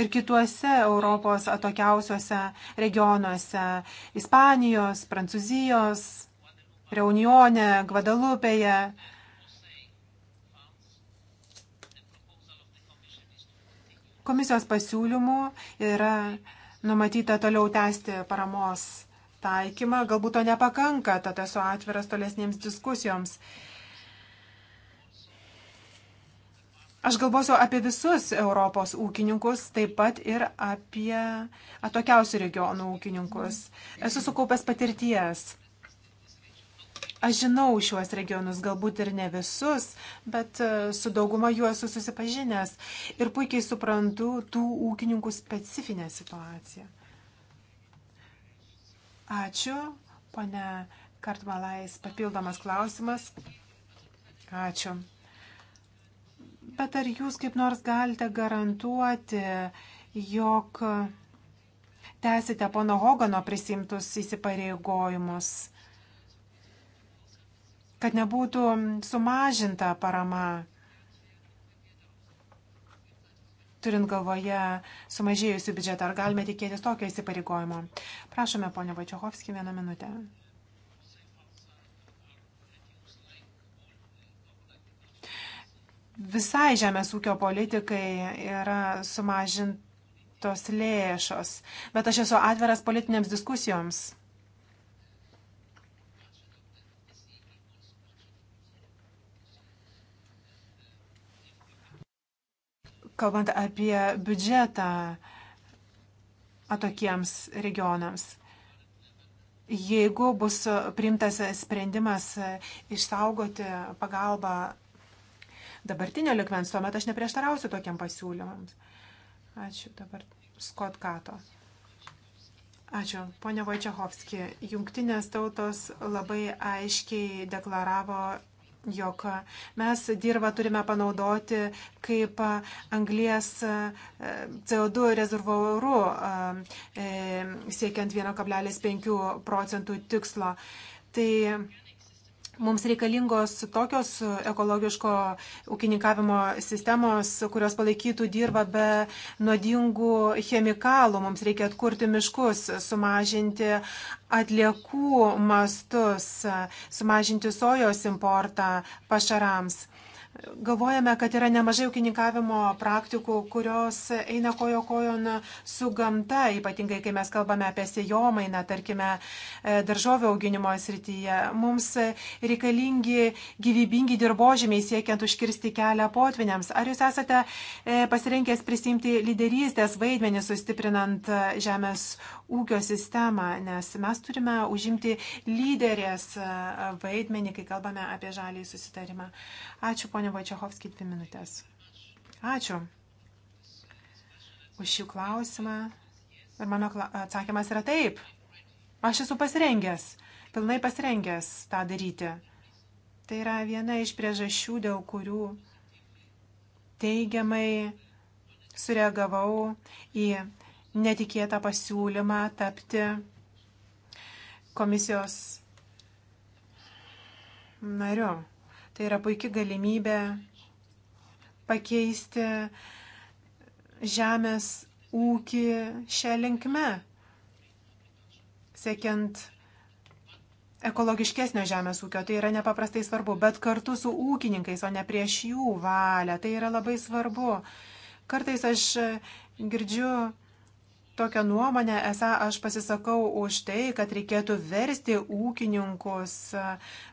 ir kituose Europos atokiausiuose regionuose - Ispanijos, Prancūzijos, Reunione, Gvadalupėje. Komisijos pasiūlymų yra numatyta toliau tęsti paramos taikymą. Galbūt to nepakanka, tad esu atviras tolesnėms diskusijoms. Aš galvosiu apie visus Europos ūkininkus, taip pat ir apie atokiausių regionų ūkininkus. Esu sukaupęs patirties. Aš žinau šiuos regionus, galbūt ir ne visus, bet e, su dauguma jų esu susipažinęs ir puikiai suprantu tų ūkininkų specifinę situaciją. Ačiū, ponia Kartmalais, papildomas klausimas. Ačiū. Bet ar jūs kaip nors galite garantuoti, jog tęsite pono Hogano prisimtus įsipareigojimus, kad nebūtų sumažinta parama, turint galvoje sumažėjusių biudžetą? Ar galime tikėtis tokio įsipareigojimo? Prašome, ponia Vačiachovski, vieną minutę. visai žemės ūkio politikai yra sumažintos lėšos, bet aš esu atveras politinėms diskusijoms. Kalbant apie biudžetą atokiems regionams, jeigu bus priimtas sprendimas išsaugoti pagalbą dabartinio likmens, tuomet aš neprieštarausiu tokiam pasiūlymams. Ačiū dabar Scott Kato. Ačiū, ponia Vojčiachovski. Jungtinės tautos labai aiškiai deklaravo jog mes dirbą turime panaudoti kaip anglies e, CO2 rezervuoru e, e, siekiant 1,5 procentų tikslo. Tai Mums reikalingos tokios ekologiško ūkininkavimo sistemos, kurios palaikytų dirbą be nuodingų chemikalų. Mums reikia atkurti miškus, sumažinti atliekų mastus, sumažinti sojos importą pašarams. Galvojame, kad yra nemažai ūkininkavimo praktikų, kurios eina kojo kojon su gamta, ypatingai kai mes kalbame apie sėjomainą, tarkime, e, daržovio auginimo srityje. Mums reikalingi gyvybingi dirbožymiai siekiant užkirsti kelią potviniams. Ar jūs esate e, pasirinkęs prisimti lyderystės vaidmenį, sustiprinant e, žemės ūkio sistemą, nes mes turime užimti lyderės e, vaidmenį, kai kalbame apie žalį susitarimą. Ačiū, ponio Vačiachovskį, dvi minutės. Ačiū už šį klausimą. Ir mano atsakymas yra taip. Aš esu pasirengęs, pilnai pasirengęs tą daryti. Tai yra viena iš priežasčių, dėl kurių teigiamai sureagavau į netikėtą pasiūlymą tapti komisijos nariu. Tai yra puikia galimybė pakeisti žemės ūkį šią linkme, siekiant ekologiškesnio žemės ūkio. Tai yra nepaprastai svarbu, bet kartu su ūkininkais, o ne prieš jų valią. Tai yra labai svarbu. Kartais aš girdžiu tokią nuomonę, esą aš pasisakau už tai, kad reikėtų versti ūkininkus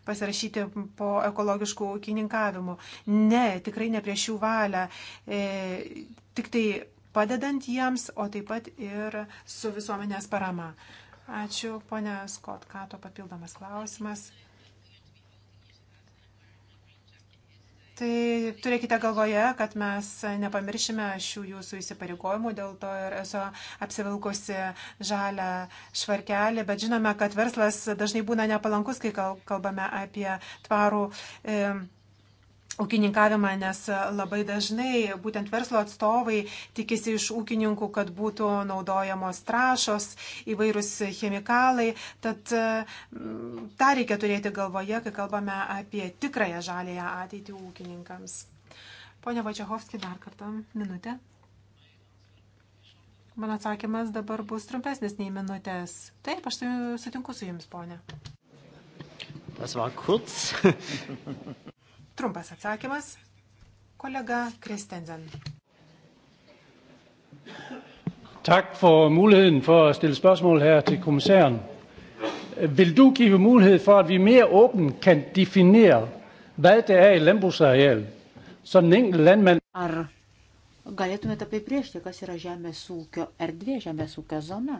pasirašyti po ekologiškų ūkininkavimų. Ne, tikrai ne prieš jų valią. E, tik tai padedant jiems, o taip pat ir su visuomenės parama. Ačiū, ponia Skot, ką to papildomas klausimas. Tai turėkite galvoje, kad mes nepamiršime šių jūsų įsipareigojimų, dėl to ir esu apsivilkusi žalę švarkelį, bet žinome, kad verslas dažnai būna nepalankus, kai kalbame apie tvarų. E, ūkininkavimą, nes labai dažnai būtent verslo atstovai tikisi iš ūkininkų, kad būtų naudojamos trašos, įvairūs chemikalai. Tad mm, tą reikia turėti galvoje, kai kalbame apie tikrąją žalėją ateitį ūkininkams. Pone Vačiachovski, dar kartą minutę. Mano atsakymas dabar bus trumpesnis nei minutės. Taip, aš sutinku su jums, ponė. Das war kurz. Trumpas atsakymas. Kolega Kristensen. Tak for muligheden for at stille spørgsmål her til kommissæren. Vil du give mulighed for, at vi mere åbent kan definere, hvad det er i landbrugsareal, så den enkelte landmand... Ar galėtumėte apibriežti, kas yra žemės ūkio erdvė, žemės ūkio zona?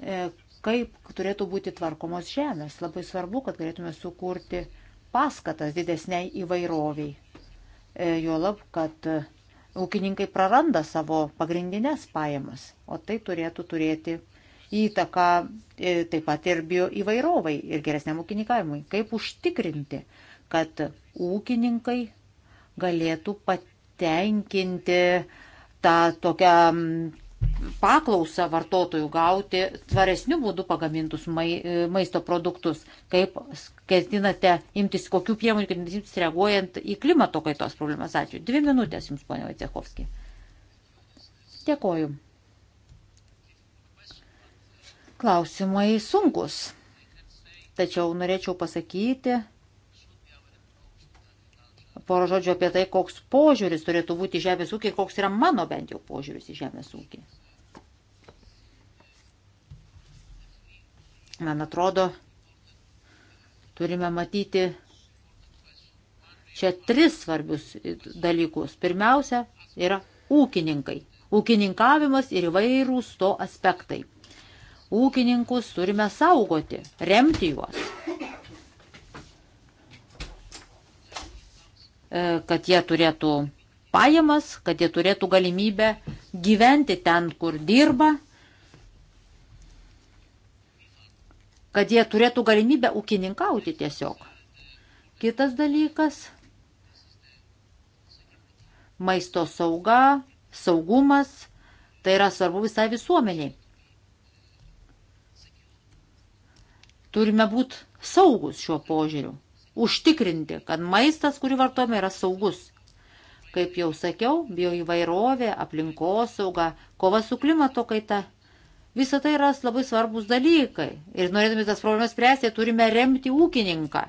E, kaip turėtų būti tvarkomos žemės? Labai svarbu, kad galėtume sukurti uh, paskatas didesniai įvairoviai. E, juolab, kad e, ūkininkai praranda savo pagrindinės pajamas, o tai turėtų turėti įtaką e, taip pat ir bio įvairovai ir geresniam ūkininkavimui. Kaip užtikrinti, kad ūkininkai galėtų patenkinti tą tokią paklausą vartotojų gauti tvaresnių būdų pagamintus mai, e, maisto produktus, kaip ketinate imtis, kokių priemonių ketinate imtis reaguojant į klimato kaitos problemas. Ačiū. Dvi minutės jums, ponia Vaitsekovski. Dėkoju. Klausimai sunkus. Tačiau norėčiau pasakyti porą žodžių apie tai, koks požiūris turėtų būti žemės ūkiai, koks yra mano bent jau požiūris į žemės ūkį. Man atrodo, turime matyti čia tris svarbius dalykus. Pirmiausia yra ūkininkai. Ūkininkavimas ir įvairūs to aspektai. Ūkininkus turime saugoti, remti juos. E, kad jie turėtų pajamas, kad jie turėtų galimybę gyventi ten, kur dirba kad jie turėtų galimybę ūkininkauti tiesiog. Kitas dalykas - maisto sauga, saugumas, tai yra svarbu visai visuomeniai. Turime būti saugus šiuo požiūriu, užtikrinti, kad maistas, kurį vartojame, yra saugus. Kaip jau sakiau, bioįvairovė, aplinkosauga, kova su klimato kaita Visą tai yra labai svarbus dalykai. Ir norėdami tas problemas spręsti, turime remti ūkininką,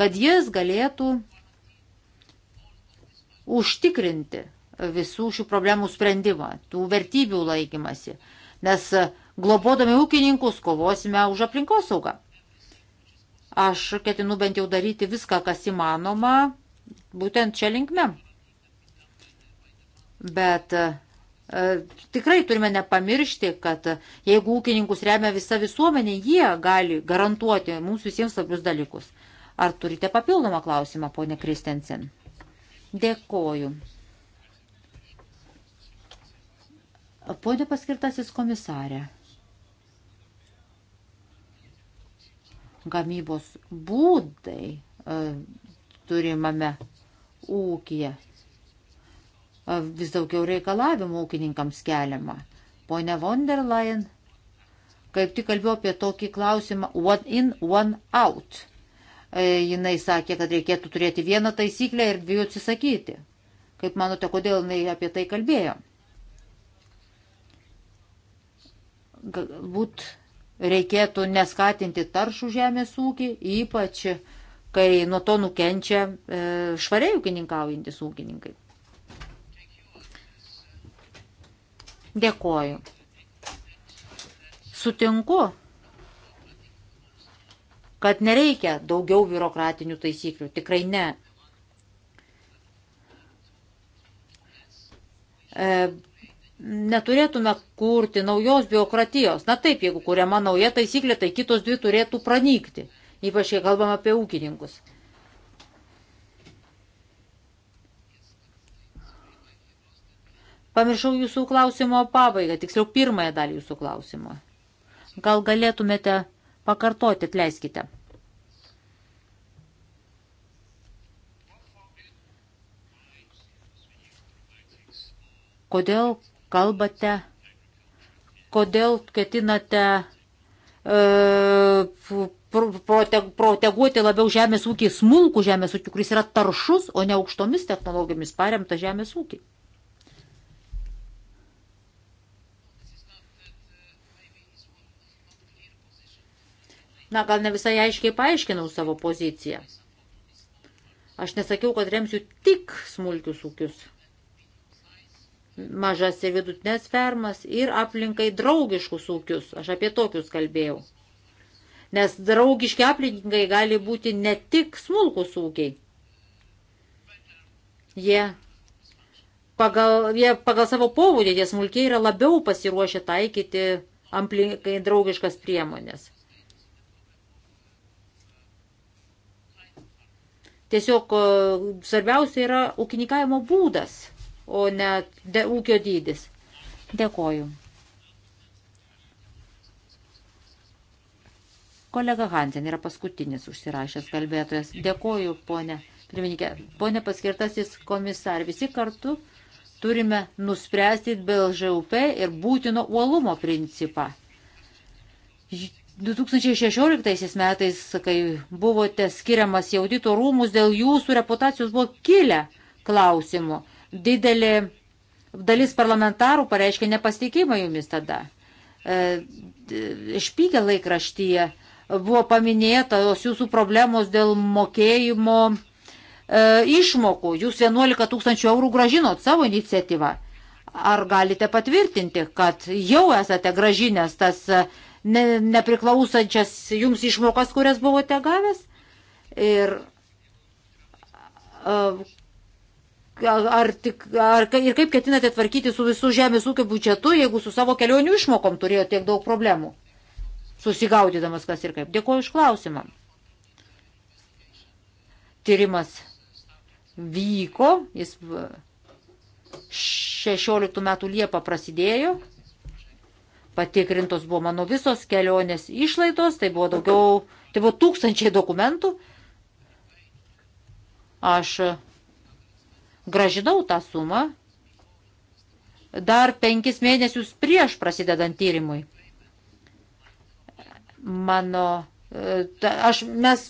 kad jis galėtų užtikrinti visų šių problemų sprendimą, tų vertybių laikymasi. Nes globodami ūkininkus kovosime už aplinkos saugą. Aš ketinu bent jau daryti viską, kas įmanoma, būtent čia linkme. Bet E, tikrai turime nepamiršti, kad jeigu ūkininkus remia visa visuomenė, jie gali garantuoti mums visiems svarbius dalykus. Ar turite papildomą klausimą, ponė Kristensen? Dėkoju. Pone paskirtasis komisarė. Gamybos būdai e, turimame ūkija vis daugiau reikalavimų ūkininkams keliama. Pone von der Leyen kaip tik kalbėjau apie tokį klausimą one in, one out. E, jinai sakė, kad reikėtų turėti vieną taisyklę ir dviejų atsisakyti. Kaip manote, kodėl jinai apie tai kalbėjo? Galbūt reikėtų neskatinti taršų žemės ūkį, ypač kai nuo to nukenčia e, švariai ūkininkaujantis ūkininkai. Dėkoju. Sutinku, kad nereikia daugiau biurokratinių taisyklių. Tikrai ne. E, neturėtume kurti naujos biurokratijos. Na taip, jeigu kuriama nauja taisyklė, tai kitos dvi turėtų pranykti. Ypač, kai kalbam apie ūkininkus. Pamiršau jūsų klausimo pabaigą, tiksliau pirmąją dalį jūsų klausimo. Gal galėtumėte pakartoti, atleiskite. Kodėl kalbate, kodėl ketinate e, prote, proteguoti labiau žemės ūkį, smulkų žemės ūkį, kuris yra taršus, o ne aukštomis technologijomis paremta žemės ūkį. Na, gal ne visai aiškiai paaiškinau savo poziciją. Aš nesakiau, kad remsiu tik smulkius ūkius. Mažas ir vidutinės fermas ir aplinkai draugiškus ūkius. Aš apie tokius kalbėjau. Nes draugiški aplinkai gali būti ne tik smulkus ūkiai. Jie pagal, jie pagal savo pobūdį, tie smulkiai yra labiau pasiruošę taikyti aplinkai draugiškas priemonės. Tiesiog svarbiausia yra ūkininkavimo būdas, o ne de, ūkio dydis. Dėkoju. Kolega Hansen yra paskutinis užsirašęs kalbėtojas. Dėkoju, ponė. Pirmininkė, ponė paskirtasis komisar, visi kartu turime nuspręsti dėl ŽUP ir būtino uolumo principą 2016 metais, kai buvote skiriamas į audito rūmus, dėl jūsų reputacijos buvo kilę klausimų. Didelė dalis parlamentarų pareiškė nepasitikimą jumis tada. E, Špygė laikraštyje buvo paminėtos jūsų problemos dėl mokėjimo e, išmokų. Jūs 11 tūkstančių eurų gražinot savo iniciatyvą. Ar galite patvirtinti, kad jau esate gražinęs tas e, ne, nepriklausančias jums išmokas, kurias buvote gavęs? Ir ar, tik, ar ir kaip ketinate tvarkyti su visų žemės ūkio biudžetu, jeigu su savo kelionių išmokom turėjo tiek daug problemų? Susigaudydamas kas ir kaip. Dėkuoju iš klausimą. Tyrimas vyko, jis 16 metų Liepą prasidėjo patikrintos buvo mano visos kelionės išlaidos, tai buvo daugiau, tai buvo tūkstančiai dokumentų. Aš gražinau tą sumą dar penkis mėnesius prieš prasidedant tyrimui. Mano, e, aš, mes,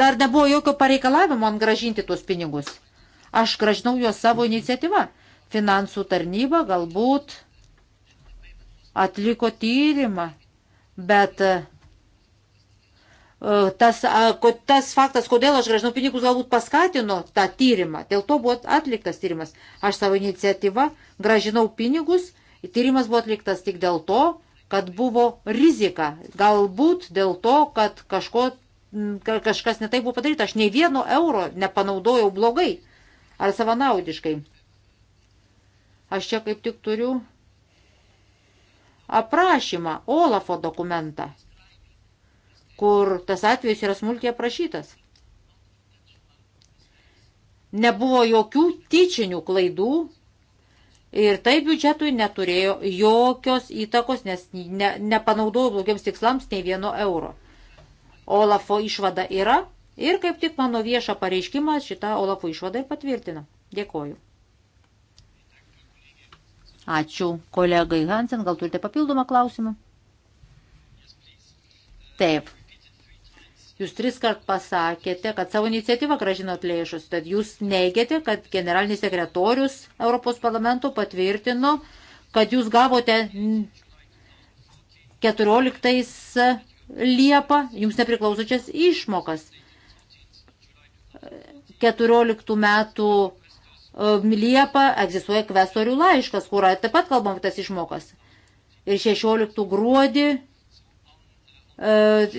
dar nebuvo jokio pareikalavimo man gražinti tuos pinigus. Aš gražinau juos savo iniciatyvą. Finansų tarnyba galbūt atliko tyrimą, bet e, tas, tas faktas, kodėl aš gražinau pinigus, galbūt paskatino tą tyrimą. Dėl to buvo atliktas tyrimas. Aš savo iniciatyvą gražinau pinigus, tyrimas buvo atliktas tik dėl to, kad buvo rizika. Galbūt dėl to, kad kažko, kažkas netai buvo padaryta. Aš nei vieno euro nepanaudojau blogai ar savanaudiškai. Aš čia kaip tik turiu aprašymą, Olafo dokumentą, kur tas atvejis yra smulkiai aprašytas. Nebuvo jokių tyčinių klaidų ir tai biudžetui neturėjo jokios įtakos, nes ne, nepanaudojo blogiams tikslams nei vieno euro. Olafo išvada yra ir kaip tik mano viešą pareiškimą šitą Olafo išvadą ir patvirtina. Dėkoju. Ačiū kolegai Hansen, gal turite papildomą klausimą? Taip. Jūs tris kart pasakėte, kad savo iniciatyvą gražinot lėšus, tad jūs neigiate, kad generalinis sekretorius Europos parlamento patvirtino, kad jūs gavote 14 Liepą jums nepriklausočias išmokas. 14 metų Liepa egzistuoja kvestorių laiškas, kur taip pat kalbam tas išmokas. Ir 16 gruodį e,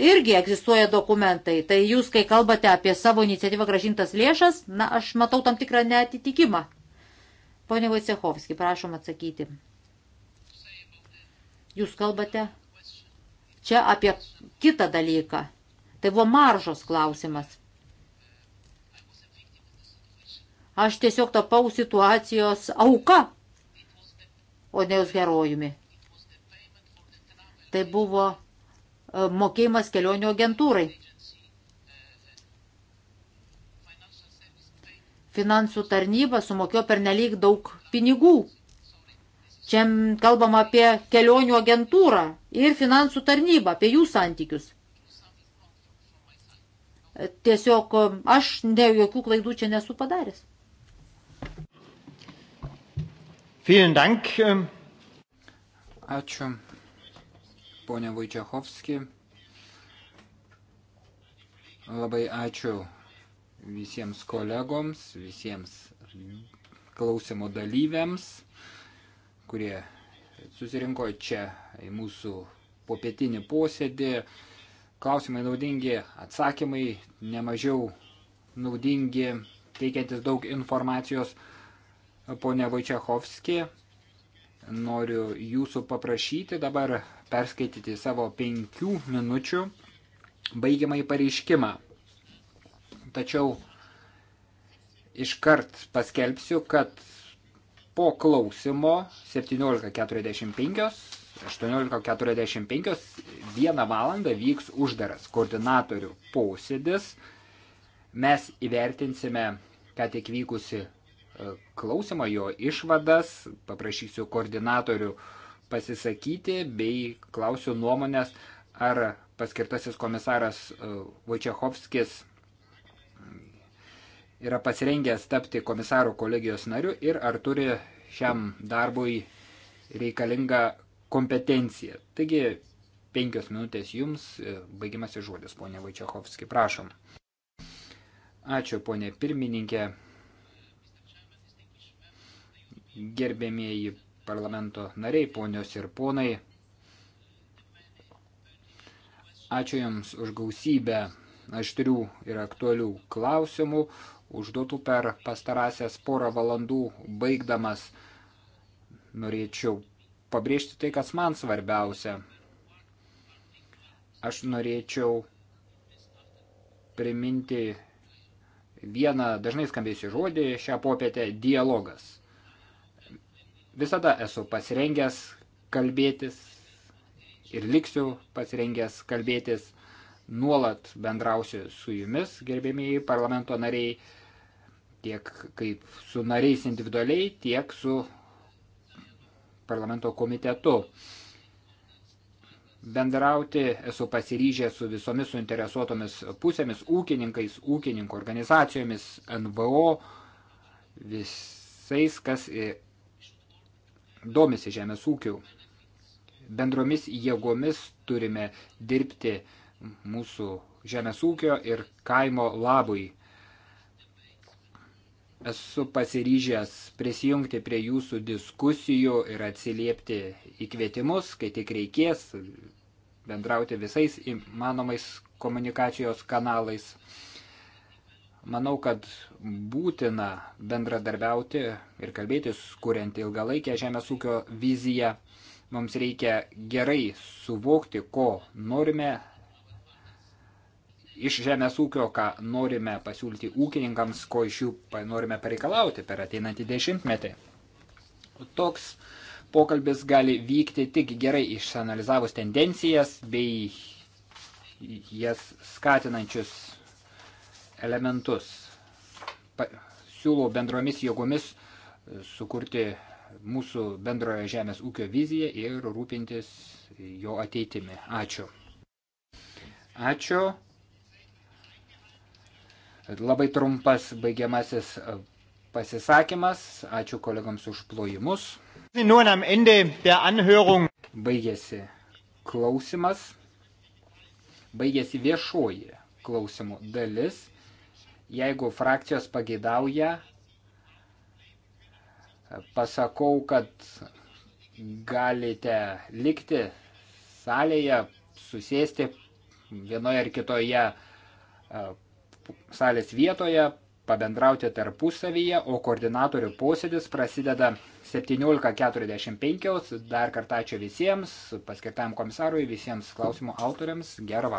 irgi egzistuoja dokumentai. Tai jūs, kai kalbate apie savo iniciatyvą gražintas lėšas, na, aš matau tam tikrą netitikimą. Pone Vaicehovski, prašom atsakyti. Jūs kalbate čia apie kitą dalyką. Tai buvo maržos klausimas. Aš tiesiog tapau situacijos auka, o ne jos herojumi. Tai buvo e, mokėjimas kelionių agentūrai. Finansų tarnyba sumokėjo per nelik daug pinigų. Čia kalbam apie kelionių agentūrą ir finansų tarnybą, apie jų santykius. E, tiesiog e, aš ne jokių klaidų čia nesu padaręs. Vielen Dank. Ähm. Ačiū, ponė Vaičiachovski. Labai ačiū visiems kolegoms, visiems klausimo dalyviams, kurie susirinko čia į mūsų popietinį posėdį. Klausimai naudingi, atsakymai nemažiau naudingi, teikiantis daug informacijos. Pone Vaičiachovski, noriu jūsų paprašyti dabar perskaityti savo penkių minučių baigiamą į pareiškimą. Tačiau iškart paskelbsiu, kad po klausimo 17.45 18.45 vieną valandą vyks uždaras koordinatorių posėdis. Mes įvertinsime, ką tik vykusi klausimą, jo išvadas, paprašysiu koordinatorių pasisakyti bei klausiu nuomonės, ar paskirtasis komisaras Vojčiachovskis e, yra pasirengęs tapti komisarų kolegijos nariu ir ar turi šiam darbui reikalingą kompetenciją. Taigi, penkios minutės jums, e, baigimasis žodis, ponė Vaičiachovski, prašom. Ačiū, ponė pirmininkė gerbėmieji parlamento nariai, ponios ir ponai. Ačiū Jums už gausybę aštrių ir aktualių klausimų, užduotų per pastarąsias porą valandų baigdamas. Norėčiau pabrėžti tai, kas man svarbiausia. Aš norėčiau priminti vieną dažnai skambėjusi žodį šią popietę - dialogas. Visada esu pasirengęs kalbėtis ir liksiu pasirengęs kalbėtis. Nuolat bendrausiu su jumis, gerbėmiai parlamento nariai, tiek kaip su nariais individualiai, tiek su parlamento komitetu. Bendrauti esu pasiryžęs su visomis suinteresuotomis pusėmis, ūkininkais, ūkininkų organizacijomis, NVO, visais, kas domisi žemės ūkiu. Bendromis jėgomis turime dirbti mūsų žemės ūkio ir kaimo labui. Esu pasiryžęs prisijungti prie jūsų diskusijų ir atsiliepti į kvietimus, kai tik reikės, bendrauti visais įmanomais komunikacijos kanalais. Manau, kad būtina bendradarbiauti ir kalbėtis, kuriant ilgalaikę žemės ūkio viziją. Mums reikia gerai suvokti, ko norime iš žemės ūkio, ką norime pasiūlyti ūkininkams, ko iš jų norime pareikalauti per ateinantį dešimtmetį. Toks pokalbis gali vykti tik gerai išsianalizavus tendencijas bei jas skatinančius elementus. Pa, siūlau bendromis jėgomis e, sukurti mūsų bendrojo žemės ūkio viziją ir rūpintis jo ateitimi. Ačiū. Ačiū. Labai trumpas baigiamasis pasisakymas. Ačiū kolegams už plojimus. Baigėsi klausimas. Baigėsi viešoji klausimų dalis. Jeigu frakcijos pagėdauja, pasakau, kad galite likti salėje, susėsti vienoje ar kitoje e, salės vietoje, pabendrauti tarpusavyje, o koordinatorių posėdis prasideda 17.45. Dar kartą ačiū visiems, paskirtam komisarui, visiems klausimų autoriams. Gerą vakarą.